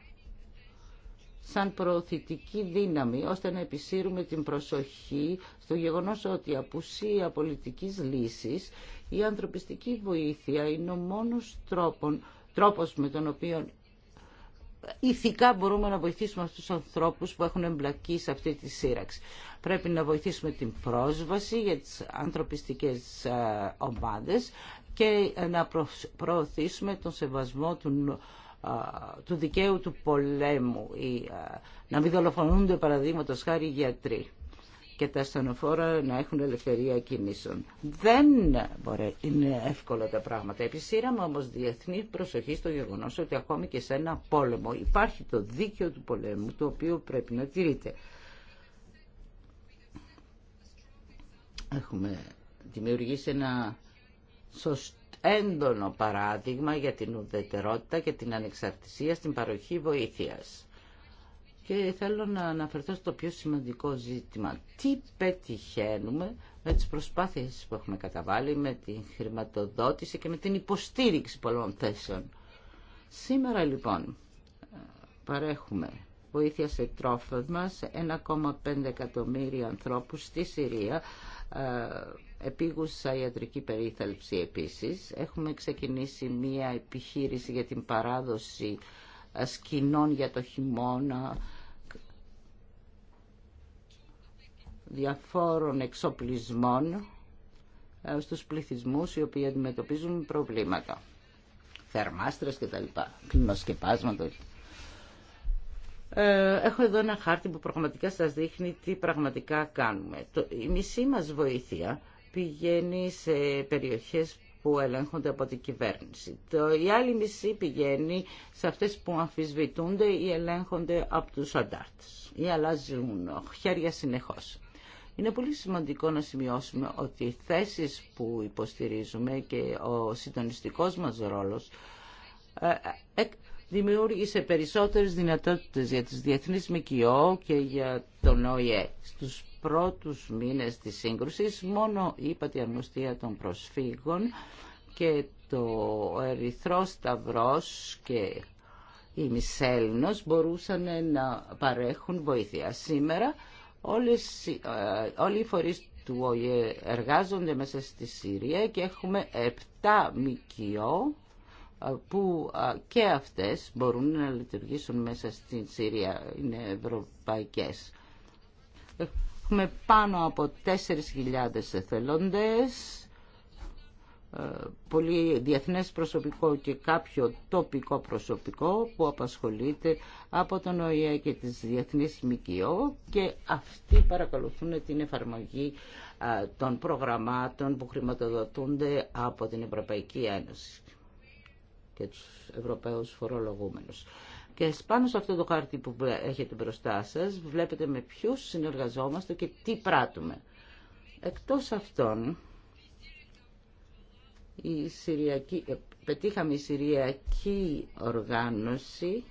D: σαν προωθητική δύναμη, ώστε να επισύρουμε την προσοχή στο γεγονός ότι η απουσία πολιτικής λύσης, η ανθρωπιστική βοήθεια είναι ο μόνος τρόπος τρόπος με τον οποίο ηθικά μπορούμε να βοηθήσουμε αυτούς τους ανθρώπους που έχουν εμπλακεί σε αυτή τη σύραξη. Πρέπει να βοηθήσουμε την πρόσβαση για τις ανθρωπιστικές ε, ομάδες και να προωθήσουμε τον σεβασμό του, ε, του δικαίου του πολέμου ή ε, να μην δολοφονούνται παραδείγματος χάρη γιατροί και τα ασθενοφόρα να έχουν ελευθερία κινήσεων. Δεν μπορεί, είναι εύκολα τα πράγματα. Επισήραμε όμω διεθνή προσοχή στο γεγονό ότι ακόμη και σε ένα πόλεμο υπάρχει το δίκαιο του πολέμου το οποίο πρέπει να τηρείται. Έχουμε δημιουργήσει ένα σωστό έντονο παράδειγμα για την ουδετερότητα και την ανεξαρτησία στην παροχή βοήθειας και θέλω να αναφερθώ στο πιο σημαντικό ζήτημα. Τι πετυχαίνουμε με τις προσπάθειες που έχουμε καταβάλει, με την χρηματοδότηση και με την υποστήριξη πολλών θέσεων. Σήμερα λοιπόν παρέχουμε βοήθεια σε τρόφες μας 1,5 εκατομμύρια ανθρώπους στη Συρία ε, επίγουσα ιατρική περίθαλψη επίσης. Έχουμε ξεκινήσει μία επιχείρηση για την παράδοση ε, σκηνών για το χειμώνα διαφόρων εξοπλισμών ε, στους πληθυσμούς οι οποίοι αντιμετωπίζουν προβλήματα. Θερμάστρες κτλ. κλιμασκεπάσματα. Ε, έχω εδώ ένα χάρτη που πραγματικά σας δείχνει τι πραγματικά κάνουμε. η μισή μας βοήθεια πηγαίνει σε περιοχές που ελέγχονται από την κυβέρνηση. Το, η άλλη μισή πηγαίνει σε αυτές που αμφισβητούνται ή ελέγχονται από τους αντάρτες ή αλλάζουν χέρια συνεχώς. Είναι πολύ σημαντικό να σημειώσουμε ότι οι θέσεις που υποστηρίζουμε και ο συντονιστικός μας ρόλος ε, ε, δημιούργησε περισσότερες δυνατότητες για τις διεθνείς ΜΚΟ και για τον ΟΗΕ. Στους πρώτους μήνες της σύγκρουσης μόνο η πατιαρμοστία των προσφύγων και το Ερυθρό Σταυρός και η Μισέλνος μπορούσαν να παρέχουν βοήθεια. Σήμερα Όλες, ε, όλοι οι φορείς του ΟΗΕ εργάζονται μέσα στη Συρία και έχουμε 7 ΜΚΟ ε, που ε, και αυτές μπορούν να λειτουργήσουν μέσα στην Συρία, είναι ευρωπαϊκές. Έχουμε πάνω από 4.000 εθελοντές ε, πολύ διεθνές προσωπικό και κάποιο τοπικό προσωπικό που απασχολείται από τον ΟΗΕ και τις διεθνείς ΜΚΟ και αυτοί παρακολουθούν την εφαρμογή ε, των προγραμμάτων που χρηματοδοτούνται από την Ευρωπαϊκή Ένωση και τους Ευρωπαίους φορολογούμενους. Και πάνω σε αυτό το χάρτη που έχετε μπροστά σας βλέπετε με ποιους συνεργαζόμαστε και τι πράττουμε. Εκτός αυτών, η Συριακή, ε, πετύχαμε η Συριακή οργάνωση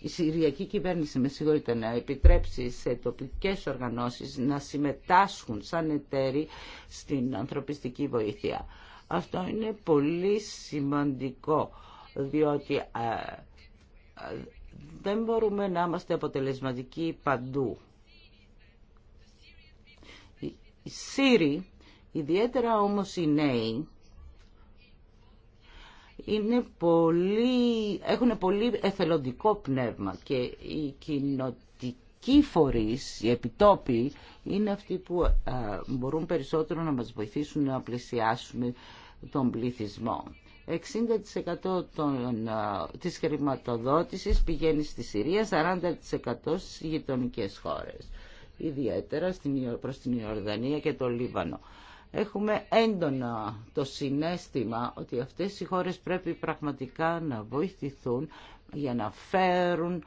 D: η Συριακή κυβέρνηση με συγχωρείτε να επιτρέψει σε τοπικές οργανώσεις να συμμετάσχουν σαν εταίροι στην ανθρωπιστική βοήθεια. Αυτό είναι πολύ σημαντικό διότι δεν μπορούμε να είμαστε αποτελεσματικοί παντού. Οι Σύριοι, ιδιαίτερα όμως οι νέοι, είναι πολύ, έχουν πολύ εθελοντικό πνεύμα και οι κοινοτικοί φορείς, οι επιτόποι, είναι αυτοί που ε, μπορούν περισσότερο να μας βοηθήσουν να πλησιάσουμε τον πληθυσμό. 60% των, ε, της χρηματοδότησης πηγαίνει στη Συρία, 40% στις γειτονικές χώρες, ιδιαίτερα στην, προς την Ιορδανία και το Λίβανο έχουμε έντονα το συνέστημα ότι αυτές οι χώρες πρέπει πραγματικά να βοηθηθούν για να φέρουν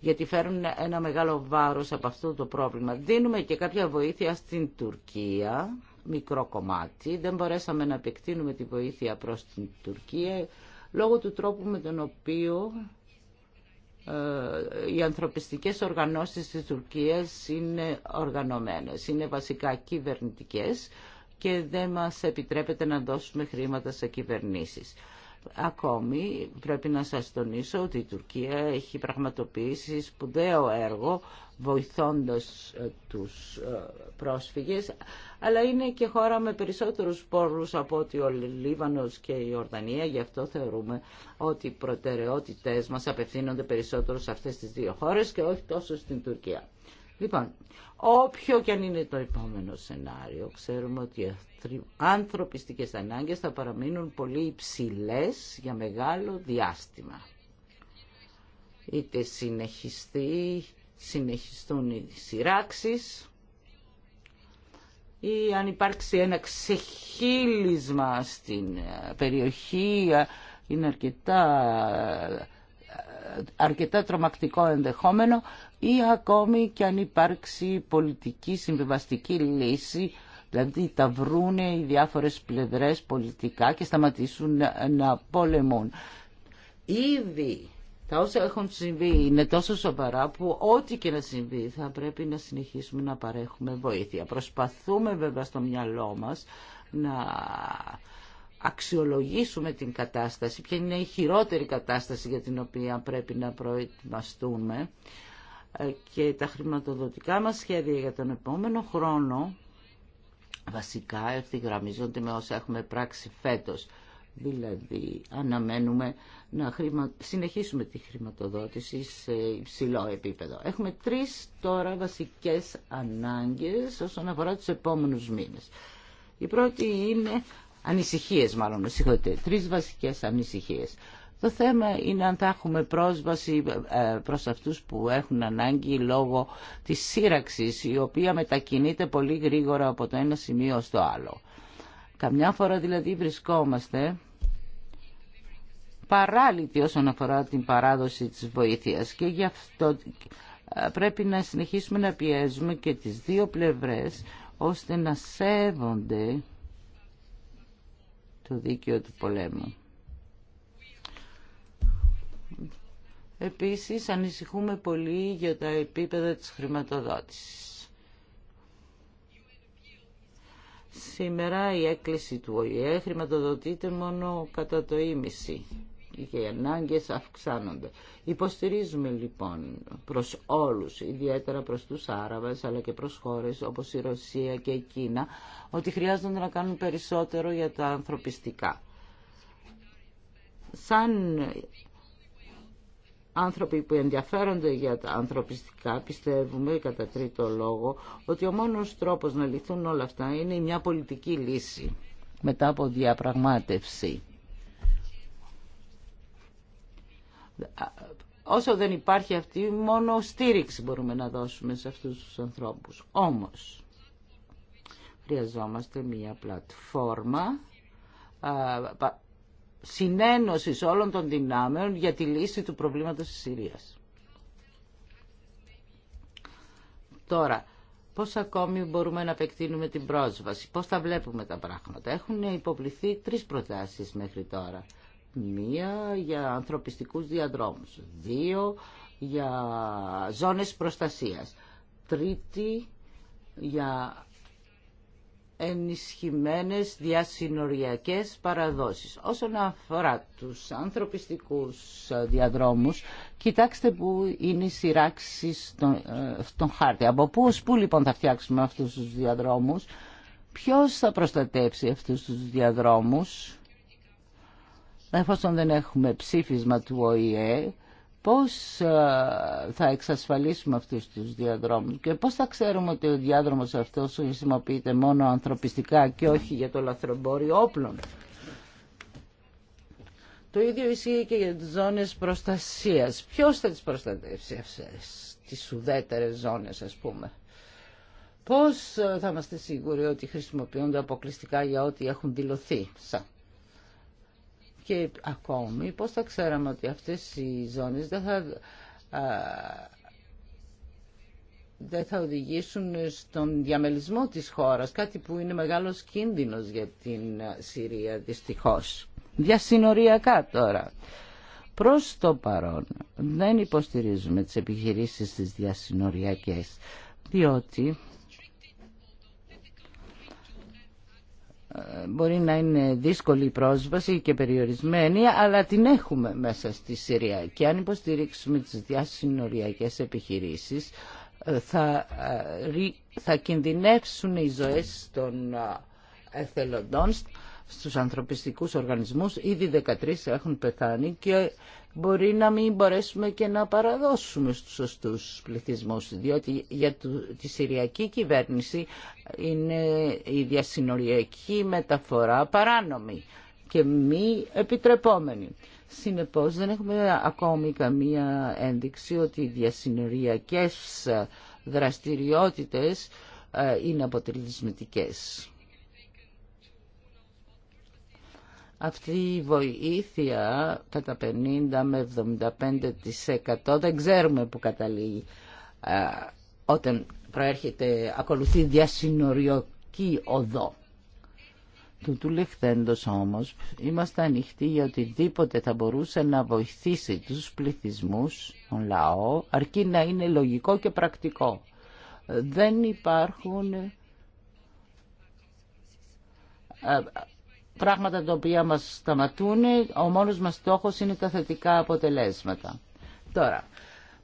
D: γιατί φέρουν ένα μεγάλο βάρος από αυτό το πρόβλημα. Δίνουμε και κάποια βοήθεια στην Τουρκία, μικρό κομμάτι. Δεν μπορέσαμε να επεκτείνουμε τη βοήθεια προς την Τουρκία λόγω του τρόπου με τον οποίο ε, οι ανθρωπιστικές οργανώσεις της Τουρκίας είναι οργανωμένες. Είναι βασικά κυβερνητικές και δεν μας επιτρέπεται να δώσουμε χρήματα σε κυβερνήσεις. Ακόμη πρέπει να σας τονίσω ότι η Τουρκία έχει πραγματοποιήσει σπουδαίο έργο βοηθώντας ε, τους ε, πρόσφυγες αλλά είναι και χώρα με περισσότερους πόρους από ότι ο Λίβανος και η Ορδανία γι' αυτό θεωρούμε ότι οι προτεραιότητες μας απευθύνονται περισσότερο σε αυτές τις δύο χώρες και όχι τόσο στην Τουρκία. Λοιπόν, όποιο και αν είναι το επόμενο σενάριο, ξέρουμε ότι οι ανθρωπιστικές ανάγκες θα παραμείνουν πολύ υψηλές για μεγάλο διάστημα. Είτε συνεχιστεί, συνεχιστούν οι σειράξεις ή αν υπάρξει ένα ξεχύλισμα στην ε, περιοχή ε, είναι αρκετά ε, αρκετά τρομακτικό ενδεχόμενο ή ακόμη και αν υπάρξει πολιτική συμβιβαστική λύση, δηλαδή τα βρούνε οι διάφορες πλευρές πολιτικά και σταματήσουν να πολεμούν. Ήδη τα όσα έχουν συμβεί είναι τόσο σοβαρά που ό,τι και να συμβεί θα πρέπει να συνεχίσουμε να παρέχουμε βοήθεια. Προσπαθούμε βέβαια στο μυαλό μας να αξιολογήσουμε την κατάσταση, ποια είναι η χειρότερη κατάσταση για την οποία πρέπει να προετοιμαστούμε. Ε, και τα χρηματοδοτικά μας σχέδια για τον επόμενο χρόνο βασικά ευθυγραμμίζονται με όσα έχουμε πράξει φέτος. Δηλαδή αναμένουμε να συνεχίσουμε τη χρηματοδότηση σε υψηλό επίπεδο. Έχουμε τρεις τώρα βασικές ανάγκες όσον αφορά τους επόμενους μήνες. Η πρώτη είναι ανησυχίες μάλλον, συγχωρείτε, τρεις βασικές ανησυχίες. Το θέμα είναι αν θα έχουμε πρόσβαση ε, προς αυτούς που έχουν ανάγκη λόγω της σύραξης, η οποία μετακινείται πολύ γρήγορα από το ένα σημείο στο άλλο. Καμιά φορά δηλαδή βρισκόμαστε παράλυτοι όσον αφορά την παράδοση της βοήθειας και γι' αυτό ε, πρέπει να συνεχίσουμε να πιέζουμε και τις δύο πλευρές ώστε να σέβονται το δίκαιο του πολέμου. Επίσης ανησυχούμε πολύ για τα επίπεδα της χρηματοδότησης. Σήμερα η έκκληση του ΟΗΕ χρηματοδοτείται μόνο κατά το ίμιση και οι ανάγκες αυξάνονται. Υποστηρίζουμε λοιπόν προς όλους, ιδιαίτερα προς τους Άραβες αλλά και προς χώρες όπως η Ρωσία και η Κίνα, ότι χρειάζονται να κάνουν περισσότερο για τα ανθρωπιστικά άνθρωποι που ενδιαφέρονται για τα ανθρωπιστικά πιστεύουμε κατά τρίτο λόγο ότι ο μόνος τρόπος να λυθούν όλα αυτά είναι μια πολιτική λύση μετά από διαπραγμάτευση. Όσο δεν υπάρχει αυτή, μόνο στήριξη μπορούμε να δώσουμε σε αυτούς τους ανθρώπους. Όμως, χρειαζόμαστε μια πλατφόρμα συνένωση όλων των δυνάμεων για τη λύση του προβλήματος της Συρίας. Τώρα, πώς ακόμη μπορούμε να επεκτείνουμε την πρόσβαση, πώς τα βλέπουμε τα πράγματα. Έχουν υποβληθεί τρεις προτάσεις μέχρι τώρα. Μία για ανθρωπιστικούς διαδρόμους, δύο για ζώνες προστασίας, τρίτη για ενισχυμένες διασυνοριακές παραδόσεις. Όσον αφορά τους ανθρωπιστικούς ε, διαδρόμους, κοιτάξτε που είναι οι σειράξει ε, στον, χάρτη. Από πού, πού λοιπόν θα φτιάξουμε αυτούς τους διαδρόμους, ποιος θα προστατεύσει αυτούς τους διαδρόμους, εφόσον δεν έχουμε ψήφισμα του ΟΗΕ, πώς ε, θα εξασφαλίσουμε αυτούς τους διαδρόμους και πώς θα ξέρουμε ότι ο διάδρομος αυτός χρησιμοποιείται μόνο ανθρωπιστικά και όχι για το λαθρομπόριο όπλων. Το ίδιο ισχύει και για τις ζώνες προστασίας. Ποιος θα τις προστατεύσει αυτές τις ουδέτερες ζώνες ας πούμε. Πώς ε, θα είμαστε σίγουροι ότι χρησιμοποιούνται αποκλειστικά για ό,τι έχουν δηλωθεί σαν και ακόμη, πώς θα ξέραμε ότι αυτές οι ζώνες δεν θα, θα οδηγήσουν στον διαμελισμό της χώρας, κάτι που είναι μεγάλος κίνδυνος για την Συρία, δυστυχώς. Διασυνοριακά τώρα. Προς το παρόν δεν υποστηρίζουμε τις επιχειρήσεις της διασυνοριακές, διότι μπορεί να είναι δύσκολη η πρόσβαση και περιορισμένη, αλλά την έχουμε μέσα στη Συρία. Και αν υποστηρίξουμε τις διασυνοριακές επιχειρήσεις, ε, θα, ε, θα κινδυνεύσουν οι ζωές των ε, εθελοντών στους ανθρωπιστικούς οργανισμούς. Ήδη 13 έχουν πεθάνει και μπορεί να μην μπορέσουμε και να παραδώσουμε στους σωστούς πληθυσμούς, διότι για τη Συριακή κυβέρνηση είναι η διασυνοριακή μεταφορά παράνομη και μη επιτρεπόμενη. Συνεπώς δεν έχουμε ακόμη καμία ένδειξη ότι οι διασυνοριακές δραστηριότητες ε, είναι αποτελεσματικές. αυτή η βοήθεια κατά 50 με 75% δεν ξέρουμε που καταλήγει ε, όταν προέρχεται, ακολουθεί διασυνοριακή οδό. Του του λεχθέντος όμως είμαστε ανοιχτοί για οτιδήποτε θα μπορούσε να βοηθήσει τους πληθυσμούς, τον λαό, αρκεί να είναι λογικό και πρακτικό. Δεν υπάρχουν ε, πράγματα τα οποία μας σταματούν. Ο μόνος μας στόχος είναι τα θετικά αποτελέσματα. Τώρα,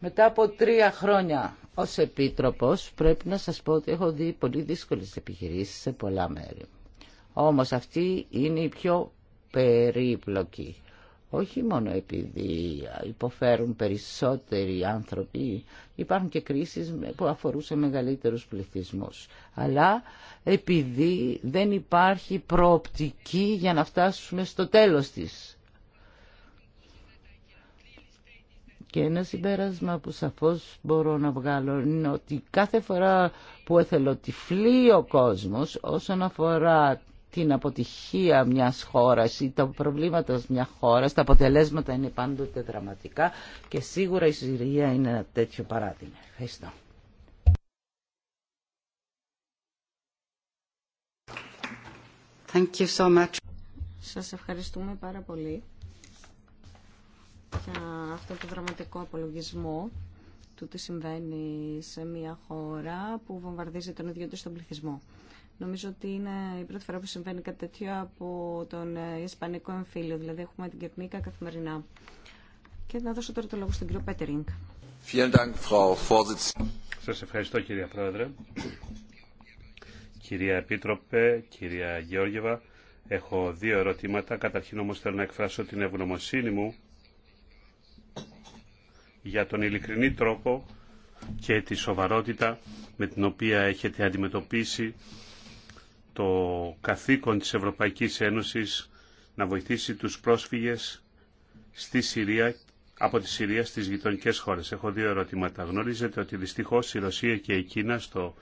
D: μετά από τρία χρόνια ως Επίτροπος πρέπει να σας πω ότι έχω δει πολύ δύσκολες επιχειρήσεις σε πολλά μέρη. Όμως αυτή είναι η πιο περίπλοκη όχι μόνο επειδή υποφέρουν περισσότεροι άνθρωποι, υπάρχουν και κρίσεις που αφορούσαν μεγαλύτερους πληθυσμούς, αλλά επειδή δεν υπάρχει προοπτική για να φτάσουμε στο τέλος της. Και ένα συμπέρασμα που σαφώς μπορώ να βγάλω είναι ότι κάθε φορά που εθελοτυφλεί ο κόσμος όσον αφορά την αποτυχία μιας χώρας ή τα προβλήματα μια χώρας, τα αποτελέσματα είναι πάντοτε δραματικά και σίγουρα η Συρία είναι ένα τέτοιο παράδειγμα. Ευχαριστώ. Thank you so much.
B: Σας ευχαριστούμε πάρα πολύ για αυτό το δραματικό απολογισμό του τι συμβαίνει σε μια χώρα που βομβαρδίζει τον ίδιο του τον πληθυσμό. Νομίζω ότι είναι η πρώτη φορά που συμβαίνει κάτι τέτοιο από τον ε, Ισπανικό εμφύλιο. Δηλαδή έχουμε την Κερνίκα καθημερινά. Και να δώσω τώρα το λόγο στον κύριο Πέτερινγκ.
A: Σα ευχαριστώ κυρία Πρόεδρε. Κυρία Επίτροπε, κυρία Γεώργεβα, έχω δύο ερωτήματα. Καταρχήν όμως θέλω να εκφράσω την ευγνωμοσύνη μου για τον ειλικρινή τρόπο και τη σοβαρότητα με την οποία έχετε αντιμετωπίσει το καθήκον της Ευρωπαϊκής Ένωσης να βοηθήσει τους πρόσφυγες στη Συρία, από τη Συρία στις γειτονικές χώρες. Έχω δύο ερωτήματα. Γνωρίζετε ότι δυστυχώς η Ρωσία και η Κίνα στο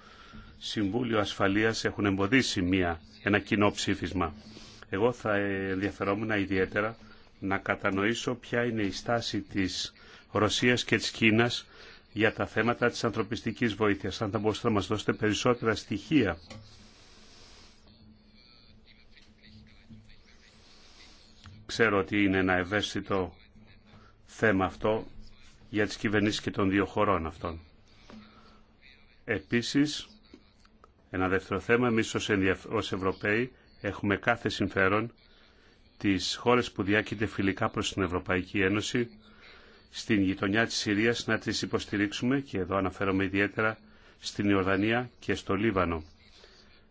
A: Συμβούλιο Ασφαλείας έχουν εμποδίσει μια, ένα κοινό ψήφισμα. Εγώ θα ενδιαφερόμουν ιδιαίτερα να κατανοήσω ποια είναι η στάση της Ρωσίας και της Κίνας για τα θέματα της ανθρωπιστικής βοήθειας. Αν θα μπορούσατε να μας δώσετε περισσότερα στοιχεία Ξέρω ότι είναι ένα ευαίσθητο θέμα αυτό για τις κυβερνήσεις και των δύο χωρών αυτών. Επίσης, ένα δεύτερο θέμα, εμείς ως Ευρωπαίοι έχουμε κάθε συμφέρον τις χώρες που διάκειται φιλικά προς την Ευρωπαϊκή Ένωση στην γειτονιά της Συρίας να τις υποστηρίξουμε και εδώ αναφέρομαι ιδιαίτερα στην Ιορδανία και στο Λίβανο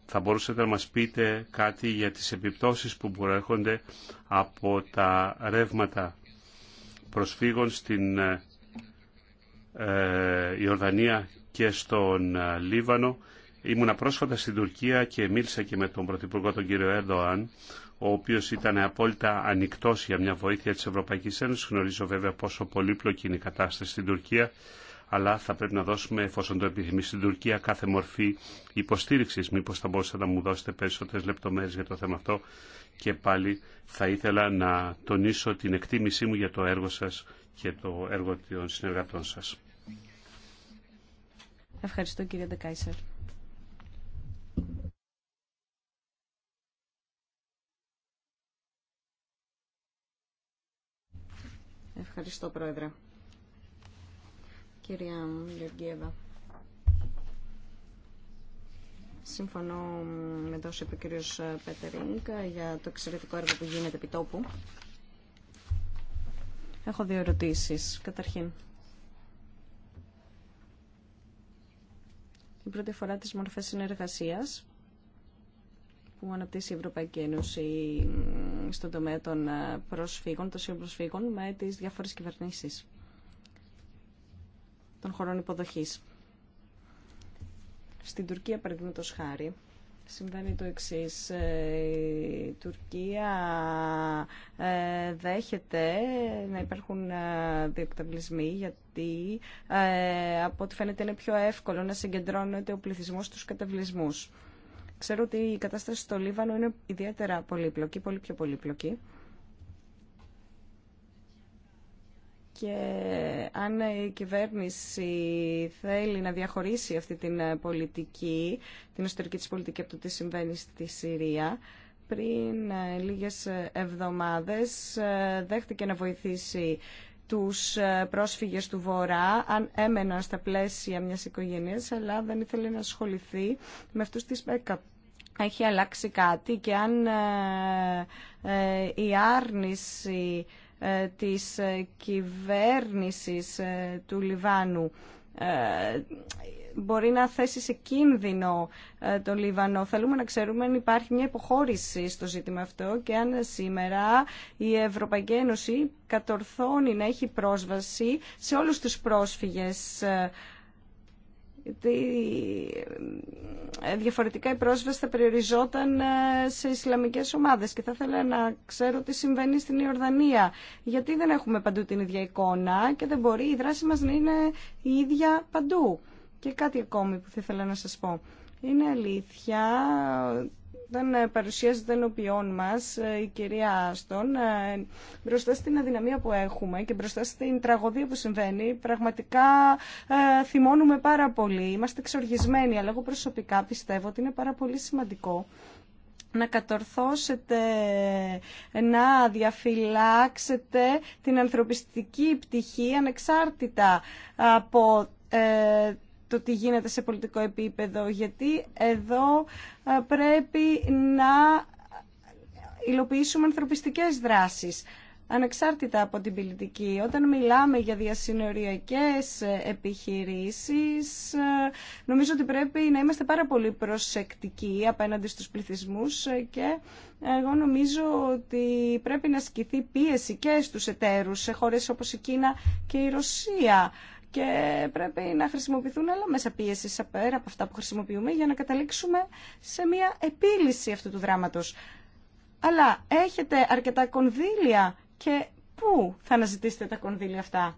A: θα μπορούσατε να μας πείτε κάτι για τις επιπτώσεις που προέρχονται από τα ρεύματα προσφύγων στην ε, ε Ιορδανία και στον ε, Λίβανο. Ήμουνα πρόσφατα στην Τουρκία και μίλησα και με τον Πρωθυπουργό τον κύριο Ερντοάν, ο οποίος ήταν απόλυτα ανοιχτό για μια βοήθεια της Ευρωπαϊκής Ένωσης. Γνωρίζω βέβαια πόσο πολύπλοκη είναι η κατάσταση στην Τουρκία αλλά θα πρέπει να δώσουμε, εφόσον το επιθυμεί, στην Τουρκία κάθε μορφή υποστήριξη. Μήπω θα μπορούσατε να μου δώσετε περισσότερε λεπτομέρειε για το θέμα αυτό. Και πάλι θα ήθελα να τονίσω την εκτίμησή μου για το έργο σα και το έργο των συνεργατών σα.
B: Ευχαριστώ κύριε Ντεκάισερ. Ευχαριστώ, Πρόεδρε κυρία Γεωργίεβα. Συμφωνώ με το όσο είπε ο κύριος Πέτερινγκ για το εξαιρετικό έργο που γίνεται επί τόπου. Έχω δύο ερωτήσεις. Καταρχήν, η πρώτη φορά τις μορφές συνεργασίας που αναπτύσσει η Ευρωπαϊκή Ένωση στον τομέα των προσφύγων, των συμπροσφύγων με τις διάφορες κυβερνήσεις των χωρών υποδοχής. Στην Τουρκία, παραδείγματο χάρη, συμβαίνει το εξή. Ε, η Τουρκία ε, δέχεται να υπάρχουν ε, διεκταυλισμοί γιατί από ό,τι φαίνεται είναι πιο εύκολο να συγκεντρώνεται ο πληθυσμό στους καταβλισμούς. Ξέρω ότι η κατάσταση στο Λίβανο είναι ιδιαίτερα πολύπλοκη, πολύ πιο πολύπλοκη. Και αν η κυβέρνηση θέλει να διαχωρίσει αυτή την ε, πολιτική, την ιστορική της πολιτική από το τι συμβαίνει στη Συρία, πριν ε, λίγες ε, εβδομάδες δέχτηκε να βοηθήσει τους πρόσφυγες του Βορρά, αν έμεναν στα πλαίσια μιας οικογένειας, αλλά δεν ήθελε να ασχοληθεί με αυτούς τις ΜΕΚΑ. Έχει αλλάξει κάτι και αν η άρνηση ε, της ε, κυβέρνησης ε, του Λιβάνου μπορεί να θέσει σε κίνδυνο το Λίβανο. Θέλουμε να ξέρουμε αν υπάρχει μια υποχώρηση στο ζήτημα αυτό και αν σήμερα η Ευρωπαϊκή Ένωση κατορθώνει να έχει πρόσβαση σε όλους τους πρόσφυγες γιατί ε, διαφορετικά η πρόσβαση θα περιοριζόταν ε, σε Ισλαμικές ομάδες και θα ήθελα να ξέρω τι συμβαίνει στην Ιορδανία. Γιατί δεν έχουμε παντού την ίδια εικόνα και δεν μπορεί η δράση μας να είναι η ίδια παντού. Και κάτι ακόμη που θα ήθελα να σας πω. Είναι αλήθεια όταν ε, παρουσιάζεται ενώπιόν μας ε, η κυρία Άστον, ε, μπροστά στην αδυναμία που έχουμε και μπροστά στην τραγωδία που συμβαίνει, πραγματικά θυμώνουμε πάρα πολύ, είμαστε εξοργισμένοι, αλλά εγώ προσωπικά πιστεύω ότι είναι πάρα πολύ σημαντικό να κατορθώσετε, να διαφυλάξετε την ανθρωπιστική πτυχή ανεξάρτητα από το τι γίνεται σε πολιτικό επίπεδο, γιατί εδώ ε, πρέπει να υλοποιήσουμε ανθρωπιστικές δράσεις ανεξάρτητα από την πολιτική. Όταν μιλάμε για διασυνοριακές ε, επιχειρήσεις, ε, νομίζω ότι πρέπει να είμαστε πάρα πολύ προσεκτικοί απέναντι στους πληθυσμούς και εγώ νομίζω ότι πρέπει να ασκηθεί πίεση και στους εταίρους σε χώρες όπως η Κίνα και η Ρωσία και πρέπει να χρησιμοποιηθούν άλλα μέσα πίεση πέρα από αυτά που χρησιμοποιούμε για να καταλήξουμε σε μια επίλυση αυτού του δράματος. Αλλά έχετε αρκετά κονδύλια και πού θα αναζητήσετε τα κονδύλια αυτά.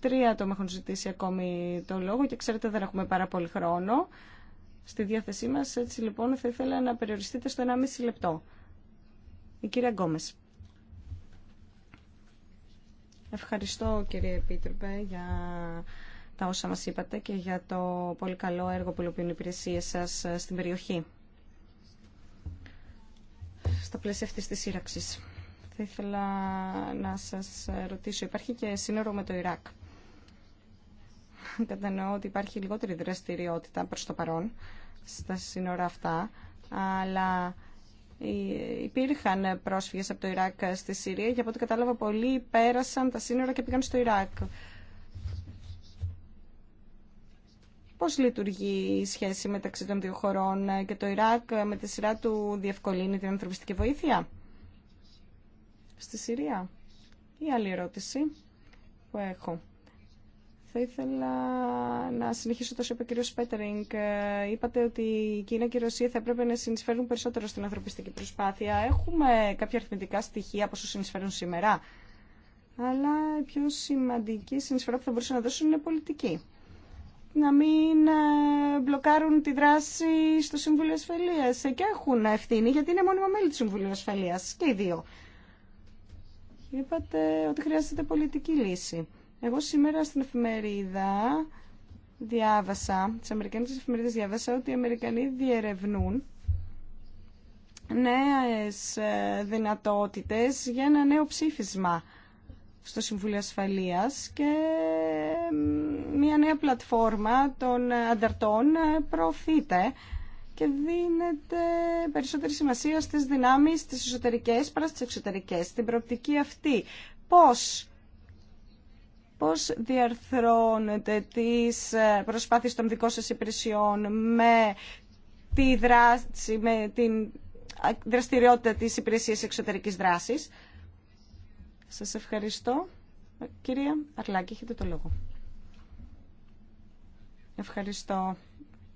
B: Τρία άτομα έχουν ζητήσει ακόμη το λόγο και ξέρετε δεν έχουμε πάρα πολύ χρόνο στη διάθεσή μας. Έτσι λοιπόν θα ήθελα να περιοριστείτε στο 1,5 λεπτό. Η κυρία Γκόμες. Ευχαριστώ κύριε Επίτροπε για τα όσα μας είπατε και για το πολύ καλό έργο που υλοποιούν οι υπηρεσίες σας ε, στην περιοχή. Στο πλαίσιο αυτής της σύραξης. Θα ήθελα να σας ε, ρωτήσω, υπάρχει και σύνορο με το Ιράκ. Κατανοώ ότι υπάρχει λιγότερη δραστηριότητα προς το παρόν στα σύνορα αυτά, αλλά υπήρχαν πρόσφυγες από το Ιράκ στη Συρία και από ό,τι κατάλαβα πολλοί πέρασαν τα σύνορα και πήγαν στο Ιράκ. Πώς λειτουργεί η σχέση μεταξύ των δύο χωρών και το Ιράκ με τη σειρά του διευκολύνει την ανθρωπιστική βοήθεια στη Συρία. Η άλλη ερώτηση που έχω θα ήθελα να συνεχίσω τόσο είπε ο κύριος Πέτερινγκ. Ε, είπατε ότι η Κίνα και η Ρωσία θα έπρεπε να συνεισφέρουν περισσότερο στην ανθρωπιστική προσπάθεια. Έχουμε κάποια αριθμητικά στοιχεία πόσο συνεισφέρουν σήμερα. Αλλά η πιο σημαντική συνεισφορά που θα μπορούσαν να δώσουν είναι πολιτική. Να μην ε, μπλοκάρουν τη δράση στο Συμβούλιο Ασφαλείας. Ε, και έχουν ευθύνη γιατί είναι μόνιμα μέλη του Συμβουλίου Ασφαλείας. Και οι δύο. Είπατε ότι χρειάζεται πολιτική λύση. Εγώ σήμερα στην εφημερίδα διάβασα, τις Αμερικανικέ εφημερίδες διάβασα ότι οι Αμερικανοί διερευνούν νέες ε, δυνατότητες για ένα νέο ψήφισμα στο Συμβούλιο Ασφαλείας και μια νέα πλατφόρμα των ανταρτών ε, προωθείται και δίνεται περισσότερη σημασία στις δυνάμεις τις εσωτερικές παρά στις εξωτερικές. Στην προοπτική αυτή πώς πώς διαρθρώνετε τις ε, προσπάθειες των δικών σας υπηρεσιών με τη δράση, με την δραστηριότητα της υπηρεσίας εξωτερικής δράσης. Σας ευχαριστώ. Κυρία Αρλάκη, έχετε το λόγο. Ευχαριστώ,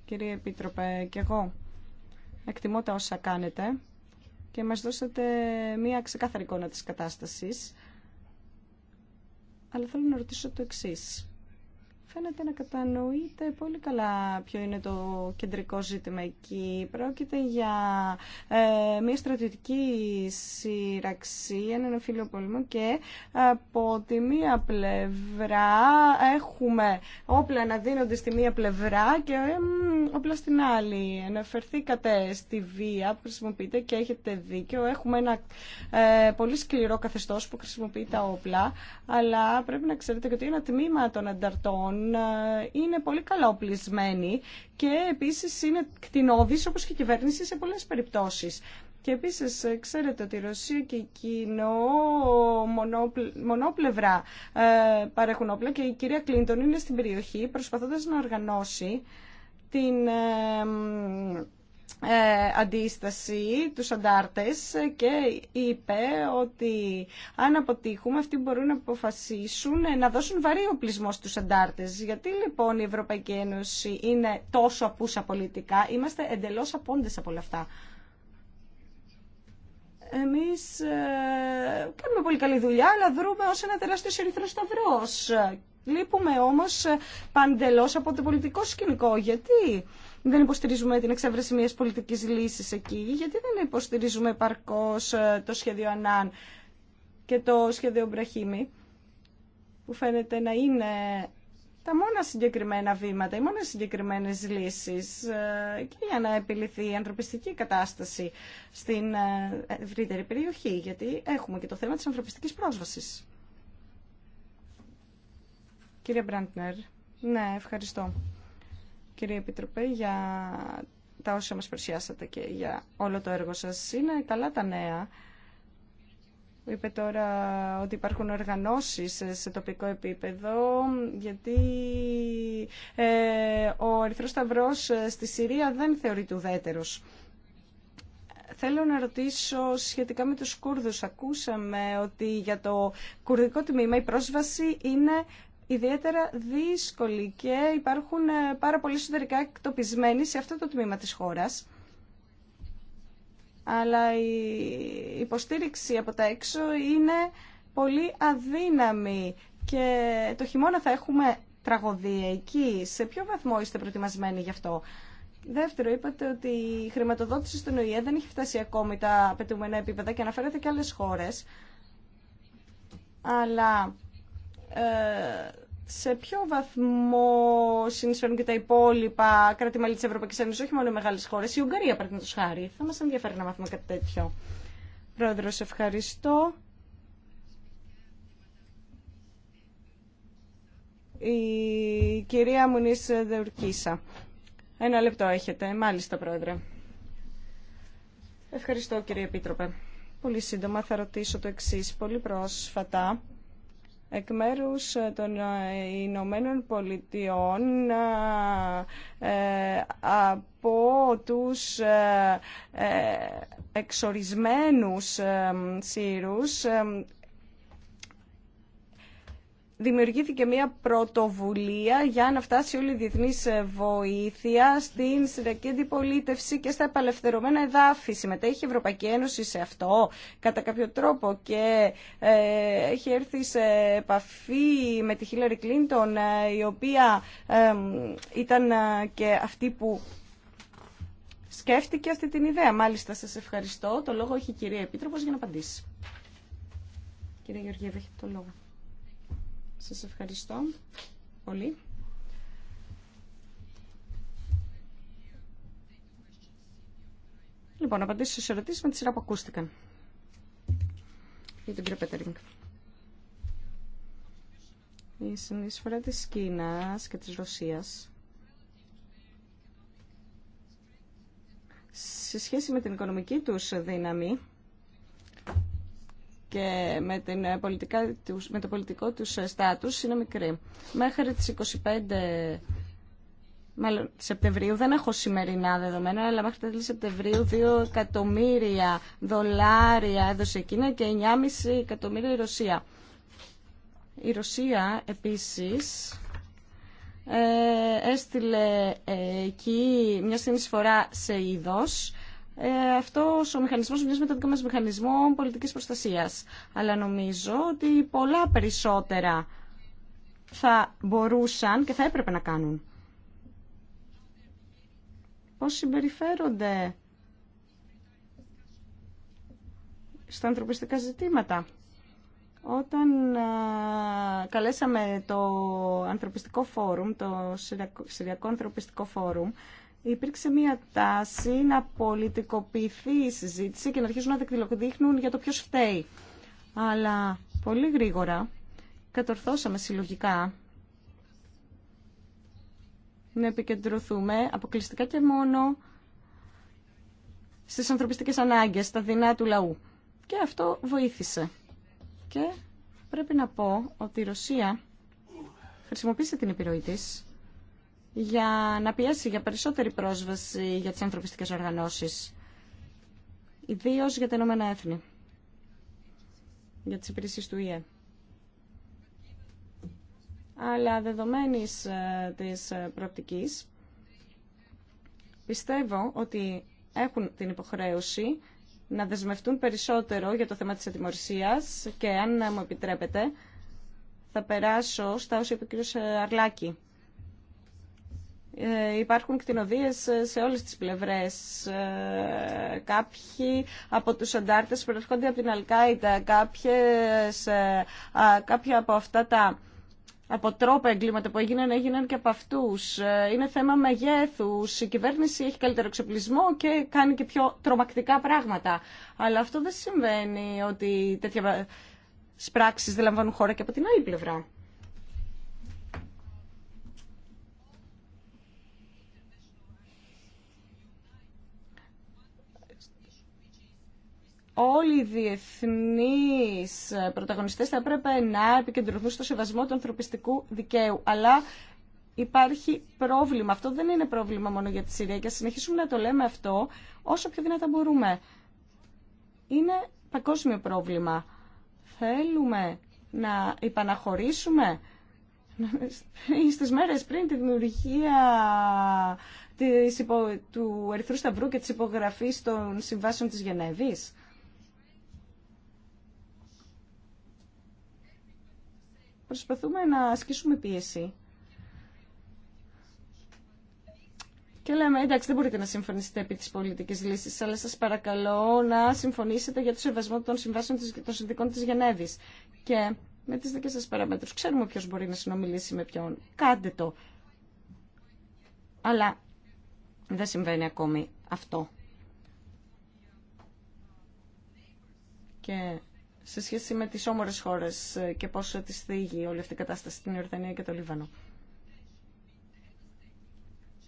B: κύριε Επίτροπε, και εγώ. Εκτιμώ τα όσα κάνετε και μας δώσατε μία ξεκάθαρη εικόνα της κατάστασης αλλά θέλω να ρωτήσω το εξή φαίνεται να κατανοείτε πολύ καλά ποιο είναι το κεντρικό ζήτημα εκεί. Πρόκειται για ε, μια στρατιωτική σύραξη, έναν φίλο πόλεμο και από τη μία πλευρά έχουμε όπλα να δίνονται στη μία πλευρά και ε, όπλα στην άλλη. Αναφερθήκατε στη βία που χρησιμοποιείτε και έχετε δίκιο. Έχουμε ένα ε, πολύ σκληρό καθεστώς που χρησιμοποιεί τα όπλα, αλλά πρέπει να ξέρετε και ότι ένα τμήμα των ανταρτών ε, είναι πολύ καλά οπλισμένοι και επίσης είναι κτηνόδης όπως και η κυβέρνηση σε πολλές περιπτώσεις. Και επίσης ε, ξέρετε ότι η Ρωσία και η Κίνο μονόπλευρα ε, παρέχουν όπλα και η κυρία Κλίντον είναι στην περιοχή προσπαθώντας να οργανώσει την ε, αντίσταση τους αντάρτες και είπε ότι αν αποτύχουμε αυτοί μπορούν να αποφασίσουν να δώσουν βαρύ οπλισμό στους αντάρτες. Γιατί λοιπόν η Ευρωπαϊκή Ένωση είναι τόσο απούσα πολιτικά, είμαστε εντελώς απόντες από όλα αυτά. Εμείς ε, κάνουμε πολύ καλή δουλειά, αλλά δρούμε ως ένα τεράστιο ερυθρό σταυρός. Λείπουμε όμως παντελώς από το πολιτικό σκηνικό. Γιατί δεν υποστηρίζουμε την εξέβρεση μιας πολιτικής λύσης εκεί, γιατί δεν υποστηρίζουμε παρκώς ε, το σχέδιο Ανάν και το σχέδιο Μπραχήμι, που φαίνεται να είναι τα μόνα συγκεκριμένα βήματα, οι μόνες συγκεκριμένες λύσεις ε, και για να επιληθεί η ανθρωπιστική κατάσταση στην ε, ευρύτερη περιοχή, γιατί έχουμε και το θέμα της ανθρωπιστικής πρόσβασης. Κύριε Μπραντνερ, ναι, ευχαριστώ κύριε Επιτροπέ, για τα όσα μας παρουσιάσατε και για όλο το έργο σας. Είναι καλά τα νέα. Είπε τώρα ότι υπάρχουν οργανώσεις σε τοπικό επίπεδο, γιατί ε, ο Ερυθρός Σταυρός ε, στη Συρία δεν θεωρείται ουδέτερος. Θέλω να ρωτήσω σχετικά με τους Κούρδους. Ακούσαμε ότι για το κουρδικό τμήμα η πρόσβαση είναι ιδιαίτερα δύσκολη και υπάρχουν ε, πάρα πολλοί εσωτερικά εκτοπισμένοι σε αυτό το τμήμα της χώρας. Αλλά η υποστήριξη από τα έξω είναι πολύ αδύναμη και το χειμώνα θα έχουμε τραγωδία εκεί. Σε ποιο βαθμό είστε προετοιμασμένοι γι' αυτό. Δεύτερο, είπατε ότι η χρηματοδότηση στον ΟΗΕ δεν έχει φτάσει ακόμη τα απαιτούμενα επίπεδα και αναφέρατε και άλλες χώρες. Αλλά ε, σε ποιο βαθμό συνεισφέρουν και τα υπόλοιπα κράτη-μέλη τη Ευρωπαϊκή Ένωση, όχι μόνο οι μεγάλε χώρε. Η Ουγγαρία, παραδείγματο χάρη. Θα μα ενδιαφέρει να μάθουμε κάτι τέτοιο. Πρόεδρο, ευχαριστώ. Η κυρία Μουνή Δεουρκίσα. Ένα λεπτό έχετε. Μάλιστα, Πρόεδρε. Ευχαριστώ, κύριε Επίτροπε. Πολύ σύντομα θα ρωτήσω το εξή Πολύ πρόσφατα εκ μέρους ε, των ε, Ηνωμένων Πολιτειών ε, από τους εξορισμένους Σύρους δημιουργήθηκε μια πρωτοβουλία για να φτάσει όλη η διεθνή βοήθεια στην Συριακή Αντιπολίτευση και στα επαλευθερωμένα εδάφη. Συμμετέχει η Ευρωπαϊκή Ένωση σε αυτό κατά κάποιο τρόπο και ε, έχει έρθει σε επαφή με τη Χίλαρη Κλίντον ε, η οποία ε, ήταν και αυτή που σκέφτηκε αυτή την ιδέα. Μάλιστα σας ευχαριστώ. Το λόγο έχει η κυρία Επίτροπος για να απαντήσει. Κύριε Γεωργίευ, έχετε το λόγο. Σας ευχαριστώ πολύ. Λοιπόν, απαντήσω στις ερωτήσεις με τη σειρά που ακούστηκαν. Για τον κύριο Πέτερινγκ. Η συνεισφορά της Κίνας και της Ρωσίας σε σχέση με την οικονομική τους δύναμη και με, την ε, πολιτικά με το πολιτικό τους ε, στάτους είναι μικρή. Μέχρι τις 25 μάλλον, Σεπτεμβρίου, δεν έχω σημερινά δεδομένα, αλλά μέχρι τις τέλη Σεπτεμβρίου 2 εκατομμύρια δολάρια έδωσε η Κίνα και 9,5 εκατομμύρια η Ρωσία. Η Ρωσία επίσης ε, έστειλε ε, εκεί μια συνεισφορά σε είδος ε, αυτός ο μηχανισμός μοιάζει με τον δικό μα μηχανισμό πολιτικής προστασίας. Αλλά νομίζω ότι πολλά περισσότερα θα μπορούσαν και θα έπρεπε να κάνουν. Πώς συμπεριφέρονται στα ανθρωπιστικά ζητήματα. Όταν ε, καλέσαμε το ανθρωπιστικό φόρουμ, το Συριακό Ανθρωπιστικό Φόρουμ, υπήρξε μία τάση να πολιτικοποιηθεί η συζήτηση και να αρχίσουν να δείχνουν για το ποιος φταίει. Αλλά πολύ γρήγορα κατορθώσαμε συλλογικά να επικεντρωθούμε αποκλειστικά και μόνο στις ανθρωπιστικές ανάγκες, στα δεινά του λαού. Και αυτό βοήθησε. Και πρέπει να πω ότι η Ρωσία χρησιμοποίησε την επιρροή της για να πιέσει για περισσότερη πρόσβαση για τις ανθρωπιστικές οργανώσεις, ιδίως για τα Ηνωμένα Έθνη, για τις υπηρεσίες του ΙΕ. Αλλά δεδομένης ε, της ε, προοπτικής, πιστεύω ότι έχουν την υποχρέωση να δεσμευτούν περισσότερο για το θέμα της ατιμορρησίας και αν μου επιτρέπετε θα περάσω στα όσα είπε ο κ. Αρλάκη ε, υπάρχουν κτηνοδίες ε, σε όλες τις πλευρές. Ε, κάποιοι από τους αντάρτες προερχόνται από την Αλκάιτα, κάποιες, κάποια από αυτά τα από τρόπα εγκλήματα που έγιναν, έγιναν και από αυτού. Είναι θέμα μεγέθου. Η κυβέρνηση έχει καλύτερο εξοπλισμό και κάνει και πιο τρομακτικά πράγματα. Αλλά αυτό δεν συμβαίνει ότι τέτοια πράξεις δεν λαμβάνουν χώρα και από την άλλη πλευρά. όλοι οι διεθνείς πρωταγωνιστές θα έπρεπε να επικεντρωθούν στο σεβασμό του ανθρωπιστικού δικαίου. Αλλά υπάρχει πρόβλημα. Αυτό δεν είναι πρόβλημα μόνο για τη Συρία και συνεχίσουμε να το λέμε αυτό όσο πιο δυνατά μπορούμε. Είναι παγκόσμιο πρόβλημα. Θέλουμε να υπαναχωρήσουμε [LAUGHS] στις μέρες πριν τη δημιουργία υπο... του Ερυθρού Σταυρού και της υπογραφής των συμβάσεων της Γενέβης. προσπαθούμε να ασκήσουμε πίεση. Και λέμε, εντάξει, δεν μπορείτε να συμφωνήσετε επί τη πολιτική λύση, αλλά σα παρακαλώ να συμφωνήσετε για το σεβασμό των συμβάσεων των συνδικών τη Γενέβη. Και με τι δικέ σα παραμέτρου. Ξέρουμε ποιο μπορεί να συνομιλήσει με ποιον. Κάντε το. Αλλά δεν συμβαίνει ακόμη αυτό. Και σε σχέση με τις όμορες χώρες ε, και πόσο ε, τις θίγει όλη αυτή η κατάσταση στην Ιορδανία και το Λίβανο.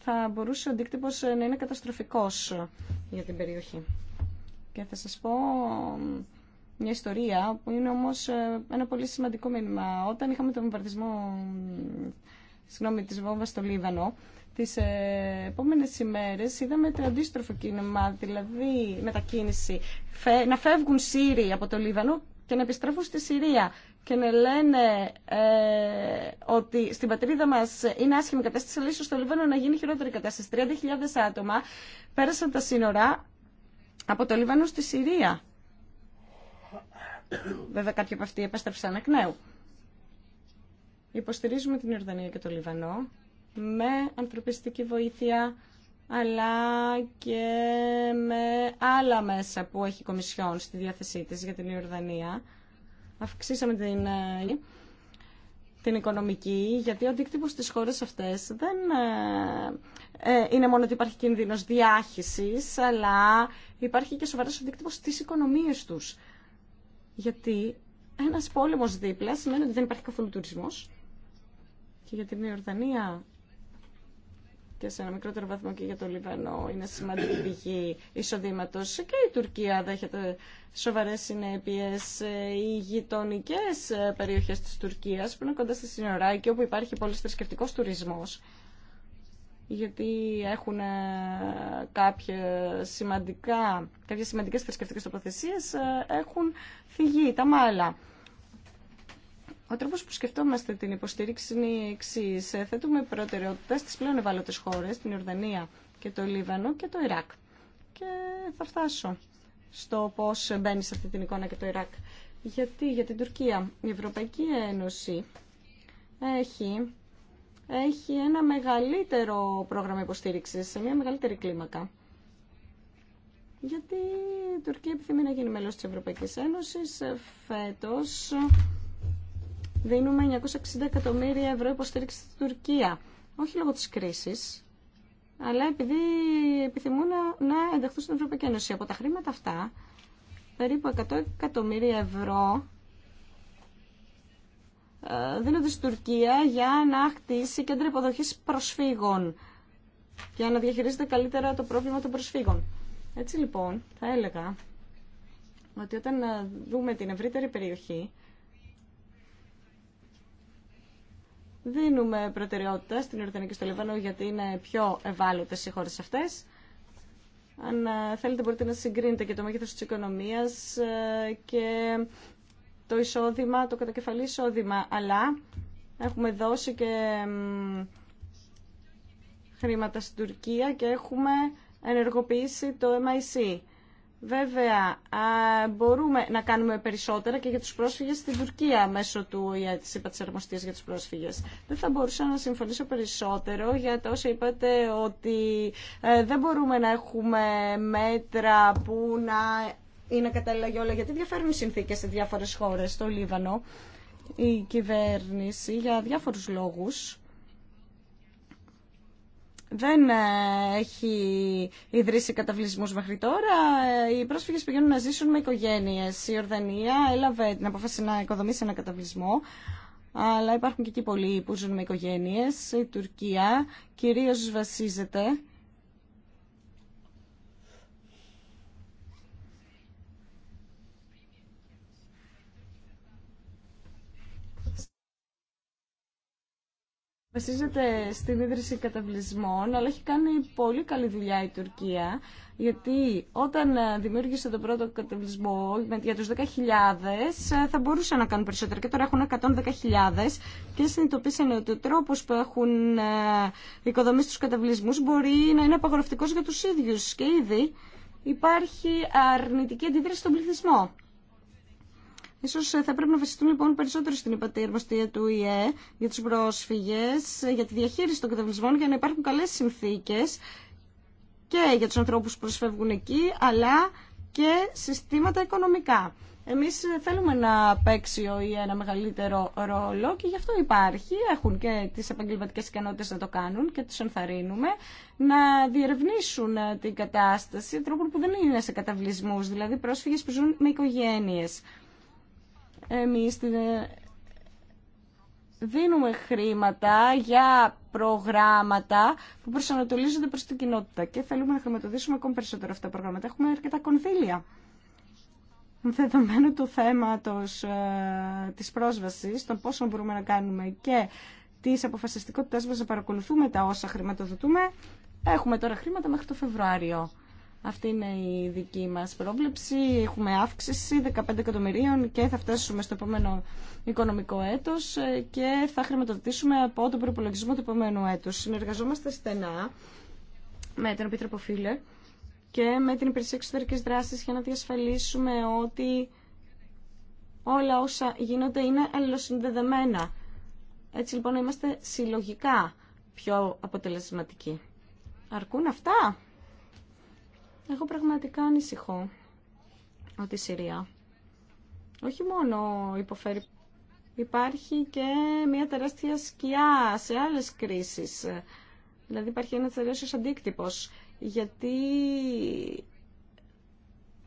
B: Θα μπορούσε ο αντίκτυπος ε, να είναι καταστροφικός για την περιοχή. Και θα σας πω μια ιστορία που είναι όμως ένα πολύ σημαντικό μήνυμα. Όταν είχαμε τον βομβαρδισμό συγγνώμη, της βόμβας στο Λίβανο, τις ε, επόμενες ημέρες είδαμε το αντίστροφο κίνημα, δηλαδή μετακίνηση, να φεύγουν Σύριοι από το Λίβανο και να επιστρέφουν στη Συρία και να λένε ε, ότι στην πατρίδα μας είναι άσχημη κατάσταση, αλλά ίσως στο Λιβάνο να γίνει χειρότερη κατάσταση. 30.000 άτομα πέρασαν τα σύνορα από το Λιβάνο στη Συρία. Βέβαια, κάποιοι από αυτοί επέστρεψαν εκ νέου. Υποστηρίζουμε την Ιορδανία και το Λιβανό με ανθρωπιστική βοήθεια αλλά και με άλλα μέσα που έχει η Κομισιόν στη διάθεσή της για την Ιορδανία. Αυξήσαμε την, ε, την οικονομική, γιατί ο αντίκτυπο στις χώρες αυτές δεν ε, ε, είναι μόνο ότι υπάρχει κίνδυνος διάχυσης, αλλά υπάρχει και σοβαρός αντίκτυπος στις οικονομίες τους. Γιατί ένας πόλεμος δίπλα σημαίνει ότι δεν υπάρχει καθόλου τουρισμός. Και για την Ιορδανία και σε ένα μικρότερο βαθμό και για το Λιβανό είναι σημαντική πηγή εισοδήματο. Και η Τουρκία δέχεται σοβαρέ συνέπειε. Οι γειτονικέ περιοχέ τη Τουρκία που είναι κοντά στη σύνορα και όπου υπάρχει πολύ θρησκευτικό τουρισμό γιατί έχουν ε, κάποια σημαντικέ κάποιες σημαντικές θρησκευτικές τοποθεσίες, ε, έχουν φυγεί τα μάλα. Ο τρόπο που σκεφτόμαστε την υποστήριξη είναι η εξή. Ε, θέτουμε προτεραιότητα στι πλέον ευάλωτε χώρε, την Ιορδανία και το Λίβανο και το Ιράκ. Και θα φτάσω στο πώ μπαίνει σε αυτή την εικόνα και το Ιράκ. Γιατί για την Τουρκία η Ευρωπαϊκή Ένωση έχει, έχει ένα μεγαλύτερο πρόγραμμα υποστήριξης, σε μια μεγαλύτερη κλίμακα. Γιατί η Τουρκία επιθυμεί να γίνει μέλος της Ευρωπαϊκής Ένωσης. Ε, φέτος δίνουμε 960 εκατομμύρια ευρώ υποστήριξη στην Τουρκία. Όχι λόγω της κρίσης, αλλά επειδή επιθυμούν να, ενταχθούν στην Ευρωπαϊκή Ένωση. Από τα χρήματα αυτά, περίπου 100 εκατομμύρια ευρώ ε, δίνονται στην Τουρκία για να χτίσει κέντρα υποδοχή προσφύγων για να διαχειρίζεται καλύτερα το πρόβλημα των προσφύγων. Έτσι λοιπόν, θα έλεγα ότι όταν ε, δούμε την ευρύτερη περιοχή, Δίνουμε προτεραιότητα στην Ιορδανία και στο Λιβάνο γιατί είναι πιο ευάλωτε οι χώρε αυτές. Αν ε, θέλετε μπορείτε να συγκρίνετε και το μέγεθο της οικονομίας ε, και το εισόδημα, το κατακεφαλή εισόδημα. Αλλά έχουμε δώσει και χρήματα στην Τουρκία και έχουμε ενεργοποιήσει το MIC. Βέβαια, μπορούμε να κάνουμε περισσότερα και για τους πρόσφυγες στην Τουρκία μέσω του ΟΗΕ, της υπατσαρμοστίας για τους πρόσφυγες. Δεν θα μπορούσα να συμφωνήσω περισσότερο για το όσα είπατε ότι ε, δεν μπορούμε να έχουμε μέτρα που να είναι κατάλληλα για όλα, γιατί διαφέρουν οι συνθήκες σε διάφορες χώρες, στο Λίβανο. Η κυβέρνηση για διάφορους λόγους δεν ε, έχει ιδρύσει καταβλισμούς μέχρι τώρα. Ε, οι πρόσφυγες πηγαίνουν να ζήσουν με οικογένειες. Η Ορδανία έλαβε την απόφαση να οικοδομήσει ένα καταβλισμό, αλλά υπάρχουν και εκεί πολλοί που ζουν με οικογένειες. Η Τουρκία κυρίως βασίζεται βασίζεται στην ίδρυση καταβλισμών, αλλά έχει κάνει πολύ καλή δουλειά η Τουρκία, γιατί όταν ε, δημιούργησε τον πρώτο καταβλισμό για τους 10.000 ε, θα μπορούσαν να κάνουν περισσότερο και τώρα έχουν 110.000 και συνειδητοποίησαν ότι ο τρόπος που έχουν ε, οικοδομήσει τους καταβλισμούς μπορεί να είναι απαγορευτικός για τους ίδιους και ήδη υπάρχει αρνητική αντίδραση στον πληθυσμό. Ίσως ε, θα πρέπει να βασιστούν λοιπόν περισσότερο στην υπατήρβαστία του ΙΕ για τους πρόσφυγες, ε, για τη διαχείριση των καταβλισμών, για να υπάρχουν καλές συνθήκες και για τους ανθρώπους που προσφεύγουν εκεί, αλλά και συστήματα οικονομικά. Εμείς ε, θέλουμε να παίξει ο ΙΕ ένα μεγαλύτερο ρόλο και γι' αυτό υπάρχει, έχουν και τις επαγγελματικές ικανότητες να το κάνουν και τους ενθαρρύνουμε να διερευνήσουν την κατάσταση τρόπον που δεν είναι σε καταβλισμούς, δηλαδή πρόσφυγες που ζουν με οικογένειες. Εμείς ε, δίνουμε χρήματα για προγράμματα που προσανατολίζονται προς την κοινότητα και θέλουμε να χρηματοδοτήσουμε ακόμη περισσότερο αυτά τα προγράμματα. Έχουμε αρκετά κονδύλια. Δεδομένου του θέματος ε, της πρόσβασης, των πόσων μπορούμε να κάνουμε και της αποφασιστικότητάς μας να παρακολουθούμε τα όσα χρηματοδοτούμε, έχουμε τώρα χρήματα μέχρι το Φεβρουάριο. Αυτή είναι η δική μας πρόβλεψη. Έχουμε αύξηση 15 εκατομμυρίων και θα φτάσουμε στο επόμενο οικονομικό έτος και θα χρηματοδοτήσουμε από τον προπολογισμό του επόμενου έτους. Συνεργαζόμαστε στενά με τον Επίτροπο φίλε και με την Υπηρεσία Εξωτερικής Δράσης για να διασφαλίσουμε ότι όλα όσα γίνονται είναι αλληλοσυνδεδεμένα. Έτσι λοιπόν είμαστε συλλογικά πιο αποτελεσματικοί. Αρκούν αυτά. Εγώ πραγματικά ανησυχώ ότι η Συρία όχι μόνο υποφέρει, υπάρχει και μια τεράστια σκιά σε άλλες κρίσεις. Δηλαδή υπάρχει ένα τεράστιος αντίκτυπος, γιατί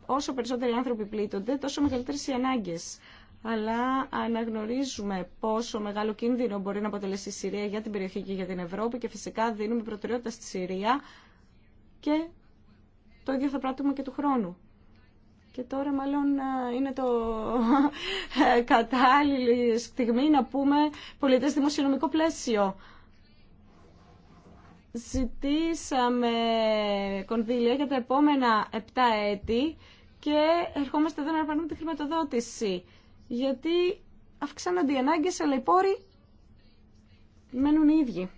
B: όσο περισσότεροι άνθρωποι πλήττονται, τόσο μεγαλύτερες οι ανάγκες. Αλλά αναγνωρίζουμε πόσο μεγάλο κίνδυνο μπορεί να αποτελέσει η Συρία για την περιοχή και για την Ευρώπη και φυσικά δίνουμε προτεραιότητα στη Συρία και το ίδιο θα πράττουμε και του χρόνου. Και τώρα μάλλον είναι το κατάλληλη στιγμή να πούμε πολιτές δημοσιονομικό πλαίσιο. Ζητήσαμε κονδύλια για τα επόμενα 7 έτη και ερχόμαστε εδώ να τη χρηματοδότηση. Γιατί αυξάνονται οι ανάγκες, αλλά οι πόροι μένουν οι ίδιοι.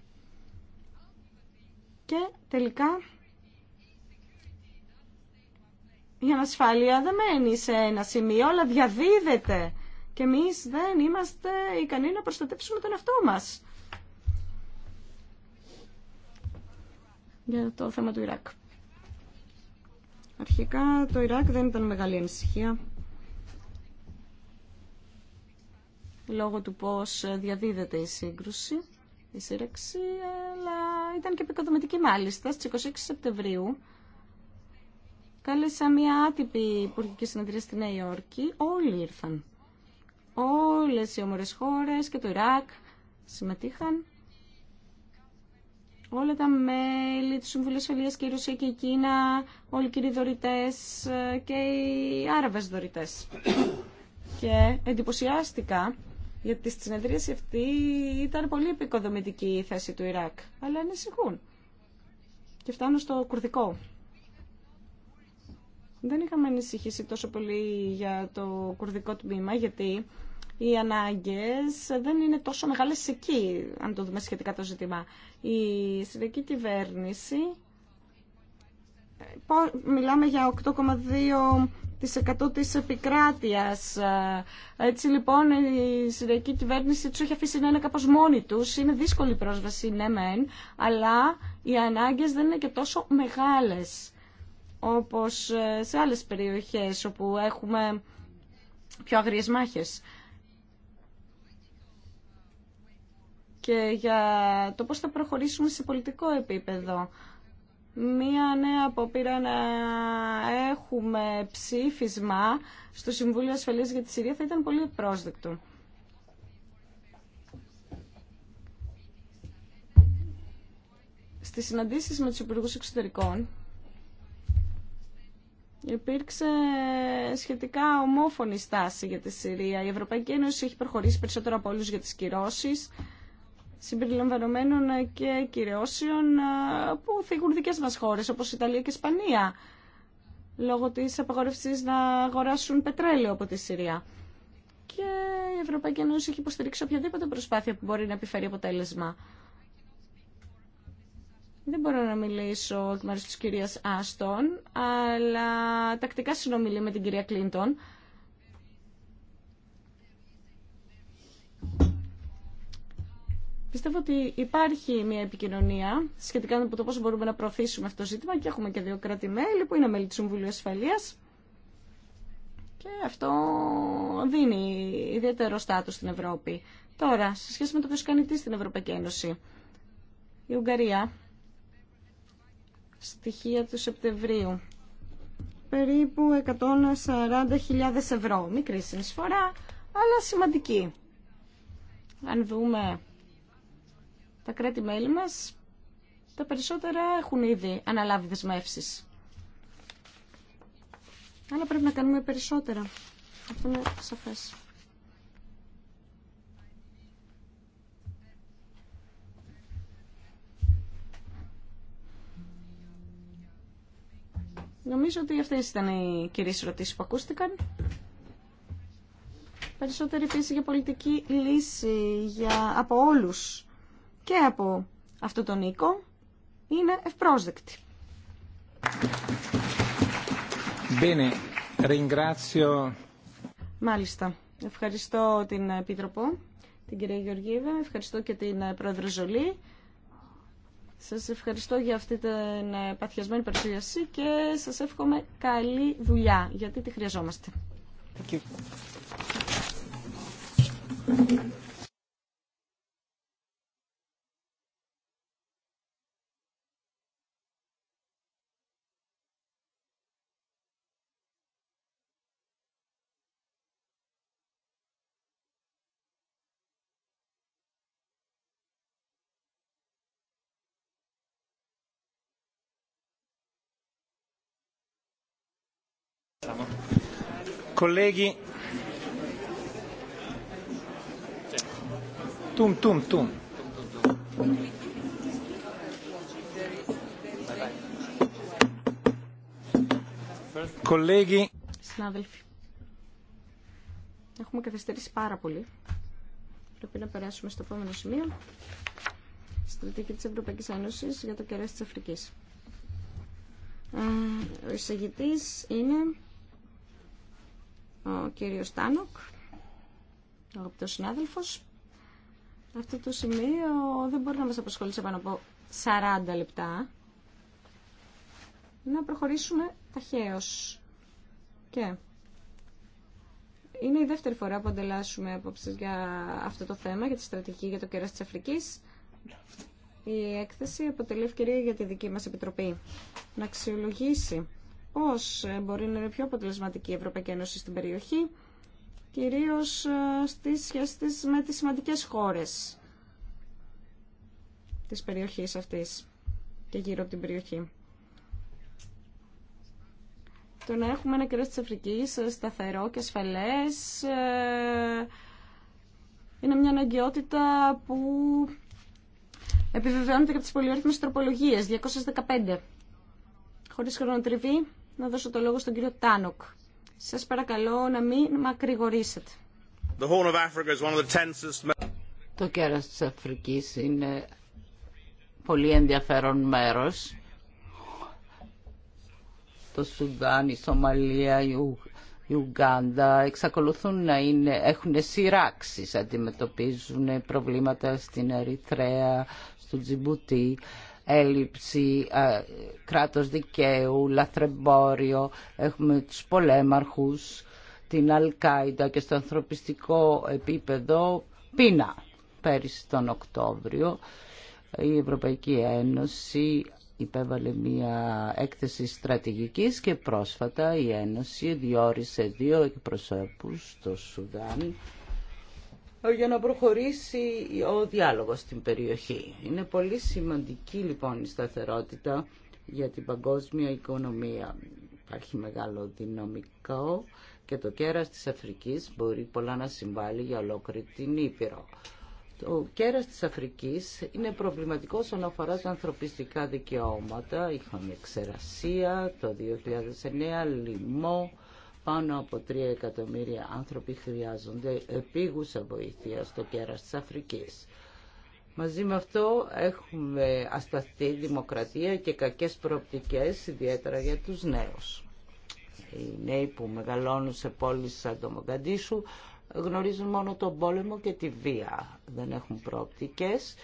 B: Και τελικά Η ανασφάλεια δεν μένει σε ένα σημείο, αλλά διαδίδεται. Και εμεί δεν είμαστε ικανοί να προστατεύσουμε τον εαυτό μας. Για το θέμα του Ιράκ. Αρχικά το Ιράκ δεν ήταν μεγάλη ανησυχία. Λόγω του πώς διαδίδεται η σύγκρουση, η σύρεξη, αλλά ήταν και επικοδομητική μάλιστα. Στις 26 Σεπτεμβρίου Κάλεσα μια άτυπη υπουργική συνεδρία στη Νέα Υόρκη. Όλοι ήρθαν. Όλες οι όμορε και το Ιράκ συμμετείχαν. Όλα τα μέλη του Συμβουλίου Ασφαλεία και η Ρωσία και η Κίνα, όλοι οι κύριοι δωρητέ και οι άραβε δωρητέ. [COUGHS] και εντυπωσιάστηκα γιατί στη συνεδρίαση αυτή ήταν πολύ επικοδομητική η θέση του Ιράκ. Αλλά ανησυχούν. Και φτάνω στο κουρδικό δεν είχαμε ανησυχήσει τόσο πολύ για το κουρδικό τμήμα, γιατί οι ανάγκε δεν είναι τόσο μεγάλε εκεί, αν το δούμε σχετικά το ζήτημα. Η Συριακή Κυβέρνηση, μιλάμε για 8,2 της επικράτειας. Έτσι λοιπόν η Συριακή κυβέρνηση τους έχει αφήσει να είναι κάπως μόνοι τους. Είναι δύσκολη πρόσβαση, ναι μεν, αλλά οι ανάγκες δεν είναι και τόσο μεγάλες όπως ε, σε άλλες περιοχές όπου έχουμε πιο αγριές μάχες. Και για το πώς θα προχωρήσουμε σε πολιτικό επίπεδο. Μία νέα απόπειρα να έχουμε ψήφισμα στο Συμβούλιο Ασφαλείας για τη Συρία θα ήταν πολύ πρόσδεκτο. Στις συναντήσεις με τους Υπουργούς Εξωτερικών υπήρξε σχετικά ομόφωνη στάση για τη Συρία. Η Ευρωπαϊκή Ένωση έχει προχωρήσει περισσότερο από όλους για τις κυρώσεις, συμπεριλαμβανομένων και κυρώσεων ε, που θίγουν δικές μας χώρες, όπως η Ιταλία και η Ισπανία, λόγω της απαγορευσής να αγοράσουν πετρέλαιο από τη Συρία. Και η Ευρωπαϊκή Ένωση έχει υποστηρίξει οποιαδήποτε προσπάθεια που μπορεί να επιφέρει αποτέλεσμα. Δεν μπορώ να μιλήσω εκ μέρου τη κυρία Άστον, αλλά τακτικά συνομιλεί με την κυρία Κλίντον. Πιστεύω ότι υπάρχει μια επικοινωνία σχετικά με το πώ μπορούμε να προωθήσουμε αυτό το ζήτημα και έχουμε και δύο κράτη-μέλη που είναι μέλη του Συμβουλίου ασφαλεία. και αυτό δίνει ιδιαίτερο στάτου στην Ευρώπη. Τώρα, σε σχέση με το ποιο κάνει τι στην Ευρωπαϊκή Ένωση. Η Ουγγαρία στοιχεία του Σεπτεμβρίου. Περίπου 140.000 ευρώ. Μικρή συνεισφορά, αλλά σημαντική. Αν δούμε τα κράτη-μέλη μας, τα περισσότερα έχουν ήδη αναλάβει δεσμεύσεις. Αλλά πρέπει να κάνουμε περισσότερα. Αυτό είναι σαφές. Νομίζω ότι αυτές ήταν οι κυρίε ρωτήσεις που ακούστηκαν. Περισσότερη πίεση για πολιτική λύση για, από όλους και από αυτό τον οίκο είναι ευπρόσδεκτη.
C: Bene, ringrazio...
B: Μάλιστα. Ευχαριστώ την Επίτροπο, την κυρία Γεωργίδα. ευχαριστώ και την ε, Πρόεδρο Ζολή. Σας ευχαριστώ για αυτή την ε, παθιασμένη παρουσίαση και σας εύχομαι καλή δουλειά, γιατί τη χρειαζόμαστε.
C: Συνάδελφοι,
B: έχουμε καθυστερήσει πάρα πολύ. Πρέπει να περάσουμε στο επόμενο σημείο. Στρατηγική της Ευρωπαϊκή Ένωσης για το κεραίο της Αφρικής. Ε, ο εισαγητής είναι ο κύριος Τάνοκ, ο αγαπητός συνάδελφος. Αυτό το σημείο δεν μπορεί να μας απασχολήσει πάνω από 40 λεπτά. Να προχωρήσουμε ταχαίως. Και είναι η δεύτερη φορά που αντελάσσουμε απόψει για αυτό το θέμα, για τη στρατηγική για το κεράς της Αφρικής. Η έκθεση αποτελεί ευκαιρία για τη δική μας Επιτροπή να αξιολογήσει πώς ε, μπορεί να είναι πιο αποτελεσματική η Ευρωπαϊκή Ένωση στην περιοχή, κυρίως ε, στις σχέσεις με τις σημαντικές χώρες της περιοχής αυτής και γύρω από την περιοχή. Το να έχουμε ένα κρέας της Αφρικής ε, σταθερό και ασφαλές είναι μια αναγκαιότητα που επιβεβαιώνεται και από τις πολυόριθμες τροπολογίες 215. Χωρίς χρονοτριβή, να δώσω το λόγο στον κύριο Τάνοκ. Σας παρακαλώ να μην μακρηγορήσετε.
D: Το κέρας της Αφρικής είναι πολύ ενδιαφέρον μέρος. Το Σουδάν, η Σομαλία, η Ουγγάντα εξακολουθούν να είναι, έχουν σειράξεις, αντιμετωπίζουν προβλήματα στην Ερυθρέα, στο Τζιμπούτι έλλειψη ε, κράτος δικαίου, λαθρεμπόριο, έχουμε τους πολέμαρχους, την Αλκάιντα και στο ανθρωπιστικό επίπεδο πείνα. Πέρυσι τον Οκτώβριο η Ευρωπαϊκή Ένωση υπέβαλε μία έκθεση στρατηγικής και πρόσφατα η Ένωση διόρισε δύο εκπροσώπους στο Σουδάν για να προχωρήσει ο διάλογος στην περιοχή. Είναι πολύ σημαντική λοιπόν η σταθερότητα για την παγκόσμια οικονομία. Υπάρχει μεγάλο δυναμικό και το κέρας της Αφρικής μπορεί πολλά να συμβάλλει για ολόκληρη την Ήπειρο. Το κέρας της Αφρικής είναι προβληματικό όσον αφορά τα ανθρωπιστικά δικαιώματα. Είχαμε εξερασία το 2009, λοιμό, πάνω από 3 εκατομμύρια άνθρωποι χρειάζονται επίγουσα βοήθεια στο κέρας της Αφρικής. Μαζί με αυτό έχουμε ασταθή δημοκρατία και κακές προοπτικές, ιδιαίτερα για τους νέους. Οι νέοι που μεγαλώνουν σε πόλεις σαν το Μογκαντήσου γνωρίζουν μόνο τον πόλεμο και τη βία. Δεν έχουν προοπτικές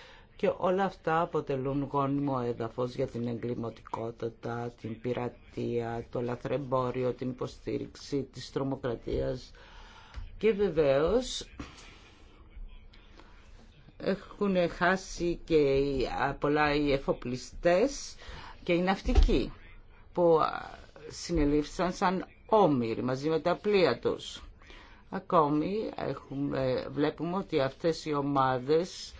D: και όλα αυτά αποτελούν γόνιμο έδαφος για την εγκληματικότητα, την πειρατεία, το λαθρεμπόριο, την υποστήριξη της τρομοκρατίας και βεβαίως έχουν χάσει και πολλά οι εφοπλιστές και οι ναυτικοί που συνελήφθησαν σαν όμοιροι μαζί με τα πλοία τους. Ακόμη έχουμε, βλέπουμε ότι αυτές οι ομάδες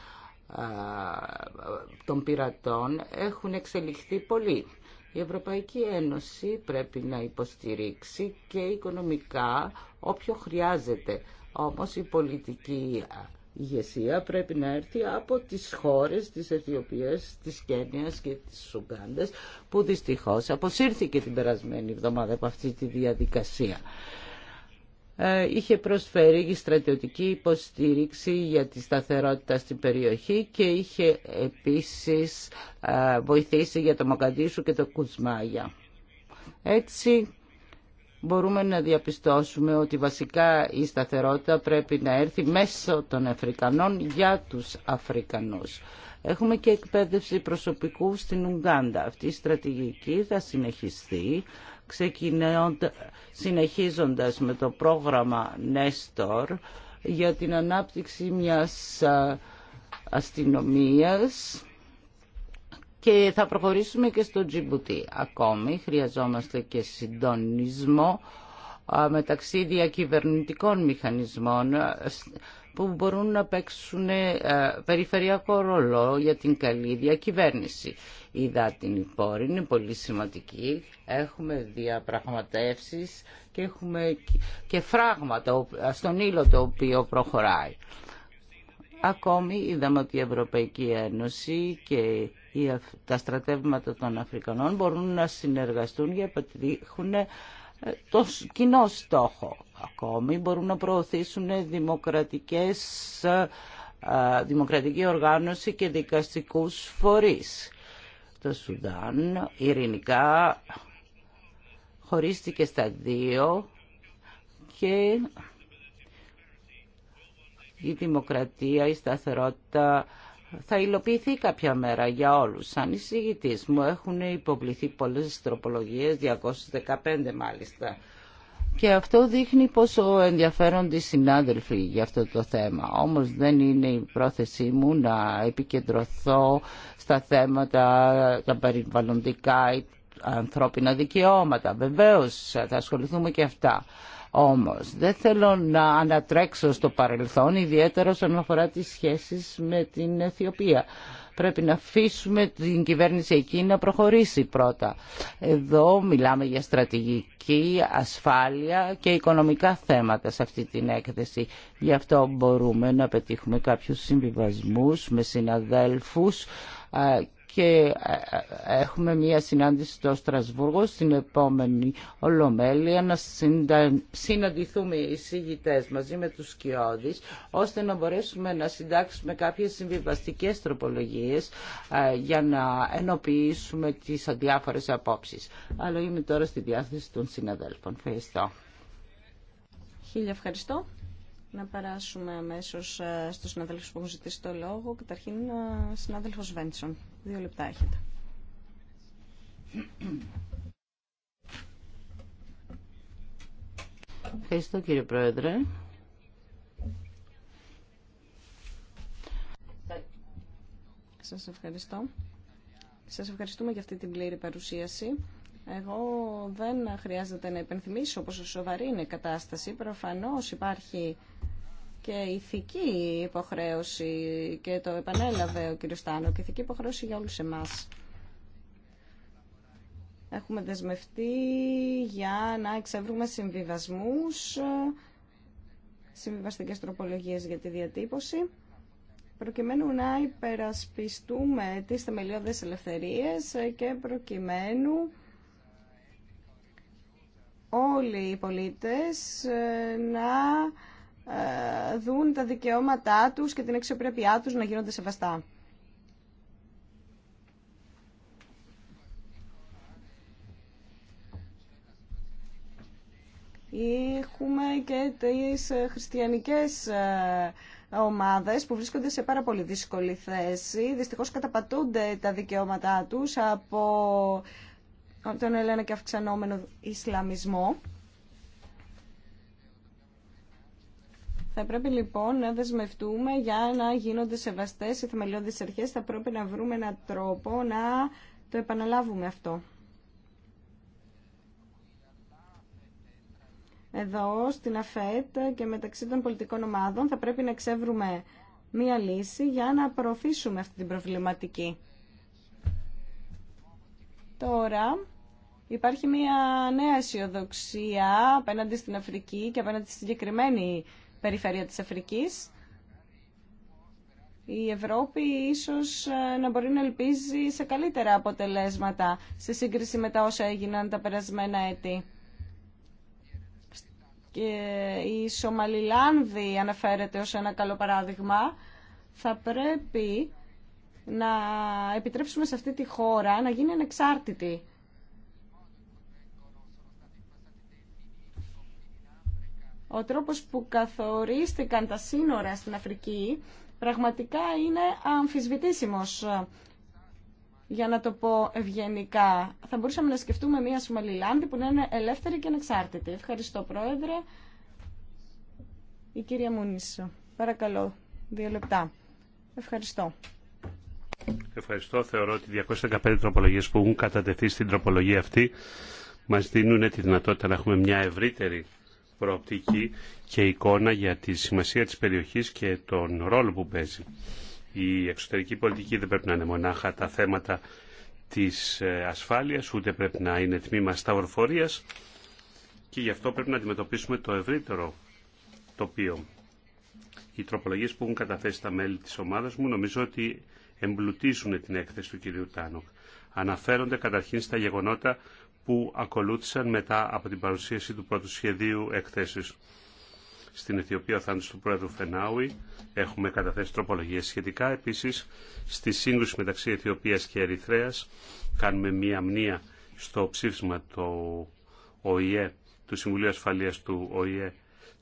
D: των πειρατών έχουν εξελιχθεί πολύ. Η Ευρωπαϊκή Ένωση πρέπει να υποστηρίξει και οικονομικά όποιο χρειάζεται. Όμως η πολιτική ηγεσία πρέπει να έρθει από τις χώρες της Αιθιοπίας, της Κένιας και της Ουγκάντας που δυστυχώς αποσύρθηκε την περασμένη εβδομάδα από αυτή τη διαδικασία. Ε, είχε προσφέρει στρατιωτική υποστήριξη για τη σταθερότητα στην περιοχή και είχε επίσης ε, βοηθήσει για το Μακαδίσου και το Κουτσμάγια. Έτσι μπορούμε να διαπιστώσουμε ότι βασικά η σταθερότητα πρέπει να έρθει μέσω των Αφρικανών για τους Αφρικανούς. Έχουμε και εκπαίδευση προσωπικού στην Ουγγάντα. Αυτή η στρατηγική θα συνεχιστεί συνεχίζοντας με το πρόγραμμα Νέστορ για την ανάπτυξη μιας αστυνομίας και θα προχωρήσουμε και στο Τζιμπουτί. Ακόμη χρειαζόμαστε και συντονισμό μεταξύ διακυβερνητικών μηχανισμών που μπορούν να παίξουν ε, περιφερειακό ρόλο για την καλή διακυβέρνηση. Η την πόρη είναι πολύ σημαντική. Έχουμε διαπραγματεύσεις και έχουμε και φράγματα στον ήλο το οποίο προχωράει. Ακόμη είδαμε ότι η Ευρωπαϊκή Ένωση και τα στρατεύματα των Αφρικανών μπορούν να συνεργαστούν για να πετύχουν ε, το κοινό στόχο ακόμη μπορούν να προωθήσουν δημοκρατικές, δημοκρατική οργάνωση και δικαστικούς φορείς. Το Σουδάν ειρηνικά χωρίστηκε στα δύο και η δημοκρατία, η σταθερότητα θα υλοποιηθεί κάποια μέρα για όλους. Σαν εισηγητής μου έχουν υποβληθεί πολλές τροπολογίες, 215 μάλιστα, και αυτό δείχνει πόσο ενδιαφέρονται οι συνάδελφοι για αυτό το θέμα. Όμως δεν είναι η πρόθεσή μου να επικεντρωθώ στα θέματα τα περιβαλλοντικά ή ανθρώπινα δικαιώματα. Βεβαίως θα ασχοληθούμε και αυτά. Όμως δεν θέλω να ανατρέξω στο παρελθόν, ιδιαίτερα όσον αφορά τις σχέσεις με την Αιθιοπία. Πρέπει να αφήσουμε την κυβέρνηση εκεί να προχωρήσει πρώτα. Εδώ μιλάμε για στρατηγική, ασφάλεια και οικονομικά θέματα σε αυτή την έκθεση. Γι' αυτό μπορούμε να πετύχουμε κάποιους συμβιβασμούς με συναδέλφους και ε, ε, έχουμε μία συνάντηση στο Στρασβούργο στην επόμενη Ολομέλεια να συναντηθούμε οι συγητές μαζί με τους σκιώδεις ώστε να μπορέσουμε να συντάξουμε κάποιες συμβιβαστικές τροπολογίες ε, για να ενοποιήσουμε τις διάφορες απόψεις. Αλλά είμαι τώρα στη διάθεση των συναδέλφων. Ευχαριστώ.
B: Χίλια ευχαριστώ. Να περάσουμε αμέσω στους συναδέλφους που έχουν ζητήσει το λόγο. Καταρχήν, συνάδελφος Βέντσον. Δύο λεπτά έχετε.
D: Ευχαριστώ κύριε Πρόεδρε.
B: Σας ευχαριστώ. Σας ευχαριστούμε για αυτή την πλήρη παρουσίαση. Εγώ δεν χρειάζεται να υπενθυμίσω πόσο σοβαρή είναι η κατάσταση. Προφανώς υπάρχει και ηθική υποχρέωση και το επανέλαβε ο κ. Στάνο και ηθική υποχρέωση για όλους εμάς. Έχουμε δεσμευτεί για να εξεύρουμε συμβιβασμούς, συμβιβαστικές τροπολογίες για τη διατύπωση προκειμένου να υπερασπιστούμε τις θεμελιώδες ελευθερίες και προκειμένου όλοι οι πολίτες να ε, δουν τα δικαιώματά τους και την αξιοπρέπειά τους να γίνονται σεβαστά. Έχουμε και τις ε, χριστιανικές ε, ομάδες που βρίσκονται σε πάρα πολύ δύσκολη θέση. Δυστυχώς καταπατούνται τα δικαιώματά τους από τον Ελένα και αυξανόμενο Ισλαμισμό. Θα πρέπει λοιπόν να δεσμευτούμε για να γίνονται σεβαστές οι θεμελιώδεις αρχές. Θα πρέπει να βρούμε έναν τρόπο να το επαναλάβουμε αυτό. Εδώ στην ΑΦΕΤ και μεταξύ των πολιτικών ομάδων θα πρέπει να εξεύρουμε μία λύση για να προωθήσουμε αυτή την προβληματική. Τώρα υπάρχει μία νέα αισιοδοξία απέναντι στην Αφρική και απέναντι στη συγκεκριμένη περιφέρεια της Αφρικής. Η Ευρώπη ίσως ε, να μπορεί να ελπίζει σε καλύτερα αποτελέσματα σε σύγκριση με τα όσα έγιναν τα περασμένα έτη. Και η Σομαλιλάνδη αναφέρεται ως ένα καλό παράδειγμα. Θα πρέπει να επιτρέψουμε σε αυτή τη χώρα να γίνει ανεξάρτητη Ο τρόπος που καθορίστηκαν τα σύνορα στην Αφρική πραγματικά είναι αμφισβητήσιμος. Για να το πω ευγενικά, θα μπορούσαμε να σκεφτούμε μια Σουμαλιλάνδη που να είναι ελεύθερη και ανεξάρτητη. Ευχαριστώ, Πρόεδρε. Η κυρία Μουνίσο, παρακαλώ, δύο λεπτά. Ευχαριστώ.
A: Ευχαριστώ. Θεωρώ ότι 215 τροπολογίες που έχουν κατατεθεί στην τροπολογία αυτή μας δίνουν τη δυνατότητα να έχουμε μια ευρύτερη προοπτική και εικόνα για τη σημασία της περιοχής και τον ρόλο που παίζει. Η εξωτερική πολιτική δεν πρέπει να είναι μονάχα τα θέματα της ε, ασφάλειας, ούτε πρέπει να είναι τμήμα σταυροφορίας και γι' αυτό πρέπει να αντιμετωπίσουμε το ευρύτερο τοπίο. Οι τροπολογίες που έχουν καταθέσει τα μέλη της ομάδας μου νομίζω ότι εμπλουτίζουν την έκθεση του κυρίου Τάνοκ. Αναφέρονται καταρχήν στα γεγονότα που ακολούθησαν μετά από την παρουσίαση του πρώτου σχεδίου εκθέσεως. Στην Αιθιοπία ο θάνατος του πρόεδρου Φενάουι έχουμε καταθέσει τροπολογίες σχετικά. Επίσης, στη σύγκρουση μεταξύ Αιθιοπίας και Ερυθρέας κάνουμε μία μνήα στο ψήφισμα ΟΗΕ, του Συμβουλίου Ασφαλείας του ΟΗΕ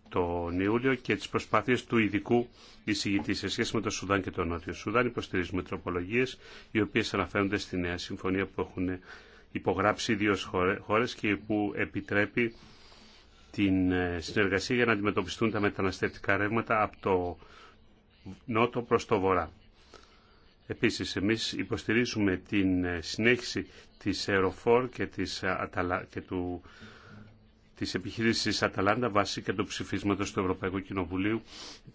A: τον Ιούλιο και τις προσπάθειες του ειδικού εισηγητή σε σχέση με το Σουδάν και το Νότιο Σουδάν. Υποστηρίζουμε τροπολογίες οι οποίες αναφέρονται στη νέα συμφωνία που έχουν υπογράψει δύο χώρες και που επιτρέπει την ε, συνεργασία για να αντιμετωπιστούν τα μεταναστευτικά ρεύματα από το νότο προς το βορρά. Επίσης, εμείς υποστηρίζουμε την ε, συνέχιση της Aerofor και, της, ε, και του... της επιχείρησης Αταλάντα βάσει και του ψηφίσματος του Ευρωπαϊκού Κοινοβουλίου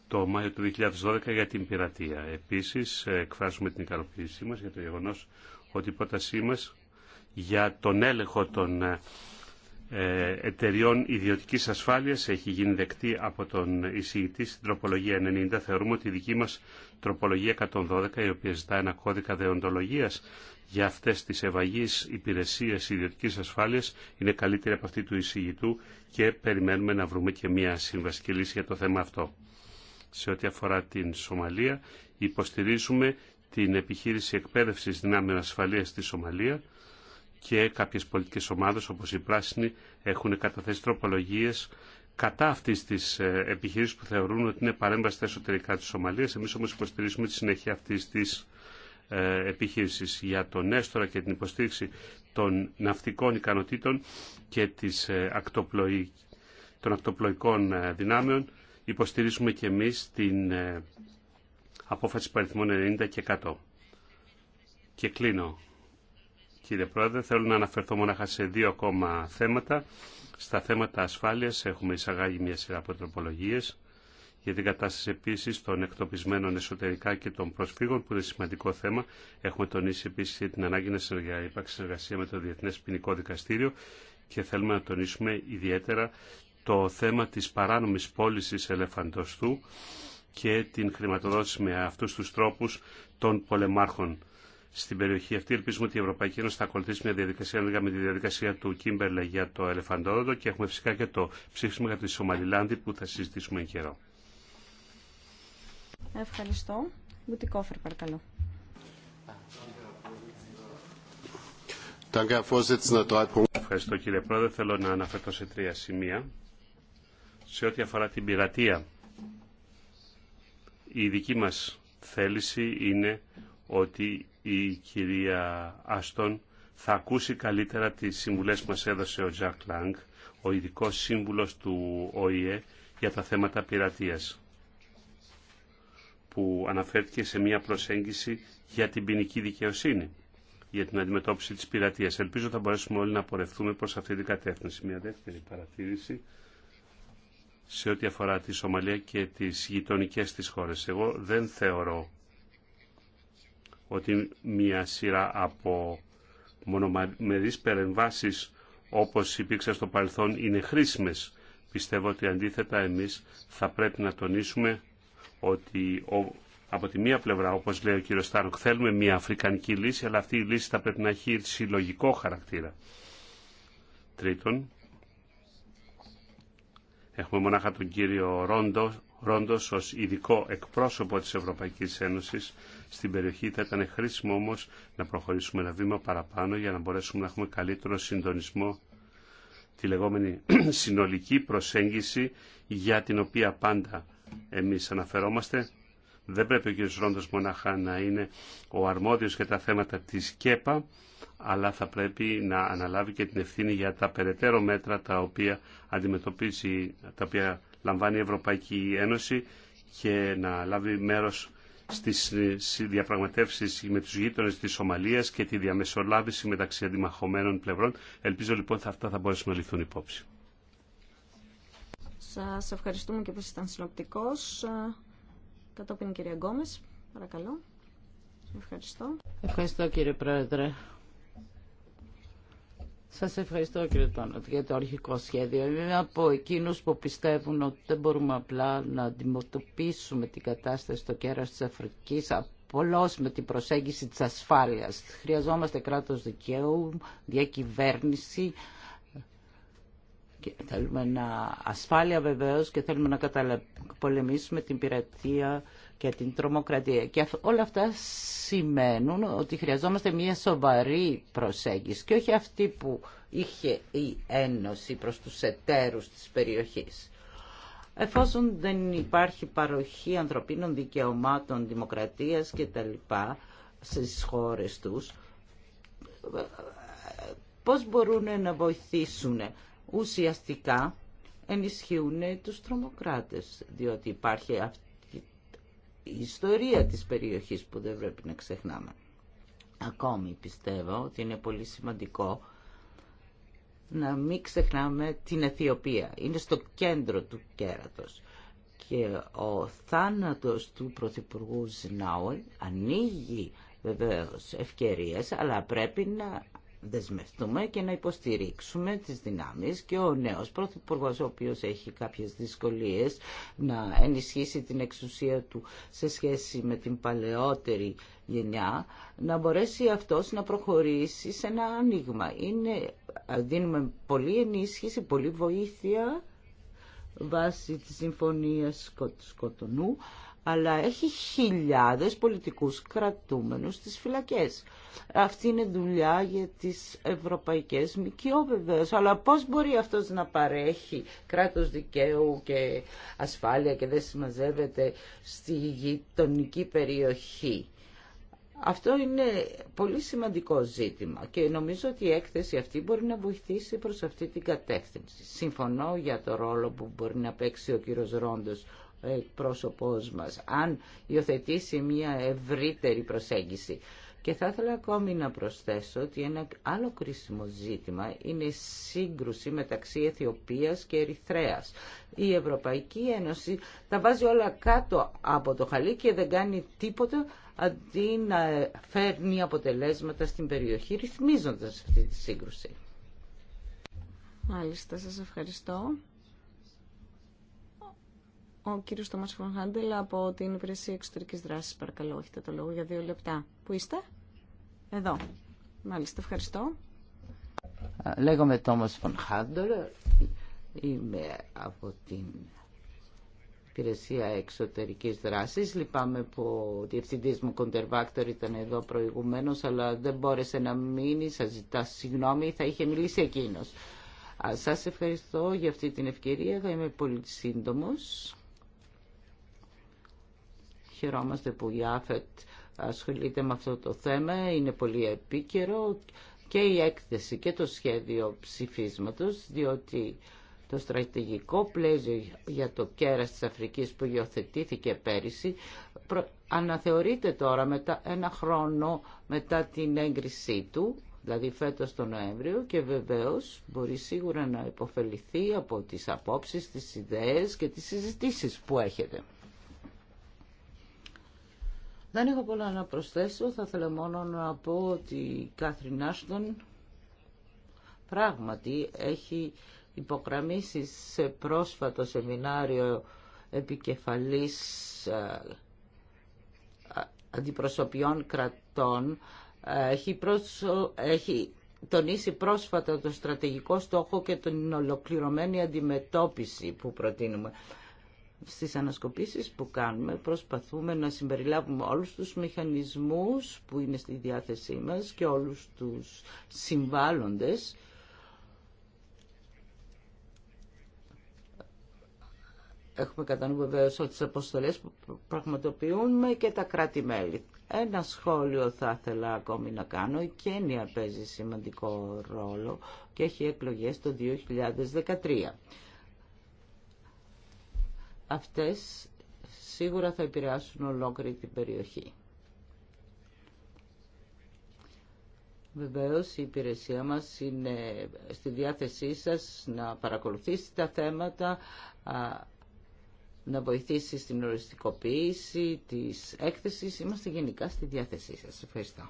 A: το Μάιο του 2012 για την πειρατεία. Επίσης, εκφράζουμε την ικανοποίησή μας για το γεγονός ότι η πρότασή μας για τον έλεγχο των ε, εταιριών ιδιωτικής ασφάλειας έχει γίνει δεκτή από τον εισηγητή στην τροπολογία 90. Θεωρούμε ότι η δική μας τροπολογία 112, η οποία ζητά ένα κώδικα δεοντολογίας για αυτές τις ευαγείς υπηρεσίες ιδιωτικής ασφάλειας, είναι καλύτερη από αυτή του εισηγητού και περιμένουμε να βρούμε και μια συμβασική λύση για το θέμα αυτό. Σε ό,τι αφορά την Σομαλία, υποστηρίζουμε την επιχείρηση εκπαίδευσης δυνάμεων ασφαλείας στη Σομαλία, και κάποιες πολιτικές ομάδες όπως οι πράσινοι έχουν καταθέσει τροπολογίες κατά αυτή τη ε, επιχείρηση που θεωρούν ότι είναι παρέμβαση εσωτερικά της Σομαλίας. Εμεί όμω υποστηρίζουμε τη συνέχεια αυτή τη ε, επιχείρηση για τον έστωρα και την υποστήριξη των ναυτικών ικανοτήτων και της ε, των ακτοπλοϊκών δυνάμεων. Υποστηρίζουμε και εμείς την απόφαση παριθμών 90 και 100. Και κλείνω, κύριε Πρόεδρε. Θέλω να αναφερθώ μονάχα σε δύο ακόμα θέματα. Στα θέματα ασφάλειας έχουμε εισαγάγει μια σειρά από τροπολογίες για την κατάσταση επίση των εκτοπισμένων εσωτερικά και των προσφύγων, που είναι σημαντικό θέμα. Έχουμε τονίσει επίση την ανάγκη να υπάρξει συνεργασία με το Διεθνέ Ποινικό Δικαστήριο και θέλουμε να τονίσουμε ιδιαίτερα το θέμα τη παράνομη πώληση ελεφαντοστού και την χρηματοδότηση με αυτού του τρόπου των πολεμάρχων στην περιοχή αυτή. Ελπίζουμε ότι η Ευρωπαϊκή Ένωση θα ακολουθήσει μια διαδικασία ανάλογα με τη διαδικασία του Κίμπερλε για το ελεφαντόδοτο και έχουμε φυσικά και το ψήφισμα για τη Σομαλιλάνδη που θα συζητήσουμε εν καιρό.
B: Ευχαριστώ. Μπουτικόφερ, παρακαλώ.
A: Ευχαριστώ κύριε Πρόεδρε. Θέλω να αναφερθώ σε τρία σημεία. Σε ό,τι αφορά την πειρατεία, η δική μας θέληση είναι ότι η κυρία Άστον θα ακούσει καλύτερα τις συμβουλές που μας έδωσε ο Τζακ Λάγκ, ο ειδικό σύμβουλος του ΟΗΕ για τα θέματα πειρατείας, που αναφέρθηκε σε μια προσέγγιση για την ποινική δικαιοσύνη, για την αντιμετώπιση της πειρατείας. Ελπίζω θα μπορέσουμε όλοι να πορευτούμε προς αυτή την κατεύθυνση. Μια δεύτερη παρατήρηση σε ό,τι αφορά τη Σομαλία και τις γειτονικές της χώρες. Εγώ δεν θεωρώ ότι μια σειρά από μονομερείς περεμβάσεις όπως υπήρξε στο παρελθόν είναι χρήσιμες. Πιστεύω ότι αντίθετα εμείς θα πρέπει να τονίσουμε ότι από τη μία πλευρά, όπως λέει ο κύριος Στάροκ, θέλουμε μια αφρικανική ο κυριος Στάνοκ, αλλά αυτή η λύση θα πρέπει να έχει συλλογικό χαρακτήρα. Τρίτον, έχουμε μονάχα τον κύριο Ρόντο, Ρόντος ως ειδικό εκπρόσωπο της Ευρωπαϊκής Ένωσης στην περιοχή θα ήταν χρήσιμο όμως να προχωρήσουμε ένα βήμα παραπάνω για να μπορέσουμε να έχουμε καλύτερο συντονισμό τη λεγόμενη [CLEARS THROAT] συνολική προσέγγιση για την οποία πάντα εμείς αναφερόμαστε. Δεν πρέπει ο κ. Ρόντος μονάχα να είναι ο αρμόδιος για τα θέματα της ΚΕΠΑ, αλλά θα πρέπει να αναλάβει και την ευθύνη για τα περαιτέρω μέτρα τα οποία αντιμετωπίζει, τα οποία λαμβάνει η Ευρωπαϊκή Ένωση και να λάβει μέρος στις διαπραγματεύσεις με τους γείτονες της Σομαλίας και τη διαμεσολάβηση μεταξύ αντιμαχωμένων πλευρών. Ελπίζω λοιπόν ότι αυτά θα μπορέσουν να ληφθούν υπόψη.
B: Σας ευχαριστούμε και που ήταν συλλοπτικός. Κατόπιν κυρία Γκόμες, παρακαλώ. Ευχαριστώ.
D: Ευχαριστώ κύριε Πρόεδρε. Σας ευχαριστώ κύριε Τόνατ για το αρχικό σχέδιο. Είμαι από εκείνου που πιστεύουν ότι δεν μπορούμε απλά να αντιμετωπίσουμε την κατάσταση στο κέρα της Αφρικής απλώ με την προσέγγιση της ασφάλειας. Χρειαζόμαστε κράτος δικαίου, διακυβέρνηση, και θέλουμε να ασφάλεια βεβαίω και θέλουμε να καταπολεμήσουμε την πειρατεία για την τρομοκρατία. Και όλα αυτά σημαίνουν ότι χρειαζόμαστε μια σοβαρή προσέγγιση και όχι αυτή που είχε η Ένωση προς τους εταίρους της περιοχής. Εφόσον δεν υπάρχει παροχή ανθρωπίνων δικαιωμάτων, δημοκρατίας λοιπά στις χώρες τους, πώς μπορούν να βοηθήσουν ουσιαστικά ενισχύουν τους τρομοκράτες, διότι υπάρχει αυτή η ιστορία της περιοχής που δεν πρέπει να ξεχνάμε. Ακόμη πιστεύω ότι είναι πολύ σημαντικό να μην ξεχνάμε την Αιθιοπία. Είναι στο κέντρο του κέρατος. Και ο θάνατος του Πρωθυπουργού Ζνάουελ ανοίγει βεβαίως ευκαιρίες, αλλά πρέπει να δεσμευτούμε και να υποστηρίξουμε τις δυνάμεις και ο νέος πρωθυπουργός ο οποίος έχει κάποιες δυσκολίες να ενισχύσει την εξουσία του σε σχέση με την παλαιότερη γενιά να μπορέσει αυτός να προχωρήσει σε ένα άνοιγμα. Είναι, δίνουμε πολλή ενίσχυση, πολλή βοήθεια βάσει της συμφωνίας Σκοτ, Σκοτονού αλλά έχει χιλιάδες πολιτικούς κρατούμενους στις φυλακές. Αυτή είναι δουλειά για τις ευρωπαϊκές ΜΚΟ βεβαίως, αλλά πώς μπορεί αυτός να παρέχει κράτος δικαίου και ασφάλεια και δεν συμμαζεύεται στη γειτονική περιοχή. Αυτό είναι πολύ σημαντικό ζήτημα και νομίζω ότι η έκθεση αυτή μπορεί να βοηθήσει προς αυτή την κατεύθυνση. Συμφωνώ για το ρόλο που μπορεί να παίξει ο κύριος Ρόντος Πρόσωπο μας, αν υιοθετήσει μια ευρύτερη προσέγγιση. Και θα ήθελα ακόμη να προσθέσω ότι ένα άλλο κρίσιμο ζήτημα είναι η σύγκρουση μεταξύ Αιθιοπίας και Ερυθρέας. Η Ευρωπαϊκή Ένωση τα βάζει όλα κάτω από το χαλί και δεν κάνει τίποτα αντί να φέρνει αποτελέσματα στην περιοχή ρυθμίζοντας αυτή τη σύγκρουση.
B: Μάλιστα, σας ευχαριστώ. Ο κύριος Τόμας Φωνχάντελ από την Υπηρεσία Εξωτερικής Δράσης, παρακαλώ, έχετε το λόγο για δύο λεπτά. Πού είστε? Εδώ. Μάλιστα, ευχαριστώ.
D: Ε, λέγομαι Τόμας Φωνχάντελ, είμαι από την υπηρεσία εξωτερικής δράσης. Λυπάμαι που ο διευθυντής μου Κοντερβάκτορ ήταν εδώ προηγουμένως, αλλά δεν μπόρεσε να μείνει, σας ζητά συγγνώμη, θα είχε μιλήσει εκείνος. Σας ευχαριστώ για αυτή την ευκαιρία, θα είμαι πολύ σύντομος. Χαιρόμαστε που η ΑΦΕΤ ασχολείται με αυτό το θέμα, είναι πολύ επίκαιρο και η έκθεση και το σχέδιο ψηφίσματος, διότι το στρατηγικό πλαίσιο για το κέρας της Αφρικής που υιοθετήθηκε πέρυσι αναθεωρείται τώρα μετά ένα χρόνο μετά την έγκρισή του, δηλαδή φέτος τον Νοέμβριο και βεβαίως μπορεί σίγουρα να υποφεληθεί από τις απόψεις, τις ιδέες και τις συζητήσεις που έχετε. Δεν έχω πολλά να προσθέσω, θα ήθελα μόνο να πω ότι η Κάθριν Άστον πράγματι έχει υπογραμμίσει σε πρόσφατο σεμινάριο επικεφαλής ε, αντιπροσωπιών κρατών ε, έχει, έχει τονίσει πρόσφατα το στρατηγικό στόχο και την ολοκληρωμένη αντιμετώπιση που προτείνουμε στις ανασκοπήσεις που κάνουμε προσπαθούμε να συμπεριλάβουμε όλους τους μηχανισμούς που είναι στη διάθεσή μας και όλους τους συμβάλλοντες Έχουμε κατά νου βεβαίω τι αποστολέ που πραγματοποιούμε και τα κράτη-μέλη. Ένα σχόλιο θα ήθελα ακόμη να κάνω. Η Κένια παίζει σημαντικό ρόλο και έχει εκλογές το 2013 αυτές σίγουρα θα επηρεάσουν ολόκληρη την περιοχή. Βεβαίως η υπηρεσία μας είναι στη διάθεσή σας να παρακολουθήσει τα θέματα, να βοηθήσει στην οριστικοποίηση της
B: έκθεσης. Είμαστε γενικά στη διάθεσή σας. Ευχαριστώ.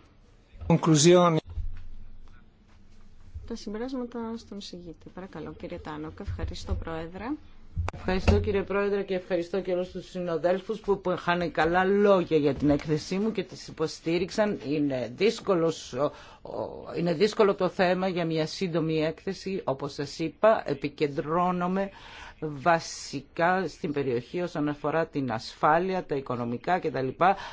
B: Τα συμπεράσματα στον συγγήτη. Παρακαλώ κύριε Τάνοκ. Ευχαριστώ Πρόεδρε.
D: Ευχαριστώ κύριε Πρόεδρε και ευχαριστώ και όλους τους συνοδέλφους που είχαν καλά λόγια για την έκθεσή μου και τις υποστήριξαν. Είναι, δύσκολος, είναι δύσκολο το θέμα για μια σύντομη έκθεση. Όπως σας είπα, επικεντρώνομαι βασικά στην περιοχή όσον αφορά την ασφάλεια, τα οικονομικά κτλ.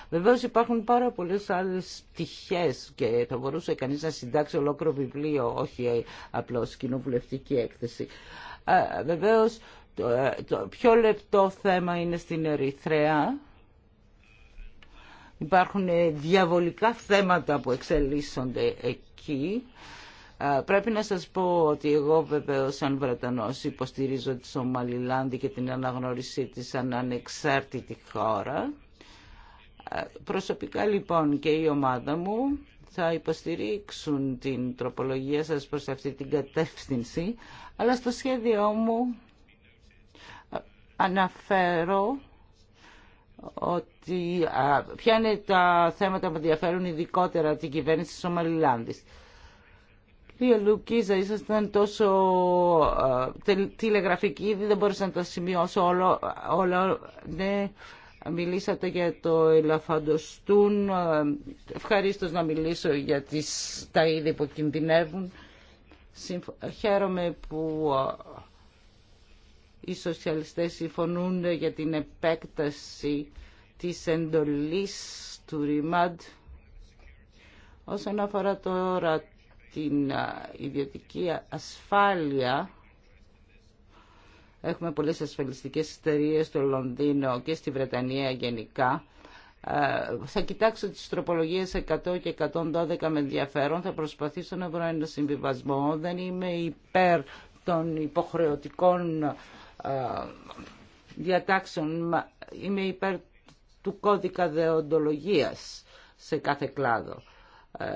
D: Βεβαίω υπάρχουν πάρα πολλέ άλλε πτυχέ και θα μπορούσε κανεί να συντάξει ολόκληρο βιβλίο, όχι απλώ κοινοβουλευτική έκθεση. Βεβαίω ε, το πιο λεπτό θέμα είναι στην Ερυθρέα. Υπάρχουν ε, διαβολικά θέματα που εξελίσσονται εκεί. Ε, πρέπει να σας πω ότι εγώ βεβαίω σαν Βρετανός υποστηρίζω τη Σομαλιλάνδη και την αναγνώρισή της σαν ανεξάρτητη χώρα. Προσωπικά λοιπόν και η ομάδα μου θα υποστηρίξουν την τροπολογία σας προς αυτή την κατεύθυνση, αλλά στο σχέδιό μου αναφέρω ότι ποια είναι τα θέματα που ενδιαφέρουν ειδικότερα την κυβέρνηση της Σομαλιλάνδης. Κύριε Λουκίζα, ήσασταν τόσο τηλεγραφική, ήδη δεν μπορούσα να τα σημειώσω όλο, όλα. Ναι, μιλήσατε για το ελαφαντοστούν. Ευχαρίστω να μιλήσω για τις, τα είδη που κινδυνεύουν. Χαίρομαι που οι σοσιαλιστές συμφωνούν για την επέκταση της εντολής του ΡΙΜΑΝΤ όσον αφορά τώρα την ιδιωτική ασφάλεια έχουμε πολλές ασφαλιστικές εταιρείε στο Λονδίνο και στη Βρετανία γενικά θα κοιτάξω τις τροπολογίες 100 και 112 με ενδιαφέρον θα προσπαθήσω να βρω ένα συμβιβασμό δεν είμαι υπέρ των υποχρεωτικών ε, διατάξεων. Είμαι υπέρ του κώδικα δεοντολογίας σε κάθε κλάδο. Ε,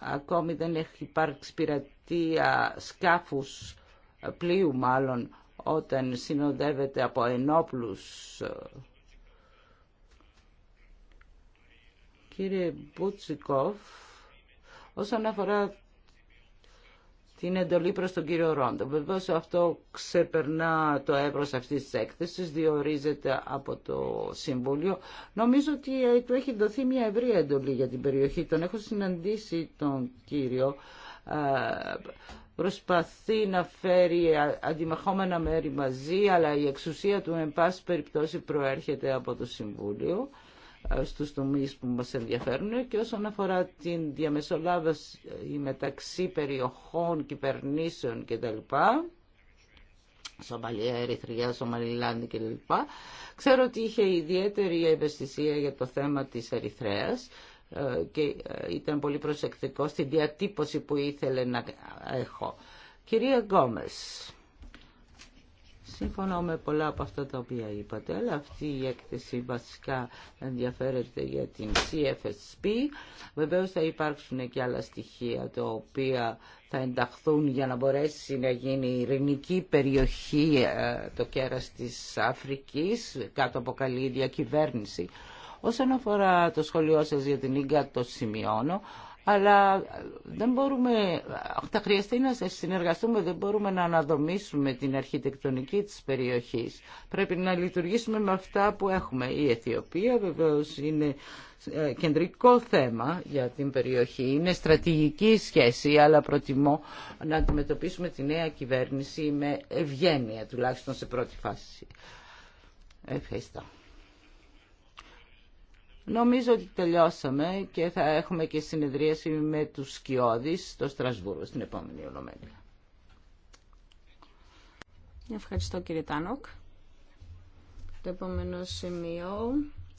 D: ακόμη δεν έχει υπάρξει πειρατεία σκάφους, ε, πλοίου μάλλον, όταν συνοδεύεται από ενόπλους. Κύριε Μπουτσικόφ, όσον αφορά την εντολή προς τον κύριο Ρόντο. Βεβαίως αυτό ξεπερνά το έβρος αυτής της έκθεσης, διορίζεται από το Συμβούλιο. Νομίζω ότι ε, του έχει δοθεί μια ευρία εντολή για την περιοχή. Τον έχω συναντήσει τον κύριο. Ε, προσπαθεί να φέρει αντιμαχόμενα μέρη μαζί, αλλά η εξουσία του, εν πάση περιπτώσει, προέρχεται από το Συμβούλιο. Ε, στους τομείς που μας ενδιαφέρουν και όσον αφορά την διαμεσολάβηση μεταξύ περιοχών, κυβερνήσεων κτλ. Σομαλία, Ερυθριά, Σομαλιλάνδη κλπ. Ξέρω ότι είχε ιδιαίτερη ευαισθησία για το θέμα της Ερυθρέας ε, και ε, ήταν πολύ προσεκτικό στην διατύπωση που ήθελε να έχω. Κυρία Γκόμες, Σύμφωνα με πολλά από αυτά τα οποία είπατε, αλλά αυτή η έκθεση βασικά ενδιαφέρεται για την CFSP. Βεβαίως θα υπάρξουν και άλλα στοιχεία τα οποία θα ενταχθούν για να μπορέσει να γίνει η ειρηνική περιοχή ε, το κέρας της Αφρικής κάτω από καλή διακυβέρνηση. Όσον αφορά το σχολείο σας για την Ίγκα, το σημειώνω, αλλά δεν μπορούμε, θα χρειαστεί να συνεργαστούμε, δεν μπορούμε να αναδομήσουμε την αρχιτεκτονική της περιοχής. Πρέπει να λειτουργήσουμε με αυτά που έχουμε. Η Αιθιοπία βεβαίως είναι ε, κεντρικό θέμα για την περιοχή, είναι στρατηγική σχέση, αλλά προτιμώ να αντιμετωπίσουμε τη νέα κυβέρνηση με ευγένεια, τουλάχιστον σε πρώτη φάση. Ευχαριστώ. Νομίζω ότι τελειώσαμε και θα έχουμε και συνεδρίαση με τους Σκιώδης στο Στρασβούργο στην επόμενη ολομέλεια.
B: Ευχαριστώ κύριε Τάνοκ. Το επόμενο σημείο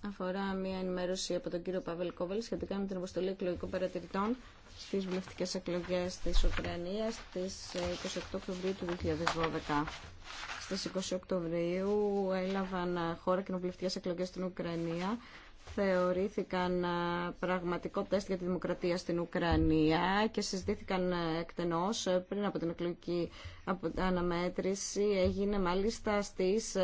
B: αφορά μια ενημέρωση από τον κύριο Παύλ Κόβελ σχετικά με την αποστολή εκλογικών παρατηρητών στις βουλευτικές εκλογές της Ουκρανίας στις 28 ε, Οκτωβρίου του 2012. Στις 20 Οκτωβρίου έλαβαν χώρα κοινοβουλευτικές εκλογές στην Ουκρανία θεωρήθηκαν πραγματικό τεστ για τη δημοκρατία στην Ουκρανία και συζητήθηκαν εκτενώς πριν από την εκλογική αναμέτρηση. Έγινε μάλιστα στις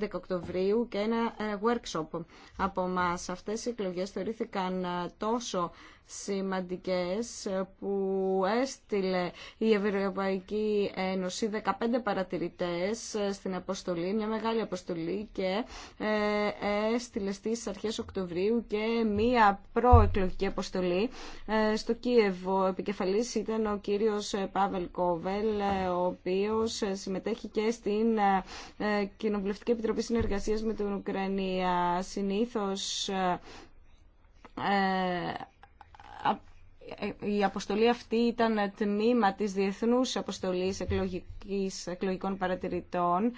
B: 11 Οκτωβρίου και ένα workshop από μας. Αυτές οι εκλογές θεωρήθηκαν τόσο σημαντικές ε, που έστειλε η Ευρωπαϊκή Ένωση 15 παρατηρητές ε, στην αποστολή, μια μεγάλη αποστολή και ε, έστειλε στις αρχές Οκτωβρίου και μια προεκλογική αποστολή στο Κίεβο. Επικεφαλής ήταν ο κύριος Πάβελ Κόβελ, ο οποίος συμμετέχει και στην Κοινοβουλευτική Επιτροπή Συνεργασίας με την Ουκρανία. Συνήθως η αποστολή αυτή ήταν τμήμα της Διεθνούς Αποστολής Εκλογικής, Εκλογικών Παρατηρητών.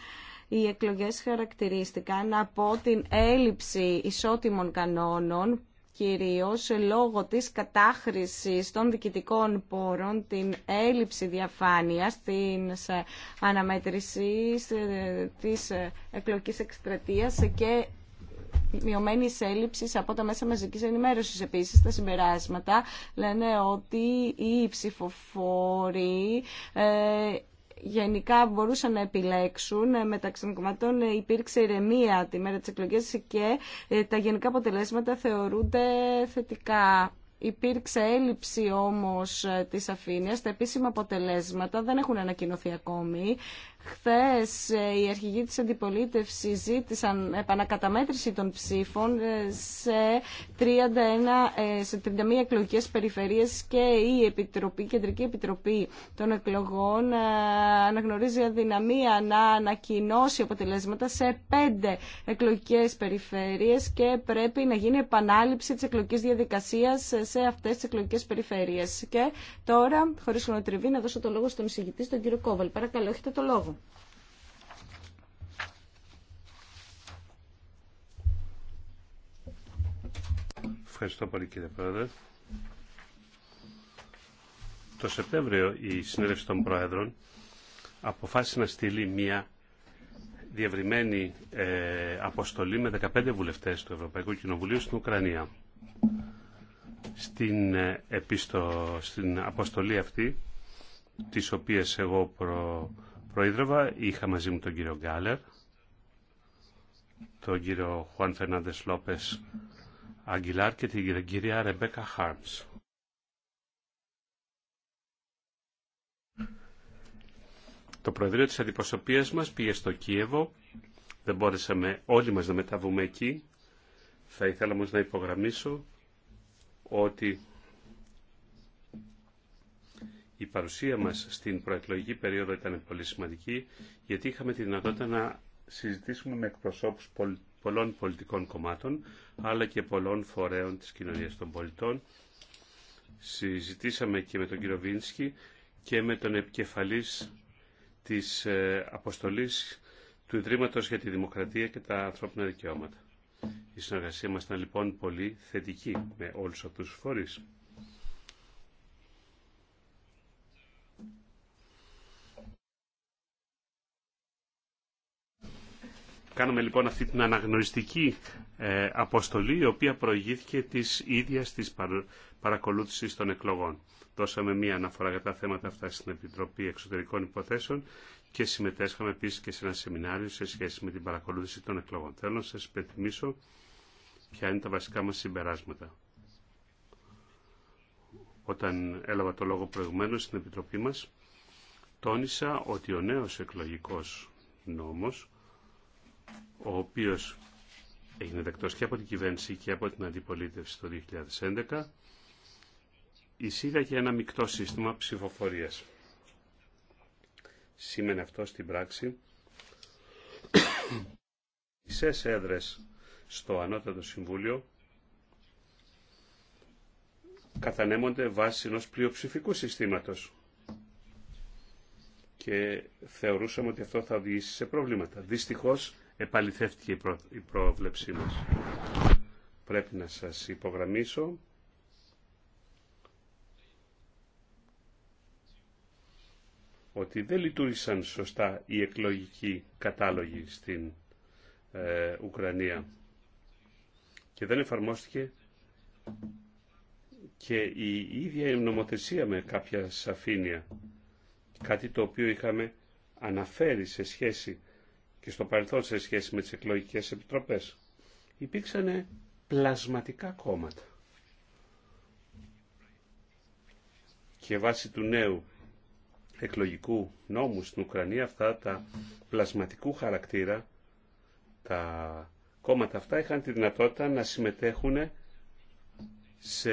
B: Οι εκλογές χαρακτηρίστηκαν από την έλλειψη ισότιμων κανόνων κυρίως λόγω της κατάχρησης των διοικητικών πόρων, την έλλειψη διαφάνειας, την αναμέτρηση ε, της εκλογικής εκστρατείας και μειωμένη έλλειψη από τα μέσα μαζική ενημέρωση. Επίση, τα συμπεράσματα λένε ότι οι ψηφοφόροι ε, γενικά μπορούσαν να επιλέξουν ε, μεταξύ των κομμάτων ε, υπήρξε ηρεμία τη μέρα της εκλογής και τα γενικά αποτελέσματα θεωρούνται θετικά. Υπήρξε έλλειψη όμως της αφήνειας, τα επίσημα αποτελέσματα δεν έχουν ανακοινωθεί ακόμη. Χθε ε, οι αρχηγοί της αντιπολίτευσης ζήτησαν επανακαταμέτρηση των ψήφων ε, σε, 31, ε, σε 31 εκλογικές περιφερειές και η Επιτροπή, Κεντρική Επιτροπή των Εκλογών αναγνωρίζει αδυναμία να ανακοινώσει αποτελέσματα σε 5 εκλογικές περιφερειές και πρέπει να γίνει επανάληψη της εκλογικής διαδικασίας σε αυτές τις εκλογικές περιφερειές. Και τώρα, χωρίς χρονοτριβή, να δώσω το λόγο στον εισηγητή, στον κύριο Κόβαλ. Παρακαλώ, έχετε το λόγο.
A: Ευχαριστώ πολύ κύριε Πρόεδρε. Το Σεπτέμβριο η Συνέλευση των Πρόεδρων αποφάσισε να στείλει μια διευρυμένη ε, αποστολή με 15 βουλευτές του Ευρωπαϊκού Κοινοβουλίου στην Ουκρανία. Στην, ε, επίστο, στην αποστολή αυτή, της οποίας εγώ προ, Προέδροβα είχα μαζί μου τον κύριο Γκάλερ, τον κύριο Χουάν Φερνάντε Λόπες Αγγιλάρ και την κυρία Ρεμπέκα Χάρμς. Το Προεδρείο της Αντιπροσωπείας μας πήγε στο Κίεβο. Δεν μπόρεσαμε όλοι μας να μεταβούμε εκεί. Θα ήθελα όμως να υπογραμμίσω ότι η παρουσία μας στην προεκλογική περίοδο ήταν πολύ σημαντική, γιατί είχαμε τη δυνατότητα να συζητήσουμε με εκπροσώπους πολλών πολιτικών κομμάτων, αλλά και πολλών φορέων της κοινωνίας των πολιτών. Συζητήσαμε και με τον κύριο Βίνσκι και με τον επικεφαλής της ε, αποστολής του Ιδρύματος για τη Δημοκρατία και τα Ανθρώπινα Δικαιώματα. Η συνεργασία μας ήταν λοιπόν πολύ θετική με όλους αυτούς τους φορείς. Κάνουμε λοιπόν αυτή την αναγνωριστική ε, αποστολή η οποία προηγήθηκε της ίδιας της παρακολούθησης των εκλογών. Δώσαμε μία αναφορά για τα θέματα αυτά στην Επιτροπή Εξωτερικών Υποθέσεων και συμμετέσχαμε επίσης και σε ένα σεμινάριο σε σχέση με την παρακολούθηση των εκλογών. Θέλω να σας υπενθυμίσω ποια είναι τα βασικά μας συμπεράσματα. Όταν έλαβα το λόγο προηγουμένως στην Επιτροπή μας, τόνισα ότι ο νέος εκλογικός νόμος ο οποίος έγινε δεκτός και από την κυβέρνηση και από την αντιπολίτευση το 2011, εισήγαγε ένα μεικτό σύστημα ψηφοφορίας. Σήμαινε αυτό στην πράξη μισές έδρες στο Ανώτατο Συμβούλιο κατανέμονται βάσει ενός πλειοψηφικού συστήματος και θεωρούσαμε ότι αυτό θα οδηγήσει σε προβλήματα. Δυστυχώς επαληθεύτηκε η πρόβλεψή μας. Πρέπει να σας υπογραμμίσω ότι δεν λειτουργήσαν σωστά οι εκλογικοί κατάλογοι στην ε, Ουκρανία και δεν εφαρμόστηκε και η ίδια η νομοθεσία με κάποια σαφήνεια, κάτι το οποίο είχαμε αναφέρει σε σχέση και στο παρελθόν σε σχέση με τις εκλογικές επιτροπές. Υπήρξαν πλασματικά κόμματα. Και βάσει του νέου εκλογικού νόμου στην Ουκρανία αυτά τα πλασματικού χαρακτήρα, τα κόμματα αυτά είχαν τη δυνατότητα να συμμετέχουν σε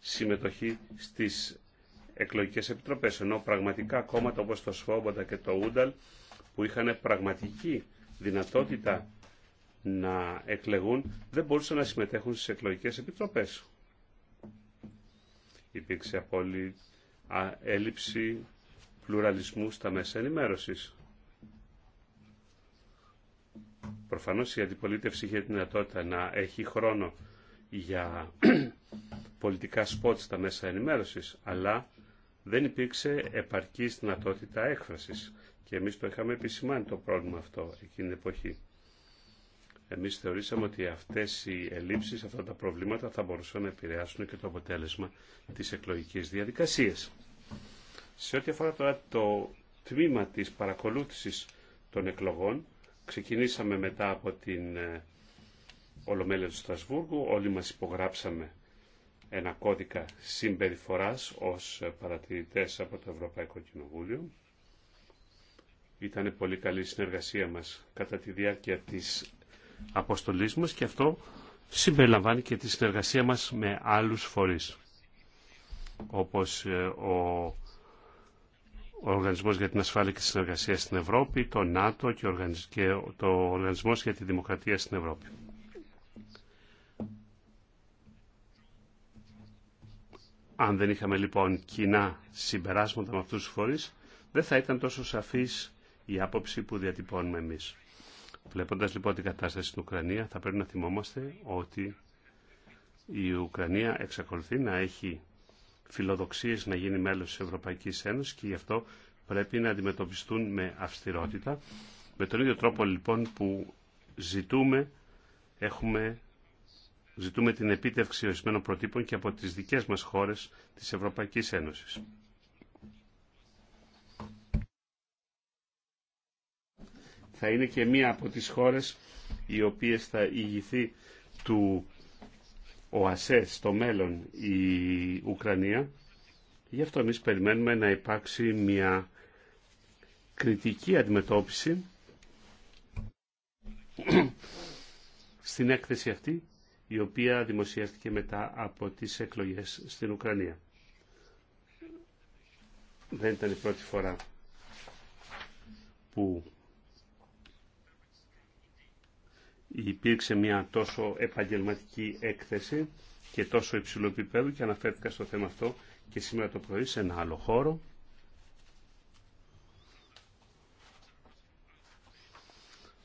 A: συμμετοχή στις εκλογικές επιτροπές, ενώ πραγματικά κόμματα όπως το Σφόμποντα και το Ούνταλ που είχαν πραγματική δυνατότητα να εκλεγούν δεν μπορούσαν να συμμετέχουν στις εκλογικές επιτροπές. Υπήρξε απόλυτη έλλειψη πλουραλισμού στα μέσα ενημέρωσης. Προφανώς η αντιπολίτευση είχε τη δυνατότητα να έχει χρόνο για [CLEARS THROAT] πολιτικά σπότ στα μέσα ενημέρωσης, αλλά δεν υπήρξε επαρκής δυνατότητα έκφρασης. Και εμείς το είχαμε επισημάνει το πρόβλημα αυτό εκείνη την εποχή. Εμείς θεωρήσαμε ότι αυτές οι ελλείψεις, αυτά τα προβλήματα θα μπορούσαν να επηρεάσουν και το αποτέλεσμα της εκλογικής διαδικασίας. Σε ό,τι αφορά τώρα το τμήμα της παρακολούθησης των εκλογών, ξεκινήσαμε μετά από την ε, Ολομέλεια του Στρασβούργου, όλοι μας υπογράψαμε ένα κώδικα συμπεριφοράς ως παρατηρητές από το Ευρωπαϊκό Κοινοβούλιο. Ήταν πολύ καλή η συνεργασία μας κατά τη διάρκεια της αποστολής μας και αυτό συμπεριλαμβάνει και τη συνεργασία μας με άλλους φορείς όπως ε, ο Οργανισμός για την Ασφάλεια και τη Συνεργασία στην Ευρώπη, το ΝΑΤΟ και το Οργανισμός για τη Δημοκρατία στην Ευρώπη. Αν δεν είχαμε λοιπόν κοινά συμπεράσματα με αυτούς τους φορείς, δεν θα ήταν τόσο σαφής η άποψη που διατυπώνουμε εμείς. Βλέποντας λοιπόν την κατάσταση στην Ουκρανία θα πρέπει να θυμόμαστε ότι η Ουκρανία εξακολουθεί να έχει φιλοδοξίες να γίνει μέλος της Ευρωπαϊκής Ένωσης και γι' αυτό πρέπει να αντιμετωπιστούν με αυστηρότητα. Με τον ίδιο τρόπο λοιπόν που ζητούμε, έχουμε, ζητούμε την επίτευξη ορισμένων προτύπων και από τις δικές μας χώρες της Ευρωπαϊκής Ένωσης. θα είναι και μία από τις χώρες οι οποίες θα ηγηθεί του ΟΑΣΕ στο μέλλον η Ουκρανία. Γι' αυτό εμείς περιμένουμε να υπάρξει μια κριτική αντιμετώπιση στην έκθεση αυτή, η οποία δημοσιεύτηκε μετά από τις εκλογές στην Ουκρανία. Δεν ήταν η πρώτη φορά που υπήρξε μια τόσο επαγγελματική έκθεση και τόσο υψηλό επίπεδο και αναφέρθηκα στο θέμα αυτό και σήμερα το πρωί σε ένα άλλο χώρο.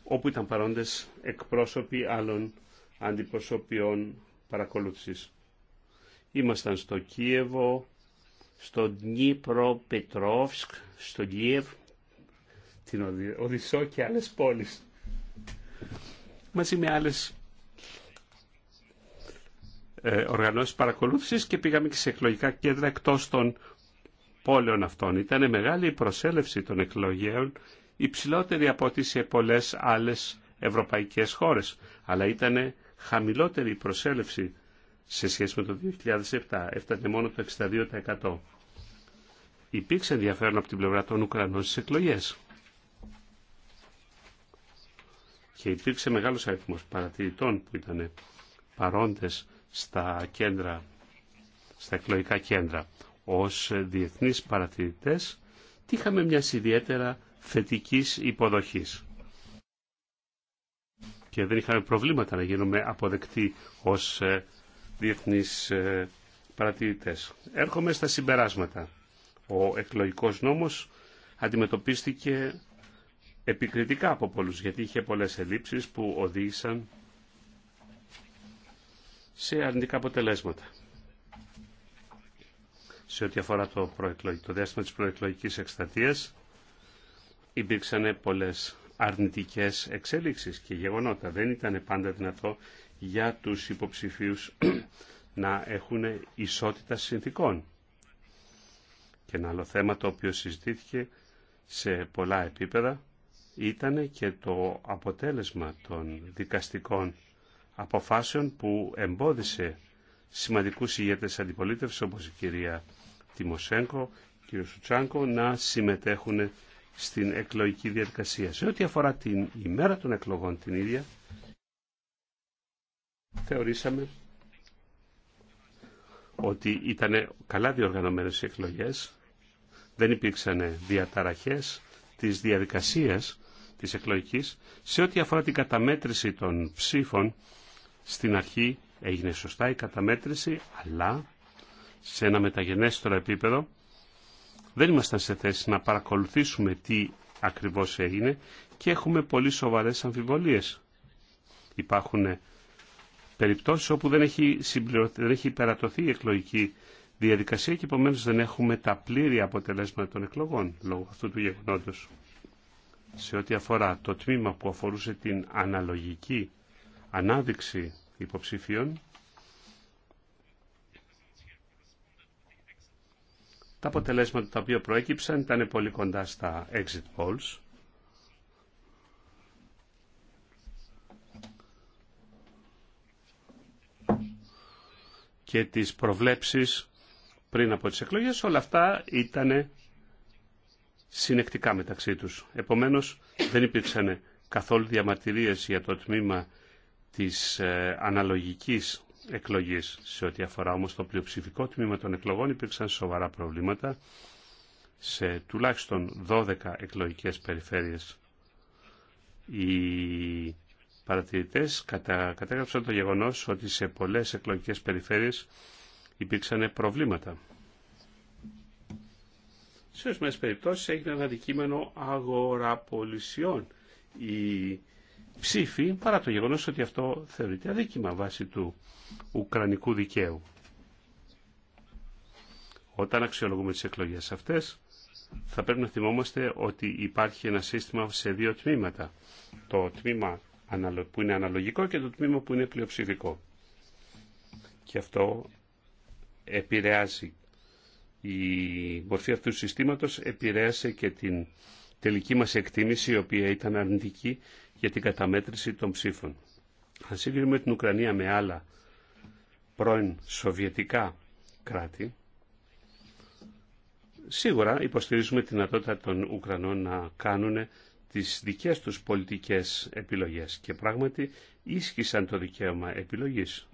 A: όπου ήταν παρόντες εκπρόσωποι άλλων αντιπροσωπιών παρακολούθησης. Ήμασταν στο Κίεβο, στο Νίπρο Πετρόφσκ, στο Λιεβ, την Οδυσσό και άλλες πόλεις μαζί με άλλες ε, οργανώσεις παρακολούθησης και πήγαμε και σε εκλογικά κέντρα εκτός των πόλεων αυτών. Ήταν μεγάλη η προσέλευση των εκλογέων, υψηλότερη από ό,τι σε πολλές άλλες ευρωπαϊκές χώρες, αλλά ήταν χαμηλότερη η προσέλευση σε σχέση με το 2007, έφτανε μόνο το 62%. Υπήρξε ενδιαφέρον από την πλευρά των Ουκρανών στις εκλογές. και υπήρξε μεγάλος αριθμός παρατηρητών που ήταν παρόντες στα κέντρα, στα εκλογικά κέντρα ως διεθνείς παρατηρητές, είχαμε μια ιδιαίτερα θετικής υποδοχής. Και δεν είχαμε προβλήματα να γίνουμε αποδεκτοί ως ε, διεθνείς ε, παρατηρητές. Έρχομαι στα συμπεράσματα. Ο εκλογικός νόμος αντιμετωπίστηκε επικριτικά από πολλούς, γιατί είχε πολλές ελλείψεις που οδήγησαν σε αρνητικά αποτελέσματα. Σε ό,τι αφορά το, το διάστημα της προεκλογικής εκστατείας, υπήρξαν πολλές αρνητικές εξέλιξεις και γεγονότα. Δεν ήταν πάντα δυνατό για τους υποψηφίους [CLEARS THROAT] να έχουν ισότητα συνθήκων. Και ένα άλλο θέμα το οποίο συζητήθηκε σε πολλά επίπεδα ήταν και το αποτέλεσμα των δικαστικών αποφάσεων που εμπόδισε σημαντικούς ηγέτες αντιπολίτευσης όπως η κυρία Τιμοσέγκο, ο Σουτσάνκο να συμμετέχουν στην εκλογική διαδικασία. Σε ό,τι αφορά την ημέρα των εκλογών την ίδια, θεωρήσαμε ότι ήταν καλά διοργανωμένες οι εκλογές, δεν υπήρξαν διαταραχές της διαδικασίας της εκλογικής. Σε ό,τι αφορά την καταμέτρηση των ψήφων, στην αρχή έγινε σωστά η καταμέτρηση, αλλά σε ένα μεταγενέστερο επίπεδο δεν ήμασταν σε θέση να παρακολουθήσουμε τι ακριβώς έγινε και έχουμε πολύ σοβαρές αμφιβολίες. Υπάρχουν περιπτώσεις όπου δεν έχει, δεν έχει υπερατωθεί η εκλογική διαδικασία και επομένως δεν έχουμε τα πλήρη αποτελέσματα των εκλογών λόγω αυτού του γεγονότος σε ό,τι αφορά το τμήμα που αφορούσε την αναλογική ανάδειξη υποψηφίων, τα αποτελέσματα τα οποία προέκυψαν ήταν πολύ κοντά στα exit polls. και τις προβλέψεις πριν από τις εκλογές, όλα αυτά ήταν συνεκτικά μεταξύ τους. Επομένως, δεν υπήρξαν καθόλου διαμαρτυρίες για το τμήμα της ε, αναλογικής εκλογής. Σε ό,τι αφορά όμως το πλειοψηφικό τμήμα των εκλογών υπήρξαν σοβαρά προβλήματα σε τουλάχιστον 12 εκλογικές περιφέρειες. Οι παρατηρητές κατα... κατέγραψαν το γεγονός ότι σε πολλές εκλογικές περιφέρειες υπήρξαν προβλήματα. Σε ορισμένε έγινε ένα αντικείμενο αγοραπολισιών η ψήφοι παρά το γεγονός ότι αυτό θεωρείται αδίκημα βάσει του ουκρανικού δικαίου. Όταν αξιολογούμε τις εκλογές αυτές θα πρέπει να θυμόμαστε ότι υπάρχει ένα σύστημα σε δύο τμήματα. Το τμήμα που είναι αναλογικό και το τμήμα που είναι πλειοψηφικό. Και αυτό επηρεάζει η μορφή αυτού του συστήματος επηρέασε και την τελική μας εκτίμηση η οποία ήταν αρνητική για την καταμέτρηση των ψήφων. Αν συγκρίνουμε την Ουκρανία με άλλα πρώην σοβιετικά κράτη, σίγουρα υποστηρίζουμε τη δυνατότητα των Ουκρανών να κάνουν τις δικές τους πολιτικές επιλογές και πράγματι ίσχυσαν το δικαίωμα επιλογής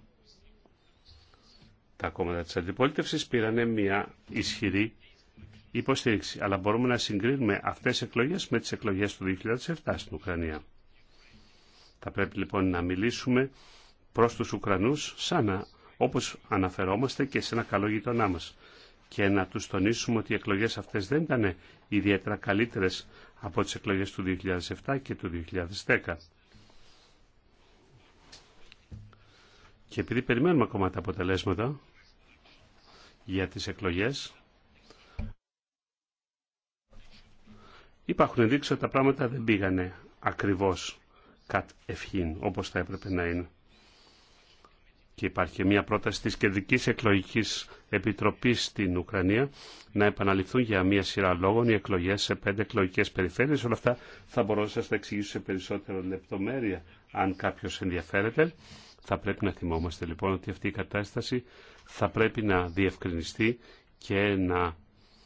A: τα κόμματα της αντιπολίτευσης πήραν μια ισχυρή υποστήριξη. Αλλά μπορούμε να συγκρίνουμε αυτές τις εκλογές με τις εκλογές του 2007 στην Ουκρανία. Θα πρέπει λοιπόν να μιλήσουμε προς τους Ουκρανούς σαν να, όπως αναφερόμαστε και σε ένα καλό γειτονά μας και να τους τονίσουμε ότι οι εκλογές αυτές δεν ήταν ιδιαίτερα καλύτερες από τις εκλογές του 2007 και του 2010. Και επειδή περιμένουμε ακόμα τα αποτελέσματα, για τις εκλογές. Υπάρχουν ενδείξεις ότι τα πράγματα δεν πήγανε ακριβώς κατ' ευχήν, όπως θα έπρεπε να είναι. Και υπάρχει και μια πρόταση της Κεντρικής Εκλογικής Επιτροπής στην Ουκρανία να επαναληφθούν για μια σειρά λόγων οι εκλογές σε πέντε εκλογικές περιφέρειες. Όλα αυτά θα μπορώ να σας τα εξηγήσω σε περισσότερο λεπτομέρεια αν κάποιος ενδιαφέρεται. Θα πρέπει να θυμόμαστε λοιπόν ότι αυτή η κατάσταση θα πρέπει να διευκρινιστεί και να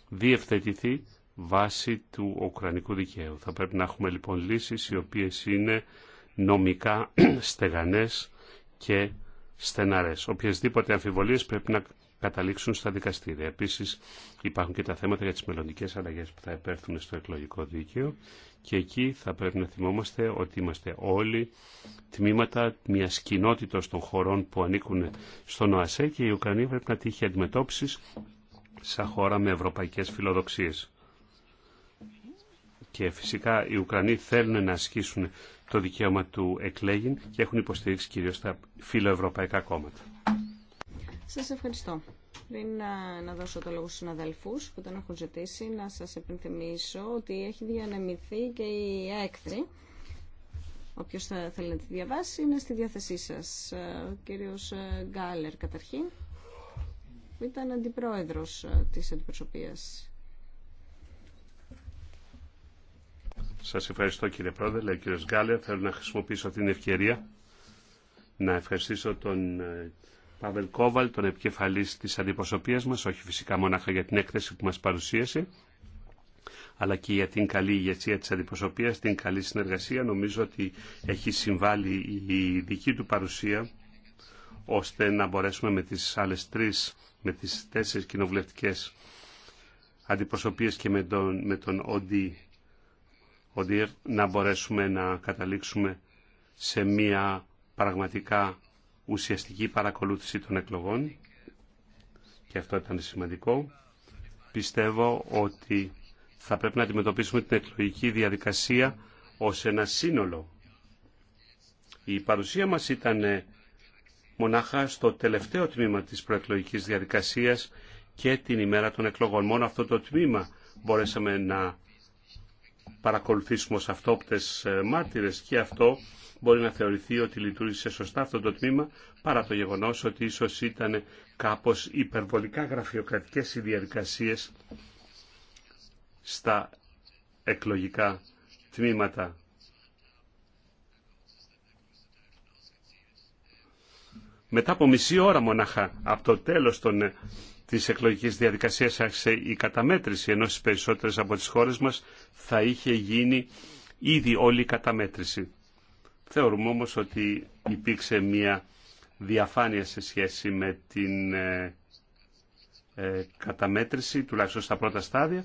A: διευθετηθεί βάσει του Ουκρανικού δικαίου. Θα πρέπει να έχουμε λοιπόν λύσεις οι οποίες είναι νομικά [CLEARS THROAT] στεγανές και στεναρές. Οποιασδήποτε αμφιβολίες πρέπει να καταλήξουν στα δικαστήρια. Επίση υπάρχουν και τα θέματα για τι μελλοντικέ αλλαγέ που θα επέρθουν στο εκλογικό δίκαιο και εκεί θα πρέπει να θυμόμαστε ότι είμαστε όλοι τμήματα μια κοινότητα των χωρών που ανήκουν στον ΟΑΣΕ και η Ουκρανία πρέπει να τύχει αντιμετώπιση σαν χώρα με ευρωπαϊκέ φιλοδοξίε. Και φυσικά οι Ουκρανοί θέλουν να ασκήσουν το δικαίωμα του εκλέγην και έχουν υποστηρίξει κυρίως τα φιλοευρωπαϊκά κόμματα.
B: Σας ευχαριστώ. Πριν να, δώσω το λόγο στους αδελφούς που τον έχουν ζητήσει, να σας επιθυμίσω ότι έχει διανεμηθεί και η έκθρη. Όποιος θα θέλει να τη διαβάσει είναι στη διάθεσή σας. Ο κύριος Γκάλερ καταρχήν που ήταν αντιπρόεδρος της αντιπροσωπείας.
A: Σας ευχαριστώ κύριε Πρόεδρε, ο κύριος Γκάλερ. Θέλω να χρησιμοποιήσω την ευκαιρία να ευχαριστήσω τον ε, Παβελ Κόβαλ, τον επικεφαλής της αντιπροσωπεία μας, όχι φυσικά μονάχα για την έκθεση που μας παρουσίασε, αλλά και για την καλή ηγεσία της αντιπροσωπείας, την καλή συνεργασία. Νομίζω ότι έχει συμβάλει η δική του παρουσία, ώστε να μπορέσουμε με τις άλλες τρεις, με τις τέσσερις κοινοβουλευτικές αντιπροσωπείες και με τον, με τον να μπορέσουμε να καταλήξουμε σε μια πραγματικά ουσιαστική παρακολούθηση των εκλογών και αυτό ήταν σημαντικό. Πιστεύω ότι θα πρέπει να αντιμετωπίσουμε την εκλογική διαδικασία ως ένα σύνολο. Η παρουσία μας ήταν ε, μονάχα στο τελευταίο τμήμα της προεκλογικής διαδικασίας και την ημέρα των εκλογών. Μόνο αυτό το τμήμα μπορέσαμε να παρακολουθήσουμε ως αυτόπτες ε, μάρτυρες και αυτό μπορεί να θεωρηθεί ότι λειτουργήσε σωστά αυτό το τμήμα παρά το γεγονός ότι ίσως ήταν κάπως υπερβολικά γραφειοκρατικές οι διαδικασίες στα εκλογικά τμήματα. Μετά από μισή ώρα μονάχα από το τέλος των ε, της εκλογικής διαδικασίας άρχισε η καταμέτρηση, ενώ στις περισσότερες από τις χώρες μας θα είχε γίνει ήδη όλη η καταμέτρηση. Θεωρούμε όμως ότι υπήρξε μια διαφάνεια σε σχέση με την ε, ε, καταμέτρηση, τουλάχιστον στα πρώτα στάδια,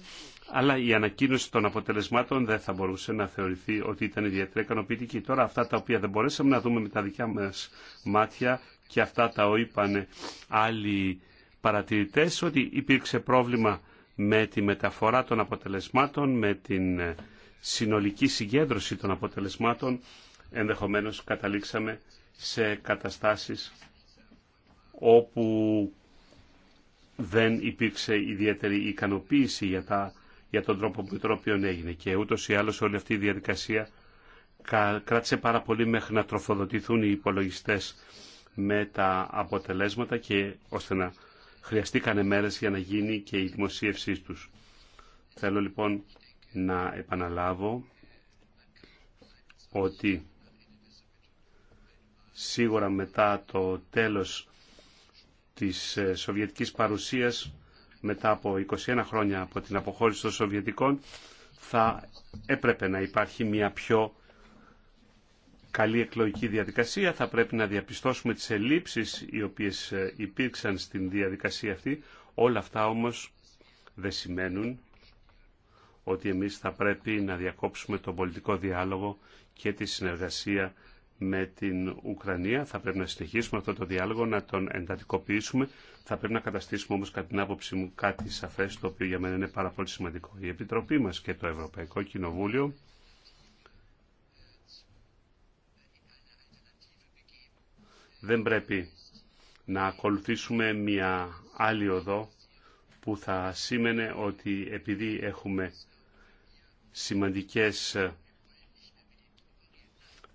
A: αλλά η ανακοίνωση των αποτελεσμάτων δεν θα μπορούσε να θεωρηθεί ότι ήταν ιδιαίτερα ικανοποιητική. Τώρα αυτά τα οποία δεν μπορέσαμε να δούμε με τα δικιά μας μάτια και αυτά τα είπαν άλλοι παρατηρητές ότι υπήρξε πρόβλημα με τη μεταφορά των αποτελεσμάτων, με την ε, συνολική συγκέντρωση των αποτελεσμάτων, ενδεχομένως καταλήξαμε σε καταστάσεις όπου δεν υπήρξε ιδιαίτερη ικανοποίηση για, τα, για τον τρόπο που τον οποίο έγινε. Και ούτως ή άλλως όλη αυτή η διαδικασία κράτησε πάρα πολύ μέχρι να τροφοδοτηθούν οι υπολογιστές με τα αποτελέσματα και ώστε να χρειαστήκανε μέρες για να γίνει και η δημοσίευσή τους. Θέλω λοιπόν να επαναλάβω ότι σίγουρα μετά το τέλος της ε, σοβιετικής παρουσίας, μετά από 21 χρόνια από την αποχώρηση των Σοβιετικών, θα έπρεπε να υπάρχει μια πιο καλή εκλογική διαδικασία. Θα πρέπει να διαπιστώσουμε τις ελλείψεις οι οποίες ε, υπήρξαν στην διαδικασία αυτή. Όλα αυτά όμως δεν σημαίνουν ότι εμείς θα πρέπει να διακόψουμε τον πολιτικό διάλογο και τη συνεργασία με την Ουκρανία. Θα πρέπει να συνεχίσουμε αυτό το διάλογο, να τον εντατικοποιήσουμε. Θα πρέπει να καταστήσουμε όμως κατά την άποψή μου κάτι σαφές, το οποίο για μένα είναι πάρα πολύ σημαντικό. Η Επιτροπή μας και το Ευρωπαϊκό Κοινοβούλιο Δεν πρέπει να ακολουθήσουμε μια άλλη οδό που θα σήμαινε ότι επειδή έχουμε σημαντικές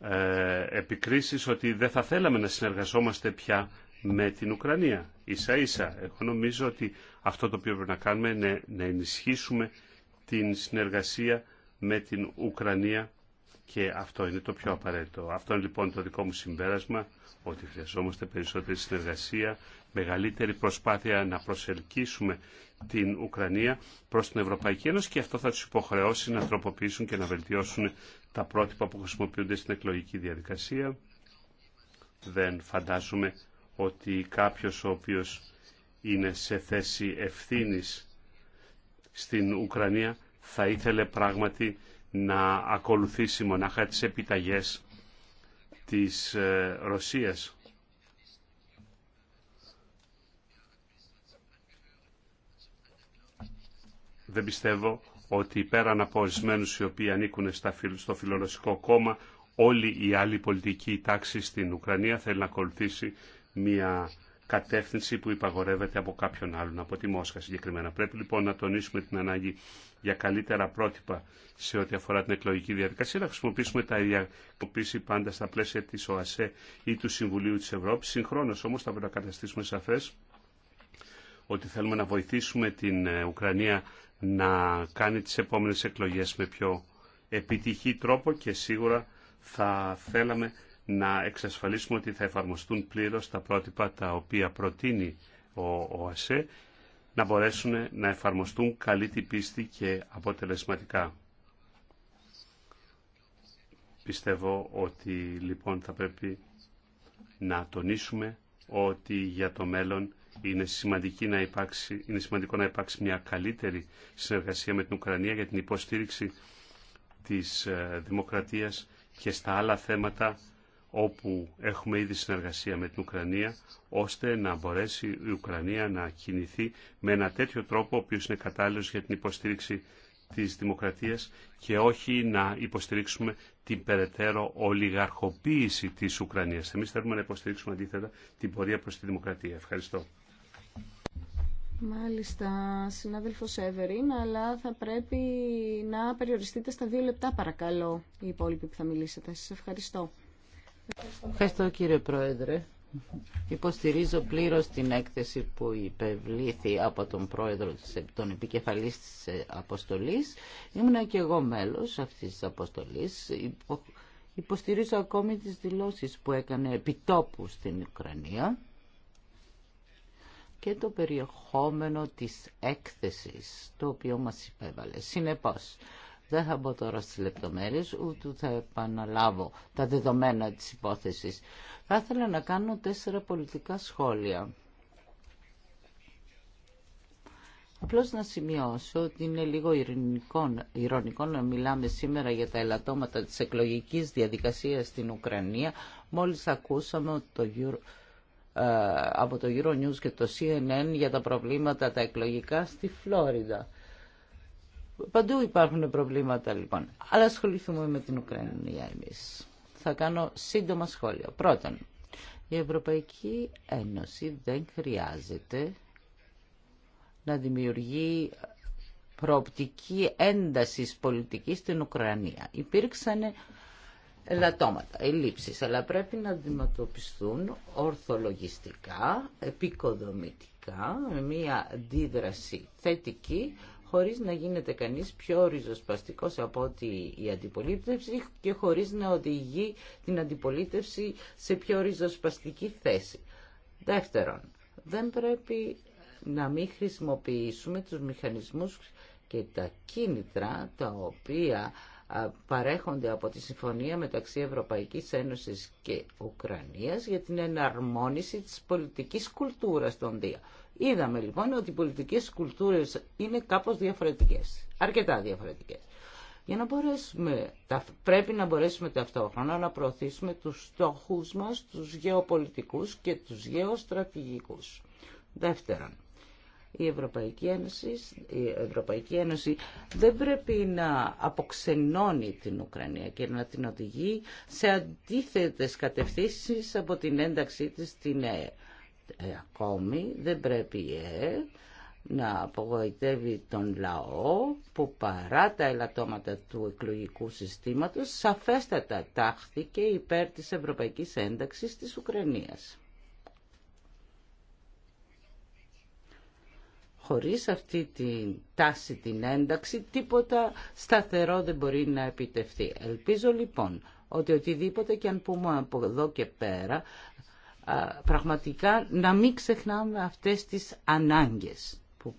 A: ε, επικρίσεις ότι δεν θα θέλαμε να συνεργαζόμαστε πια με την Ουκρανία. Ίσα ίσα. Εγώ νομίζω ότι αυτό το οποίο πρέπει να κάνουμε είναι να ενισχύσουμε την συνεργασία με την Ουκρανία και αυτό είναι το πιο απαραίτητο. Αυτό είναι λοιπόν το δικό μου συμπέρασμα, ότι χρειαζόμαστε περισσότερη συνεργασία, μεγαλύτερη προσπάθεια να προσελκύσουμε την Ουκρανία προς την Ευρωπαϊκή Ένωση και αυτό θα τους υποχρεώσει να τροποποιήσουν και να βελτιώσουν τα πρότυπα που χρησιμοποιούνται στην εκλογική διαδικασία. Δεν φαντάζομαι ότι κάποιος ο οποίος είναι σε θέση ευθύνης στην Ουκρανία θα ήθελε πράγματι να ακολουθήσει μονάχα τις επιταγές της ε, Ρωσίας. Δεν πιστεύω ότι πέραν από ορισμένου οι οποίοι ανήκουν στο φιλορωσικό κόμμα, όλη η άλλη πολιτική τάξη στην Ουκρανία θέλει να ακολουθήσει μια κατεύθυνση που υπαγορεύεται από κάποιον άλλον, από τη Μόσχα συγκεκριμένα. Πρέπει λοιπόν να τονίσουμε την ανάγκη για καλύτερα πρότυπα σε ό,τι αφορά την εκλογική διαδικασία, να χρησιμοποιήσουμε τα ίδια κοπήσει πάντα στα πλαίσια της ΟΑΣΕ ή του Συμβουλίου της Ευρώπης. Συγχρόνως όμως θα πρέπει να καταστήσουμε σαφές ότι θέλουμε να βοηθήσουμε την ε, Ουκρανία να κάνει τις επόμενες εκλογές με πιο επιτυχή τρόπο και σίγουρα θα θέλαμε να εξασφαλίσουμε ότι θα εφαρμοστούν πλήρως τα πρότυπα τα οποία προτείνει ο ΟΑΣΕ να μπορέσουν να εφαρμοστούν καλή την πίστη και αποτελεσματικά. Πιστεύω ότι λοιπόν θα πρέπει να τονίσουμε ότι για το μέλλον είναι, σημαντική να υπάρξει, είναι σημαντικό να υπάρξει μια καλύτερη συνεργασία με την Ουκρανία για την υποστήριξη της ε, δημοκρατίας και στα άλλα θέματα όπου έχουμε ήδη συνεργασία με την Ουκρανία, ώστε να μπορέσει η Ουκρανία να κινηθεί με ένα τέτοιο τρόπο, ο οποίος είναι κατάλληλος για την υποστήριξη της δημοκρατίας και όχι να υποστηρίξουμε την περαιτέρω ολιγαρχοποίηση της Ουκρανίας. Εμείς θέλουμε να υποστηρίξουμε αντίθετα την πορεία προς τη δημοκρατία. Ευχαριστώ.
B: Μάλιστα, συνάδελφος Εύεριν, αλλά θα πρέπει να περιοριστείτε στα δύο λεπτά παρακαλώ οι υπόλοιποι που θα μιλήσετε. Σας ευχαριστώ. Ευχαριστώ
D: κύριε Πρόεδρε. Υποστηρίζω πλήρως την έκθεση που υπευλήθη από τον πρόεδρο της, τον επικεφαλής της αποστολής. Ήμουν και εγώ μέλος αυτής της αποστολής. Υποστηρίζω ακόμη τις δηλώσεις που έκανε επιτόπου στην Ουκρανία και το περιεχόμενο της έκθεσης το οποίο μας υπέβαλε. Συνεπώς, δεν θα μπω τώρα στις λεπτομέρειες, ούτε θα επαναλάβω τα δεδομένα της υπόθεσης. Θα ήθελα να κάνω τέσσερα πολιτικά σχόλια. Απλώς να σημειώσω ότι είναι λίγο ειρηνικό, να μιλάμε σήμερα για τα ελαττώματα της εκλογικής διαδικασίας στην Ουκρανία. Μόλις ακούσαμε ότι το Euro, ε, από το και το CNN για τα προβλήματα τα εκλογικά στη Φλόριδα. Παντού υπάρχουν προβλήματα λοιπόν. Αλλά ασχοληθούμε με την Ουκρανία εμείς. Θα κάνω σύντομα σχόλια. Πρώτον, η Ευρωπαϊκή Ένωση δεν χρειάζεται να δημιουργεί προοπτική ένταση πολιτικής στην Ουκρανία. Υπήρξαν ελαττώματα, ελλείψεις, αλλά πρέπει να αντιμετωπιστούν ορθολογιστικά, επικοδομητικά, με μια αντίδραση θετική χωρίς να γίνεται κανείς πιο ριζοσπαστικός από ότι η αντιπολίτευση και χωρίς να οδηγεί την αντιπολίτευση σε πιο ριζοσπαστική θέση. Δεύτερον, δεν πρέπει να μην χρησιμοποιήσουμε τους μηχανισμούς και τα κίνητρα τα οποία παρέχονται από τη συμφωνία μεταξύ Ευρωπαϊκής Ένωσης και Ουκρανίας για την εναρμόνιση της πολιτικής κουλτούρας των δύο. Είδαμε λοιπόν ότι οι πολιτικές κουλτούρες είναι κάπως διαφορετικές, αρκετά διαφορετικές. Για να μπορέσουμε, πρέπει να μπορέσουμε ταυτόχρονα να προωθήσουμε τους στόχους μας, τους γεωπολιτικούς και τους γεωστρατηγικούς. Δεύτερον, η Ευρωπαϊκή Ένωση, η Ευρωπαϊκή Ένωση δεν πρέπει να αποξενώνει την Ουκρανία και να την οδηγεί σε αντίθετες κατευθύνσεις από την ένταξή της στην ΕΕ. Ε, ακόμη δεν πρέπει ΕΕ να απογοητεύει τον λαό που παρά τα ελαττώματα του εκλογικού συστήματος σαφέστατα τάχθηκε υπέρ της ευρωπαϊκής ένταξης της Ουκρανίας. Χωρίς αυτή την τάση την ένταξη τίποτα σταθερό δεν μπορεί να επιτευχθεί. Ελπίζω λοιπόν ότι οτιδήποτε και αν πούμε από εδώ και πέρα πραγματικά να μην ξεχνάμε αυτές τις ανάγκες που,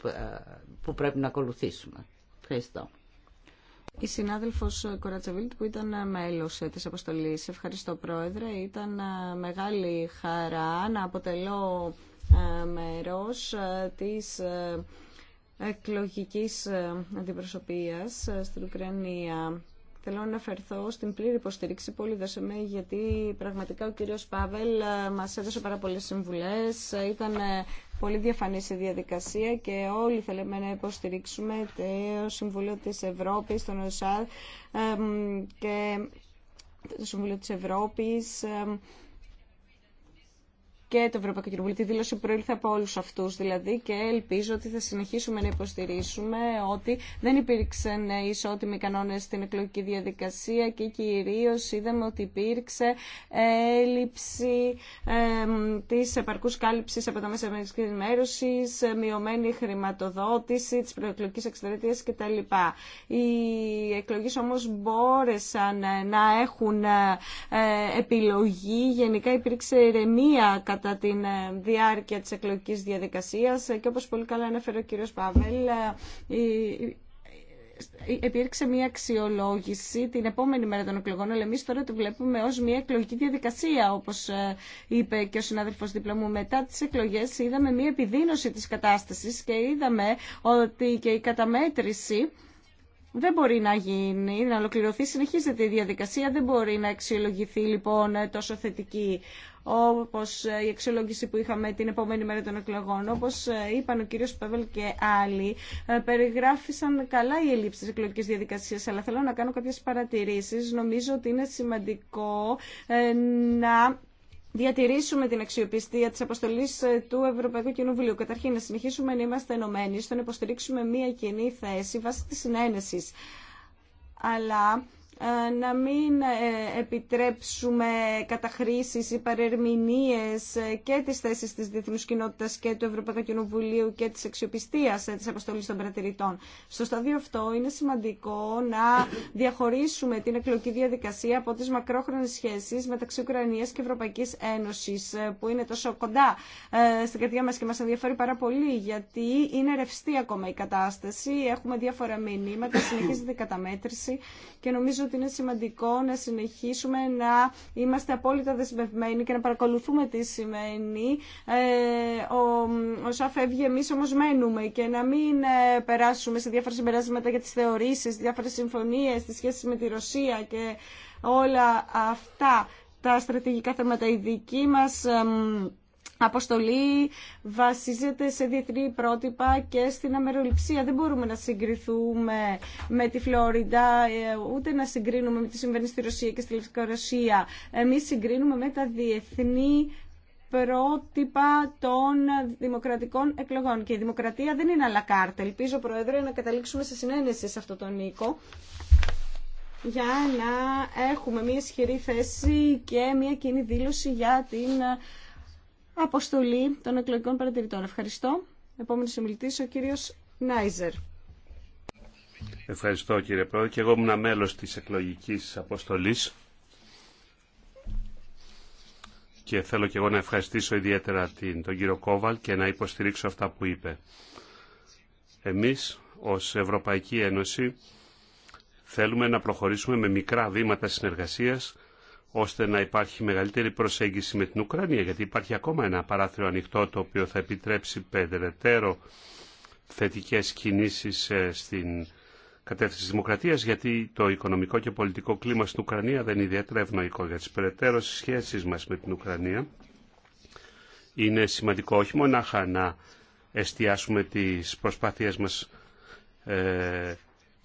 D: που πρέπει να ακολουθήσουμε. Ευχαριστώ.
B: Η συνάδελφος Κορατσαβίλτ που ήταν ε, μέλος ε, της αποστολής. Ευχαριστώ Πρόεδρε. Ήταν ε, μεγάλη χαρά να αποτελώ μέρος της εκλογικής αντιπροσωπείας στην Ουκρανία. Θέλω να αναφερθώ στην πλήρη υποστήριξη που όλοι δώσαμε, γιατί πραγματικά ο κύριος Πάβελ ε, μας έδωσε πάρα πολλές συμβουλές, ε, ήταν ε, πολύ διαφανή η διαδικασία και όλοι θέλαμε να υποστηρίξουμε το Συμβουλίο της Ευρώπης, τον ΟΣΑΔ και το Συμβουλίο της Ευρώπης και το Ευρωπαϊκό Κοινοβούλιο. Τη δήλωση που προήλθε από όλου αυτού δηλαδή και ελπίζω ότι θα συνεχίσουμε να υποστηρίσουμε ότι δεν υπήρξαν ισότιμοι κανόνε στην εκλογική διαδικασία και κυρίω είδαμε ότι υπήρξε έλλειψη ε, τη επαρκού κάλυψη από τα μέσα μαζική ενημέρωση, μειωμένη χρηματοδότηση τη προεκλογική εξτρατεία κτλ. Οι εκλογέ όμω μπόρεσαν να έχουν ε, επιλογή. Γενικά υπήρξε ηρεμία κατά τη ε, διάρκεια της εκλογικής διαδικασίας ε, και όπως πολύ καλά ανέφερε ο κύριος Παβέλ, ε, υπήρξε μια αξιολόγηση την επόμενη μέρα των εκλογών, αλλά εμεί τώρα το βλέπουμε ω μια εκλογική διαδικασία, όπω είπε και ο συνάδελφο δίπλα μου. Μετά τι εκλογέ είδαμε μια επιδείνωση τη κατάσταση και είδαμε ότι και η καταμέτρηση δεν μπορεί να γίνει, να ολοκληρωθεί, συνεχίζεται η διαδικασία, δεν μπορεί να αξιολογηθεί λοιπόν τόσο θετική όπως η αξιολόγηση που είχαμε την επόμενη μέρα των εκλογών. Όπως ε, είπαν ο κύριος Πέβελ και άλλοι, ε, περιγράφησαν καλά οι ελλείψεις της εκλογικής διαδικασίας, αλλά θέλω να κάνω κάποιες παρατηρήσεις. Νομίζω ότι είναι σημαντικό ε, να διατηρήσουμε την αξιοπιστία τη αποστολή του Ευρωπαϊκού Κοινοβουλίου. Καταρχήν, να συνεχίσουμε να είμαστε ενωμένοι, στο να υποστηρίξουμε μία κοινή θέση βάσει τη συνένεση. Αλλά ε, να μην ε, επιτρέψουμε καταχρήσεις ή παρερμηνίες ε, και τις θέσεις της διεθνούς κοινότητας και του Ευρωπαϊκού Κοινοβουλίου και της αξιοπιστίας της αποστολής των παρατηρητών. Στο στάδιο αυτό είναι σημαντικό να διαχωρίσουμε την εκλογική διαδικασία από τις μακρόχρονες σχέσεις μεταξύ Ουκρανίας και Ευρωπαϊκής Ένωσης που είναι τόσο κοντά στην καρδιά μας και μας ενδιαφέρει πάρα πολύ γιατί είναι ρευστή ακόμα η κατάσταση, έχουμε διάφορα μηνύματα, συνεχίζεται η καταμέτρηση και νομίζω ότι είναι σημαντικό να συνεχίσουμε να είμαστε απόλυτα δεσμευμένοι και να παρακολουθούμε τι σημαίνει. Ε, ο, όσα φεύγει εμεί όμω μένουμε και να μην ε, περάσουμε σε διάφορα συμπεράσματα για τι θεωρήσει, διάφορε συμφωνίε, τι σχέσει με τη Ρωσία και όλα αυτά τα στρατηγικά θέματα. Η δική μας αποστολή βασίζεται σε διεθνή πρότυπα και στην αμεροληψία. Δεν μπορούμε να συγκριθούμε με τη Φλόριντα, ε, ούτε να συγκρίνουμε με τη συμβαίνει στη Ρωσία και στη Λευκορωσία. Εμείς συγκρίνουμε με τα διεθνή πρότυπα των δημοκρατικών εκλογών. Και η δημοκρατία δεν είναι αλακάρτα. Ελπίζω, Πρόεδρε, να καταλήξουμε σε συνένεση σε αυτό τον Νίκο για να έχουμε μια ισχυρή θέση και μια κοινή δήλωση για την αποστολή των εκλογικών παρατηρητών. Ευχαριστώ. Επόμενος ομιλητής ο κύριος Νάιζερ.
A: Ευχαριστώ κύριε Πρόεδρε και εγώ ήμουν μέλος της εκλογικής αποστολής και θέλω και εγώ να ευχαριστήσω ιδιαίτερα την, τον κύριο Κόβαλ και να υποστηρίξω αυτά που είπε. Εμείς ως Ευρωπαϊκή Ένωση θέλουμε να προχωρήσουμε με μικρά βήματα συνεργασίας ώστε να υπάρχει μεγαλύτερη προσέγγιση με την Ουκρανία, γιατί υπάρχει ακόμα ένα παράθυρο ανοιχτό το οποίο θα επιτρέψει περαιτέρω θετικές κινήσεις ε, στην κατεύθυνση της δημοκρατίας, γιατί το οικονομικό και πολιτικό κλίμα στην Ουκρανία δεν είναι ιδιαίτερα ευνοϊκό για τις περαιτέρω σχέσεις μας με την Ουκρανία. Είναι σημαντικό όχι μονάχα να εστιάσουμε τις προσπάθειές μας ε,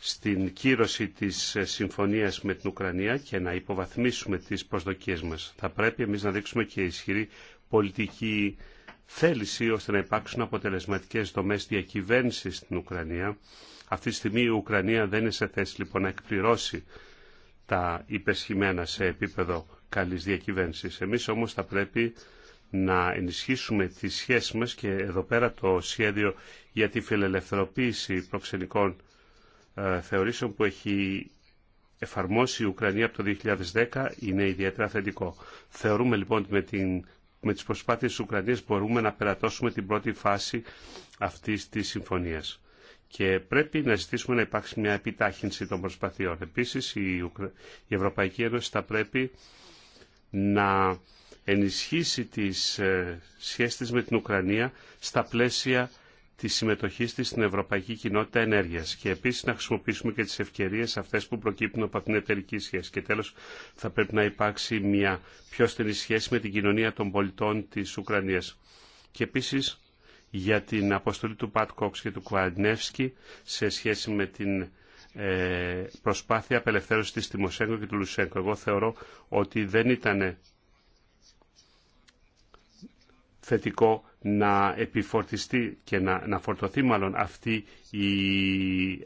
A: στην κύρωση της ε, συμφωνίας με την Ουκρανία και να υποβαθμίσουμε τις προσδοκίες μας. Θα πρέπει εμείς να δείξουμε και ισχυρή πολιτική θέληση ώστε να υπάρξουν αποτελεσματικές δομές διακυβέρνησης στην Ουκρανία. Αυτή τη στιγμή η Ουκρανία δεν είναι σε θέση λοιπόν να εκπληρώσει τα υπεσχημένα σε επίπεδο καλής διακυβέρνησης. Εμείς όμως θα πρέπει να ενισχύσουμε τις σχέσεις μας και εδώ πέρα το σχέδιο για τη φιλελευθερωποίηση προξενικών ε, θεωρήσεων που έχει εφαρμόσει η Ουκρανία από το 2010 είναι ιδιαίτερα θετικό. Θεωρούμε λοιπόν ότι με, την, με τις προσπάθειες της Ουκρανίας μπορούμε να περατώσουμε την πρώτη φάση αυτής της συμφωνίας. Και πρέπει να ζητήσουμε να υπάρξει μια επιτάχυνση των προσπαθειών. Επίσης η, Ευρωπαϊκή Ένωση θα πρέπει να ενισχύσει τις ε, σχέσεις με την Ουκρανία στα πλαίσια τη συμμετοχή τη στην Ευρωπαϊκή Κοινότητα Ενέργεια και επίση να χρησιμοποιήσουμε και τι ευκαιρίε αυτέ που προκύπτουν από την εταιρική σχέση. Και τέλο, θα πρέπει να υπάρξει μια πιο στενή σχέση με την κοινωνία των πολιτών τη Ουκρανίας. Και επίση για την αποστολή του Πατ Κόξ και του Κουανεύσκη σε σχέση με την ε, προσπάθεια απελευθέρωση της Τιμοσέγκο και του Λουσέγκο. Εγώ θεωρώ ότι δεν ήταν θετικό να επιφορτιστεί και να, να φορτωθεί μάλλον αυτή η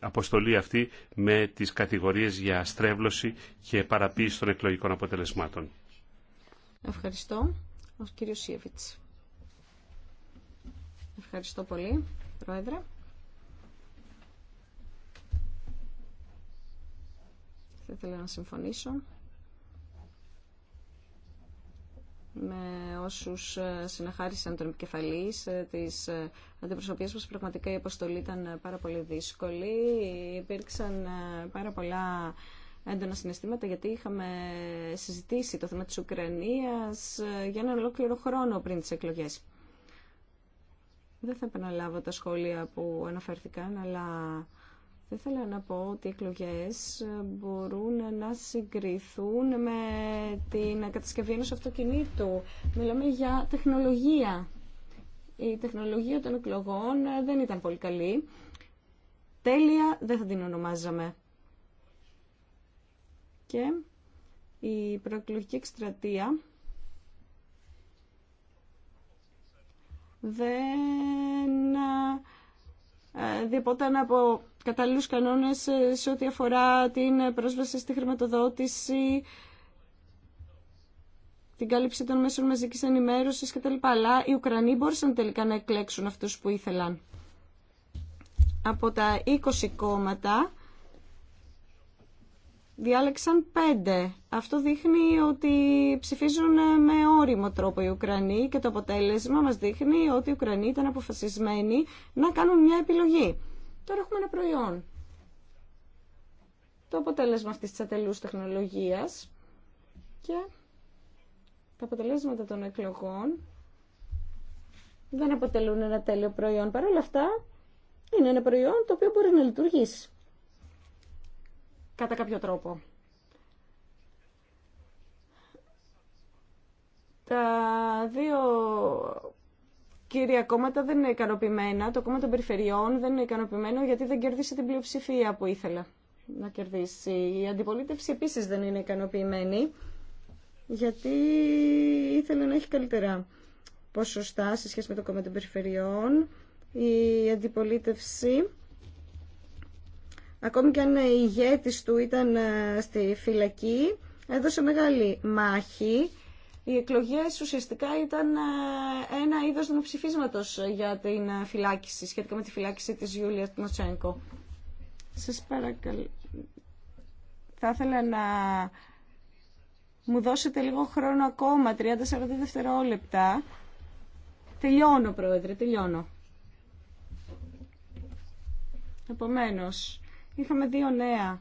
A: αποστολή αυτή με τις κατηγορίες για στρέβλωση και παραποίηση των εκλογικών αποτελεσμάτων.
B: Ευχαριστώ. Ο κύριος Σίεβιτς. Ευχαριστώ πολύ, Πρόεδρε. Θα ήθελα να συμφωνήσω με όσους ε, συνεχάρισαν τον επικεφαλής ε, της ε, αντιπροσωπείας μας. Πραγματικά η αποστολή ήταν πάρα πολύ δύσκολη. Υπήρξαν πάρα πολλά έντονα συναισθήματα γιατί είχαμε συζητήσει το θέμα της Ουκρανίας για έναν ολόκληρο χρόνο πριν τις εκλογές. Δεν θα επαναλάβω τα σχόλια που αναφέρθηκαν, αλλά δεν θέλω να πω ότι οι εκλογές ε, μπορούν να συγκριθούν με την κατασκευή ενός αυτοκινήτου. Μιλάμε για τεχνολογία. Η τεχνολογία των εκλογών ε, δεν ήταν πολύ καλή. Τέλεια δεν θα την ονομάζαμε. Και η προεκλογική εκστρατεία δεν ε, να από κατάλληλους κανόνες ε, σε ό,τι αφορά την πρόσβαση στη χρηματοδότηση, την κάλυψη των μέσων μαζικής ενημέρωσης κτλ. Αλλά οι Ουκρανοί μπορούσαν τελικά να εκλέξουν αυτούς που ήθελαν. Από τα 20 κόμματα διάλεξαν 5. Αυτό δείχνει ότι ψηφίζουν ε, με όριμο τρόπο οι Ουκρανοί και το αποτέλεσμα μας δείχνει ότι οι Ουκρανοί ήταν αποφασισμένοι να κάνουν μια επιλογή. Τώρα έχουμε ένα προϊόν. Το αποτέλεσμα αυτής της ατελούς τεχνολογίας και τα αποτελέσματα των εκλογών δεν αποτελούν ένα τέλειο προϊόν. Παρ' όλα αυτά, είναι ένα προϊόν το οποίο μπορεί να λειτουργήσει. Κατά κάποιο τρόπο. Τα δύο κύρια κόμματα δεν είναι ικανοποιημένα, το κόμμα των περιφερειών δεν είναι ικανοποιημένο γιατί δεν κερδίσε την πλειοψηφία που ήθελε να κερδίσει. Η αντιπολίτευση επίσης δεν είναι ικανοποιημένη γιατί ήθελε να έχει καλύτερα ποσοστά σε σχέση με το κόμμα των περιφερειών. Η αντιπολίτευση, ακόμη και αν η ηγέτης του ήταν ε, στη φυλακή, έδωσε μεγάλη μάχη οι εκλογές ουσιαστικά ήταν ε, ένα είδος δημοψηφίσματος για την ε, φυλάκιση, σχετικά με τη φυλάκιση της Γιούλια Τιμοτσένκο. Σας παρακαλώ. Θα ήθελα να μου δώσετε λίγο χρόνο ακόμα, 30-40 δευτερόλεπτα. Τελειώνω, Πρόεδρε, τελειώνω. Επομένως, είχαμε δύο νέα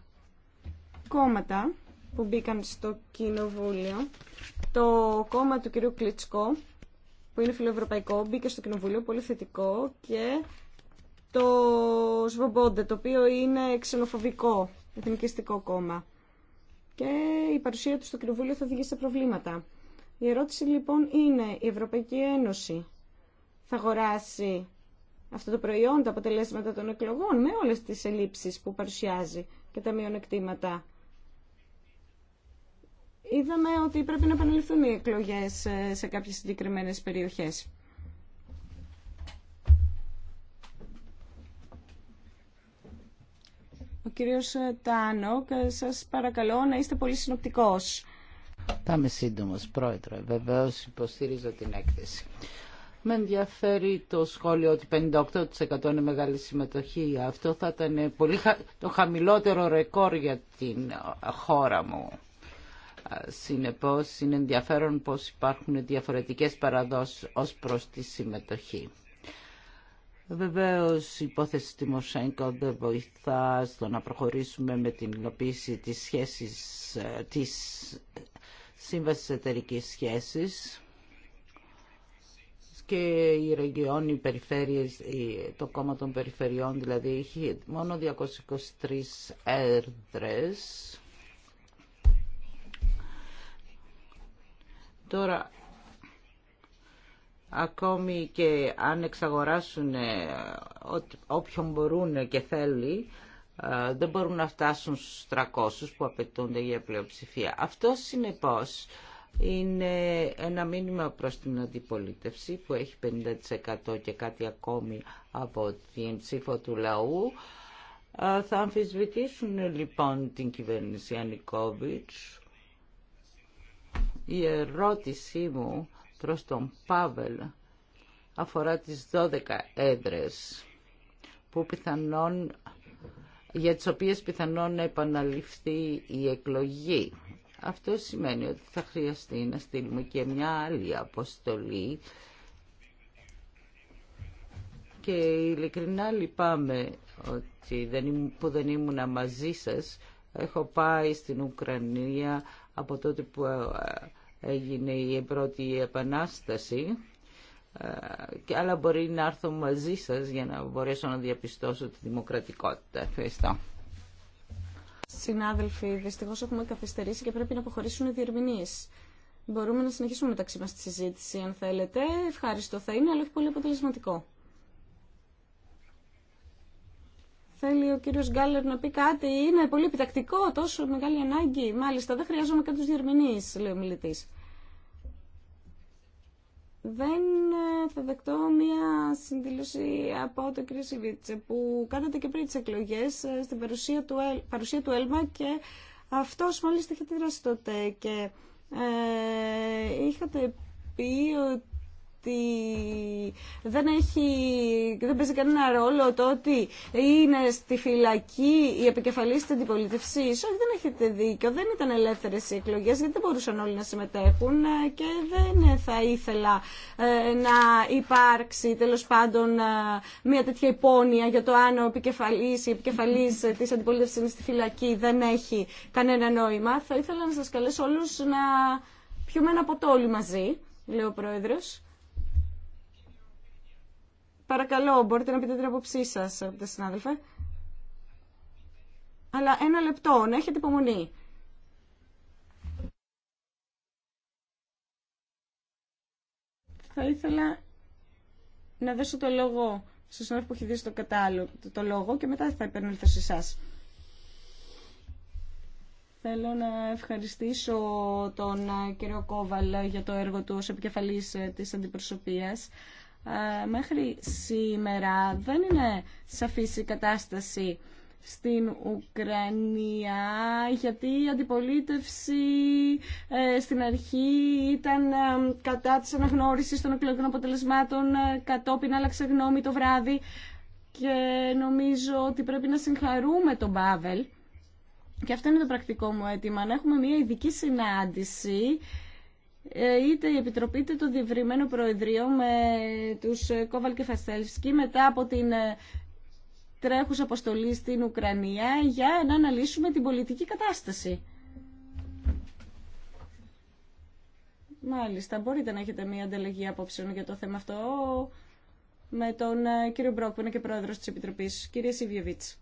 B: κόμματα που μπήκαν στο Κοινοβούλιο. Το κόμμα του κυρίου Κλίτσκο, που είναι φιλοευρωπαϊκό, μπήκε στο κοινοβουλίο, πολύ θετικό, και το Σβομπόντε, το οποίο είναι ξενοφοβικό, εθνικιστικό κόμμα. Και η παρουσία του στο κοινοβούλιο θα οδηγήσει σε προβλήματα. Η ερώτηση λοιπόν είναι, η Ευρωπαϊκή Ένωση θα αγοράσει αυτό το προϊόν, τα αποτελέσματα των εκλογών, με όλες τις ελλείψεις που παρουσιάζει και τα μειονεκτήματα είδαμε ότι πρέπει να επαναληφθούν οι εκλογές ε, σε κάποιες συγκεκριμένες περιοχές. Ο κύριος ε, Τάνοκ, ε, σας παρακαλώ να είστε πολύ συνοπτικός.
D: Θα είμαι σύντομο πρόεδρε. Βεβαίω υποστηρίζω την έκθεση. Με ενδιαφέρει το σχόλιο ότι 58% είναι μεγάλη συμμετοχή. Αυτό θα ήταν πολύ το χαμηλότερο ρεκόρ για την χώρα μου. Συνεπώς είναι ενδιαφέρον πως υπάρχουν διαφορετικές παραδόσεις ως προς τη συμμετοχή. Βεβαίως η υπόθεση Τιμοσέγκο δεν βοηθά στο να προχωρήσουμε με την υλοποίηση της σχέσης ε, της Σύμβασης Εταιρικής Σχέσης και η ρεγιόν, το κόμμα των περιφερειών δηλαδή έχει μόνο 223 έδρες Τώρα, ακόμη και αν εξαγοράσουν ε, όποιον μπορούν και θέλει, ε, δεν μπορούν να φτάσουν στους 300 που απαιτούνται για πλειοψηφία. Αυτό συνεπώς είναι ένα μήνυμα προς την αντιπολίτευση που έχει 50% και κάτι ακόμη από την ψήφο του λαού. Ε, θα αμφισβητήσουν λοιπόν την κυβέρνηση Ανικόβιτς η ερώτησή μου προς τον Πάβελ αφορά τις 12 έδρες που πιθανόν, για τις οποίες πιθανόν να επαναληφθεί η εκλογή. Αυτό σημαίνει ότι θα χρειαστεί να στείλουμε και μια άλλη αποστολή και ειλικρινά λυπάμαι ότι δεν, που δεν ήμουνα μαζί σας. Έχω πάει στην Ουκρανία, από τότε που ε, ε, έγινε η πρώτη επανάσταση ε, αλλά μπορεί να έρθω μαζί σας για να μπορέσω να διαπιστώσω τη δημοκρατικότητα. Ευχαριστώ.
B: Συνάδελφοι, δυστυχώς έχουμε καθυστερήσει και πρέπει να αποχωρήσουν οι διερμηνείς. Μπορούμε να συνεχίσουμε μεταξύ μας τη συζήτηση αν θέλετε. Ευχάριστο θα είναι, αλλά έχει πολύ αποτελεσματικό. Θέλει ο κύριος Γκάλερ να πει κάτι. Είναι πολύ επιτακτικό, τόσο μεγάλη ανάγκη. Μάλιστα, δεν χρειάζομαι καν τους διερμηνείς, λέει ο μιλητής. Δεν ε, θα δεκτώ μια συνδηλώση από τον κύριο Σιβίτσε που κάνατε και πριν τις εκλογές ε, στην παρουσία του, παρουσία του ΕΛΜΑ και αυτός μόλις είχε τη τότε και ε, είχατε πει ότι ότι δεν, έχει, δεν παίζει κανένα ρόλο το ότι είναι στη φυλακή η επικεφαλής της αντιπολίτευσης. Όχι, δεν έχετε δίκιο. Δεν ήταν ελεύθερες οι εκλογές γιατί δεν μπορούσαν όλοι να συμμετέχουν ε, και δεν θα ήθελα ε, να υπάρξει τέλος πάντων ε, μια τέτοια υπόνοια για το αν ο επικεφαλής, η επικεφαλής της αντιπολίτευσης είναι στη φυλακή. Δεν έχει κανένα νόημα. Θα ήθελα να σας καλέσω όλους να πιούμε ένα ποτό όλοι μαζί, λέει ο Πρόεδρος. Παρακαλώ, μπορείτε να πείτε την άποψή σα, αγαπητέ συνάδελφε. Αλλά ένα λεπτό, να έχετε υπομονή. Θα ήθελα να δώσω το λόγο στο συνάδελφο που έχει δει στο κατάλογο το λόγο και μετά θα επανέλθω σε εσά. Θέλω να ευχαριστήσω τον ε, κύριο Κόβαλ για το έργο του ως επικεφαλής ε, της αντιπροσωπείας. Ε, μέχρι σήμερα δεν είναι σαφής η κατάσταση στην Ουκρανία γιατί η αντιπολίτευση ε, στην αρχή ήταν ε, κατά της αναγνώρισης των εκλογικών αποτελεσμάτων κατόπιν άλλαξε γνώμη το βράδυ και νομίζω ότι πρέπει να συγχαρούμε τον Μπάβελ. και αυτό είναι το πρακτικό μου αίτημα, να έχουμε μια ειδική συνάντηση ε, είτε η Επιτροπή είτε το διευρυμένο Προεδρείο με τους ε, Κόβαλ και Φασέλσκι μετά από την ε, τρέχουσα αποστολή στην Ουκρανία για να αναλύσουμε την πολιτική κατάσταση. Μάλιστα, μπορείτε να έχετε μία ανταλλαγή απόψεων για το θέμα αυτό με τον κύριο Μπρόκ, που είναι και πρόεδρος της Επιτροπής. Κύριε Σιβιεβίτς.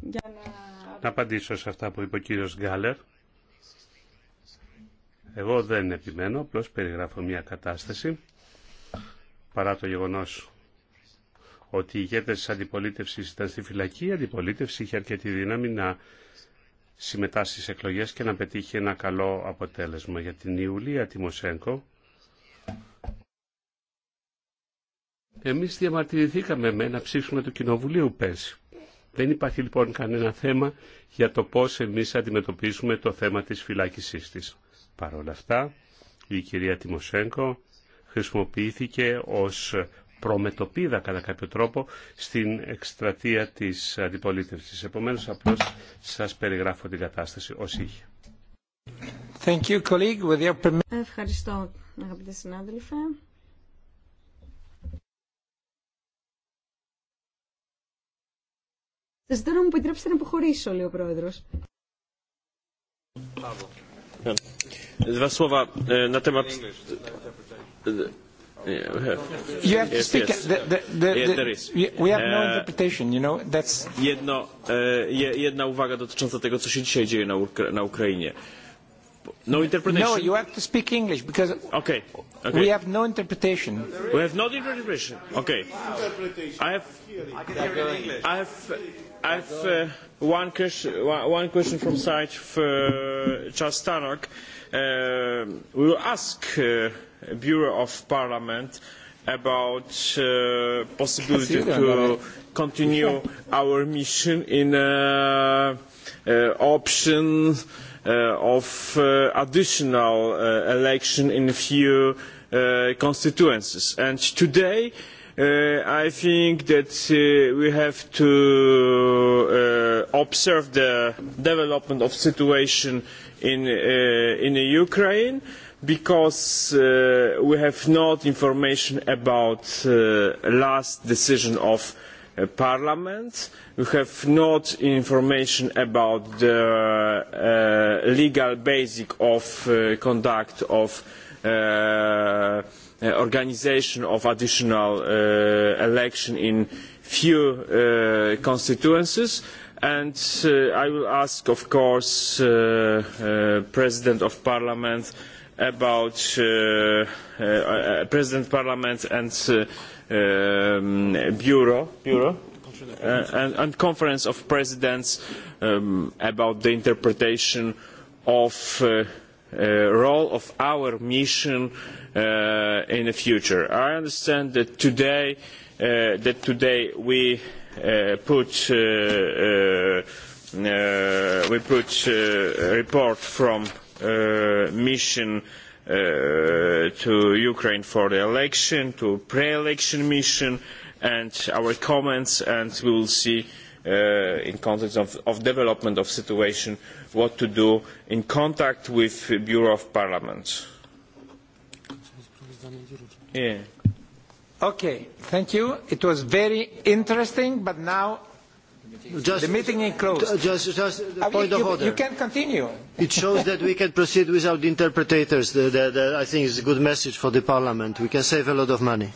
A: Για να... να απαντήσω σε αυτά που είπε ο κύριος Γκάλερ. Εγώ δεν επιμένω, απλώ περιγράφω μια κατάσταση παρά το γεγονός ότι οι ηγέτε της αντιπολίτευσης ήταν στη φυλακή, η αντιπολίτευση είχε αρκετή δύναμη να συμμετάσχει στι εκλογές και να πετύχει ένα καλό αποτέλεσμα για την Ιουλία Τιμοσέγκο. Εμείς διαμαρτυρηθήκαμε με ένα ψήφισμα του Κοινοβουλίου πέρσι. Δεν υπάρχει λοιπόν κανένα θέμα για το πώς εμείς αντιμετωπίσουμε το θέμα της φυλάκισής της. Παρ' όλα αυτά, η κυρία Τιμοσέγκο χρησιμοποιήθηκε ως προμετωπίδα κατά κάποιο τρόπο στην εκστρατεία της αντιπολίτευσης. Επομένως, απλώς σας περιγράφω την κατάσταση ως είχε. Thank you, colleague. With your...
C: Ευχαριστώ,
B: αγαπητέ συνάδελφε. Σας ζητώ να μου επιτρέψετε να αποχωρήσω, λέει ο Πρόεδρος.
C: Dwa słowa na temat.
A: You have to speak.
C: We have no interpretation, you know. That's. Jedno, jedna uwaga dotycząca tego, co się dzisiaj dzieje na na Ukrainie. No interpretation. No, you have to speak English because. Okay. Okay. We have no interpretation. We have no interpretation. Okay. I have. I can have. I have. One question from side for Charles Tannock. We will ask the Bureau of Parliament about the possibility to continue our mission in option of additional election in a few constituencies. And today I think that we have to observe the development of situation in Ukraine because we have not information about the last decision of Parliament. We have not information about the legal basis of conduct of organisation of additional election in few constituencies and I will ask of course President of Parliament about President Parliament and Bureau and Conference of Presidents about the interpretation of role of our mission in the future. I understand that today that today we put we put a report from mission to Ukraine for the election, to pre-election mission, and our comments, and we will see in context of development of situation what to do in contact with Bureau of Parliament. Yeah. Okay, thank you. It was very interesting, but now the meeting is closed. Just a point of order. You can continue. It shows that we can proceed without interpreters. That I think is
A: a good message for the Parliament. We can save a lot of money.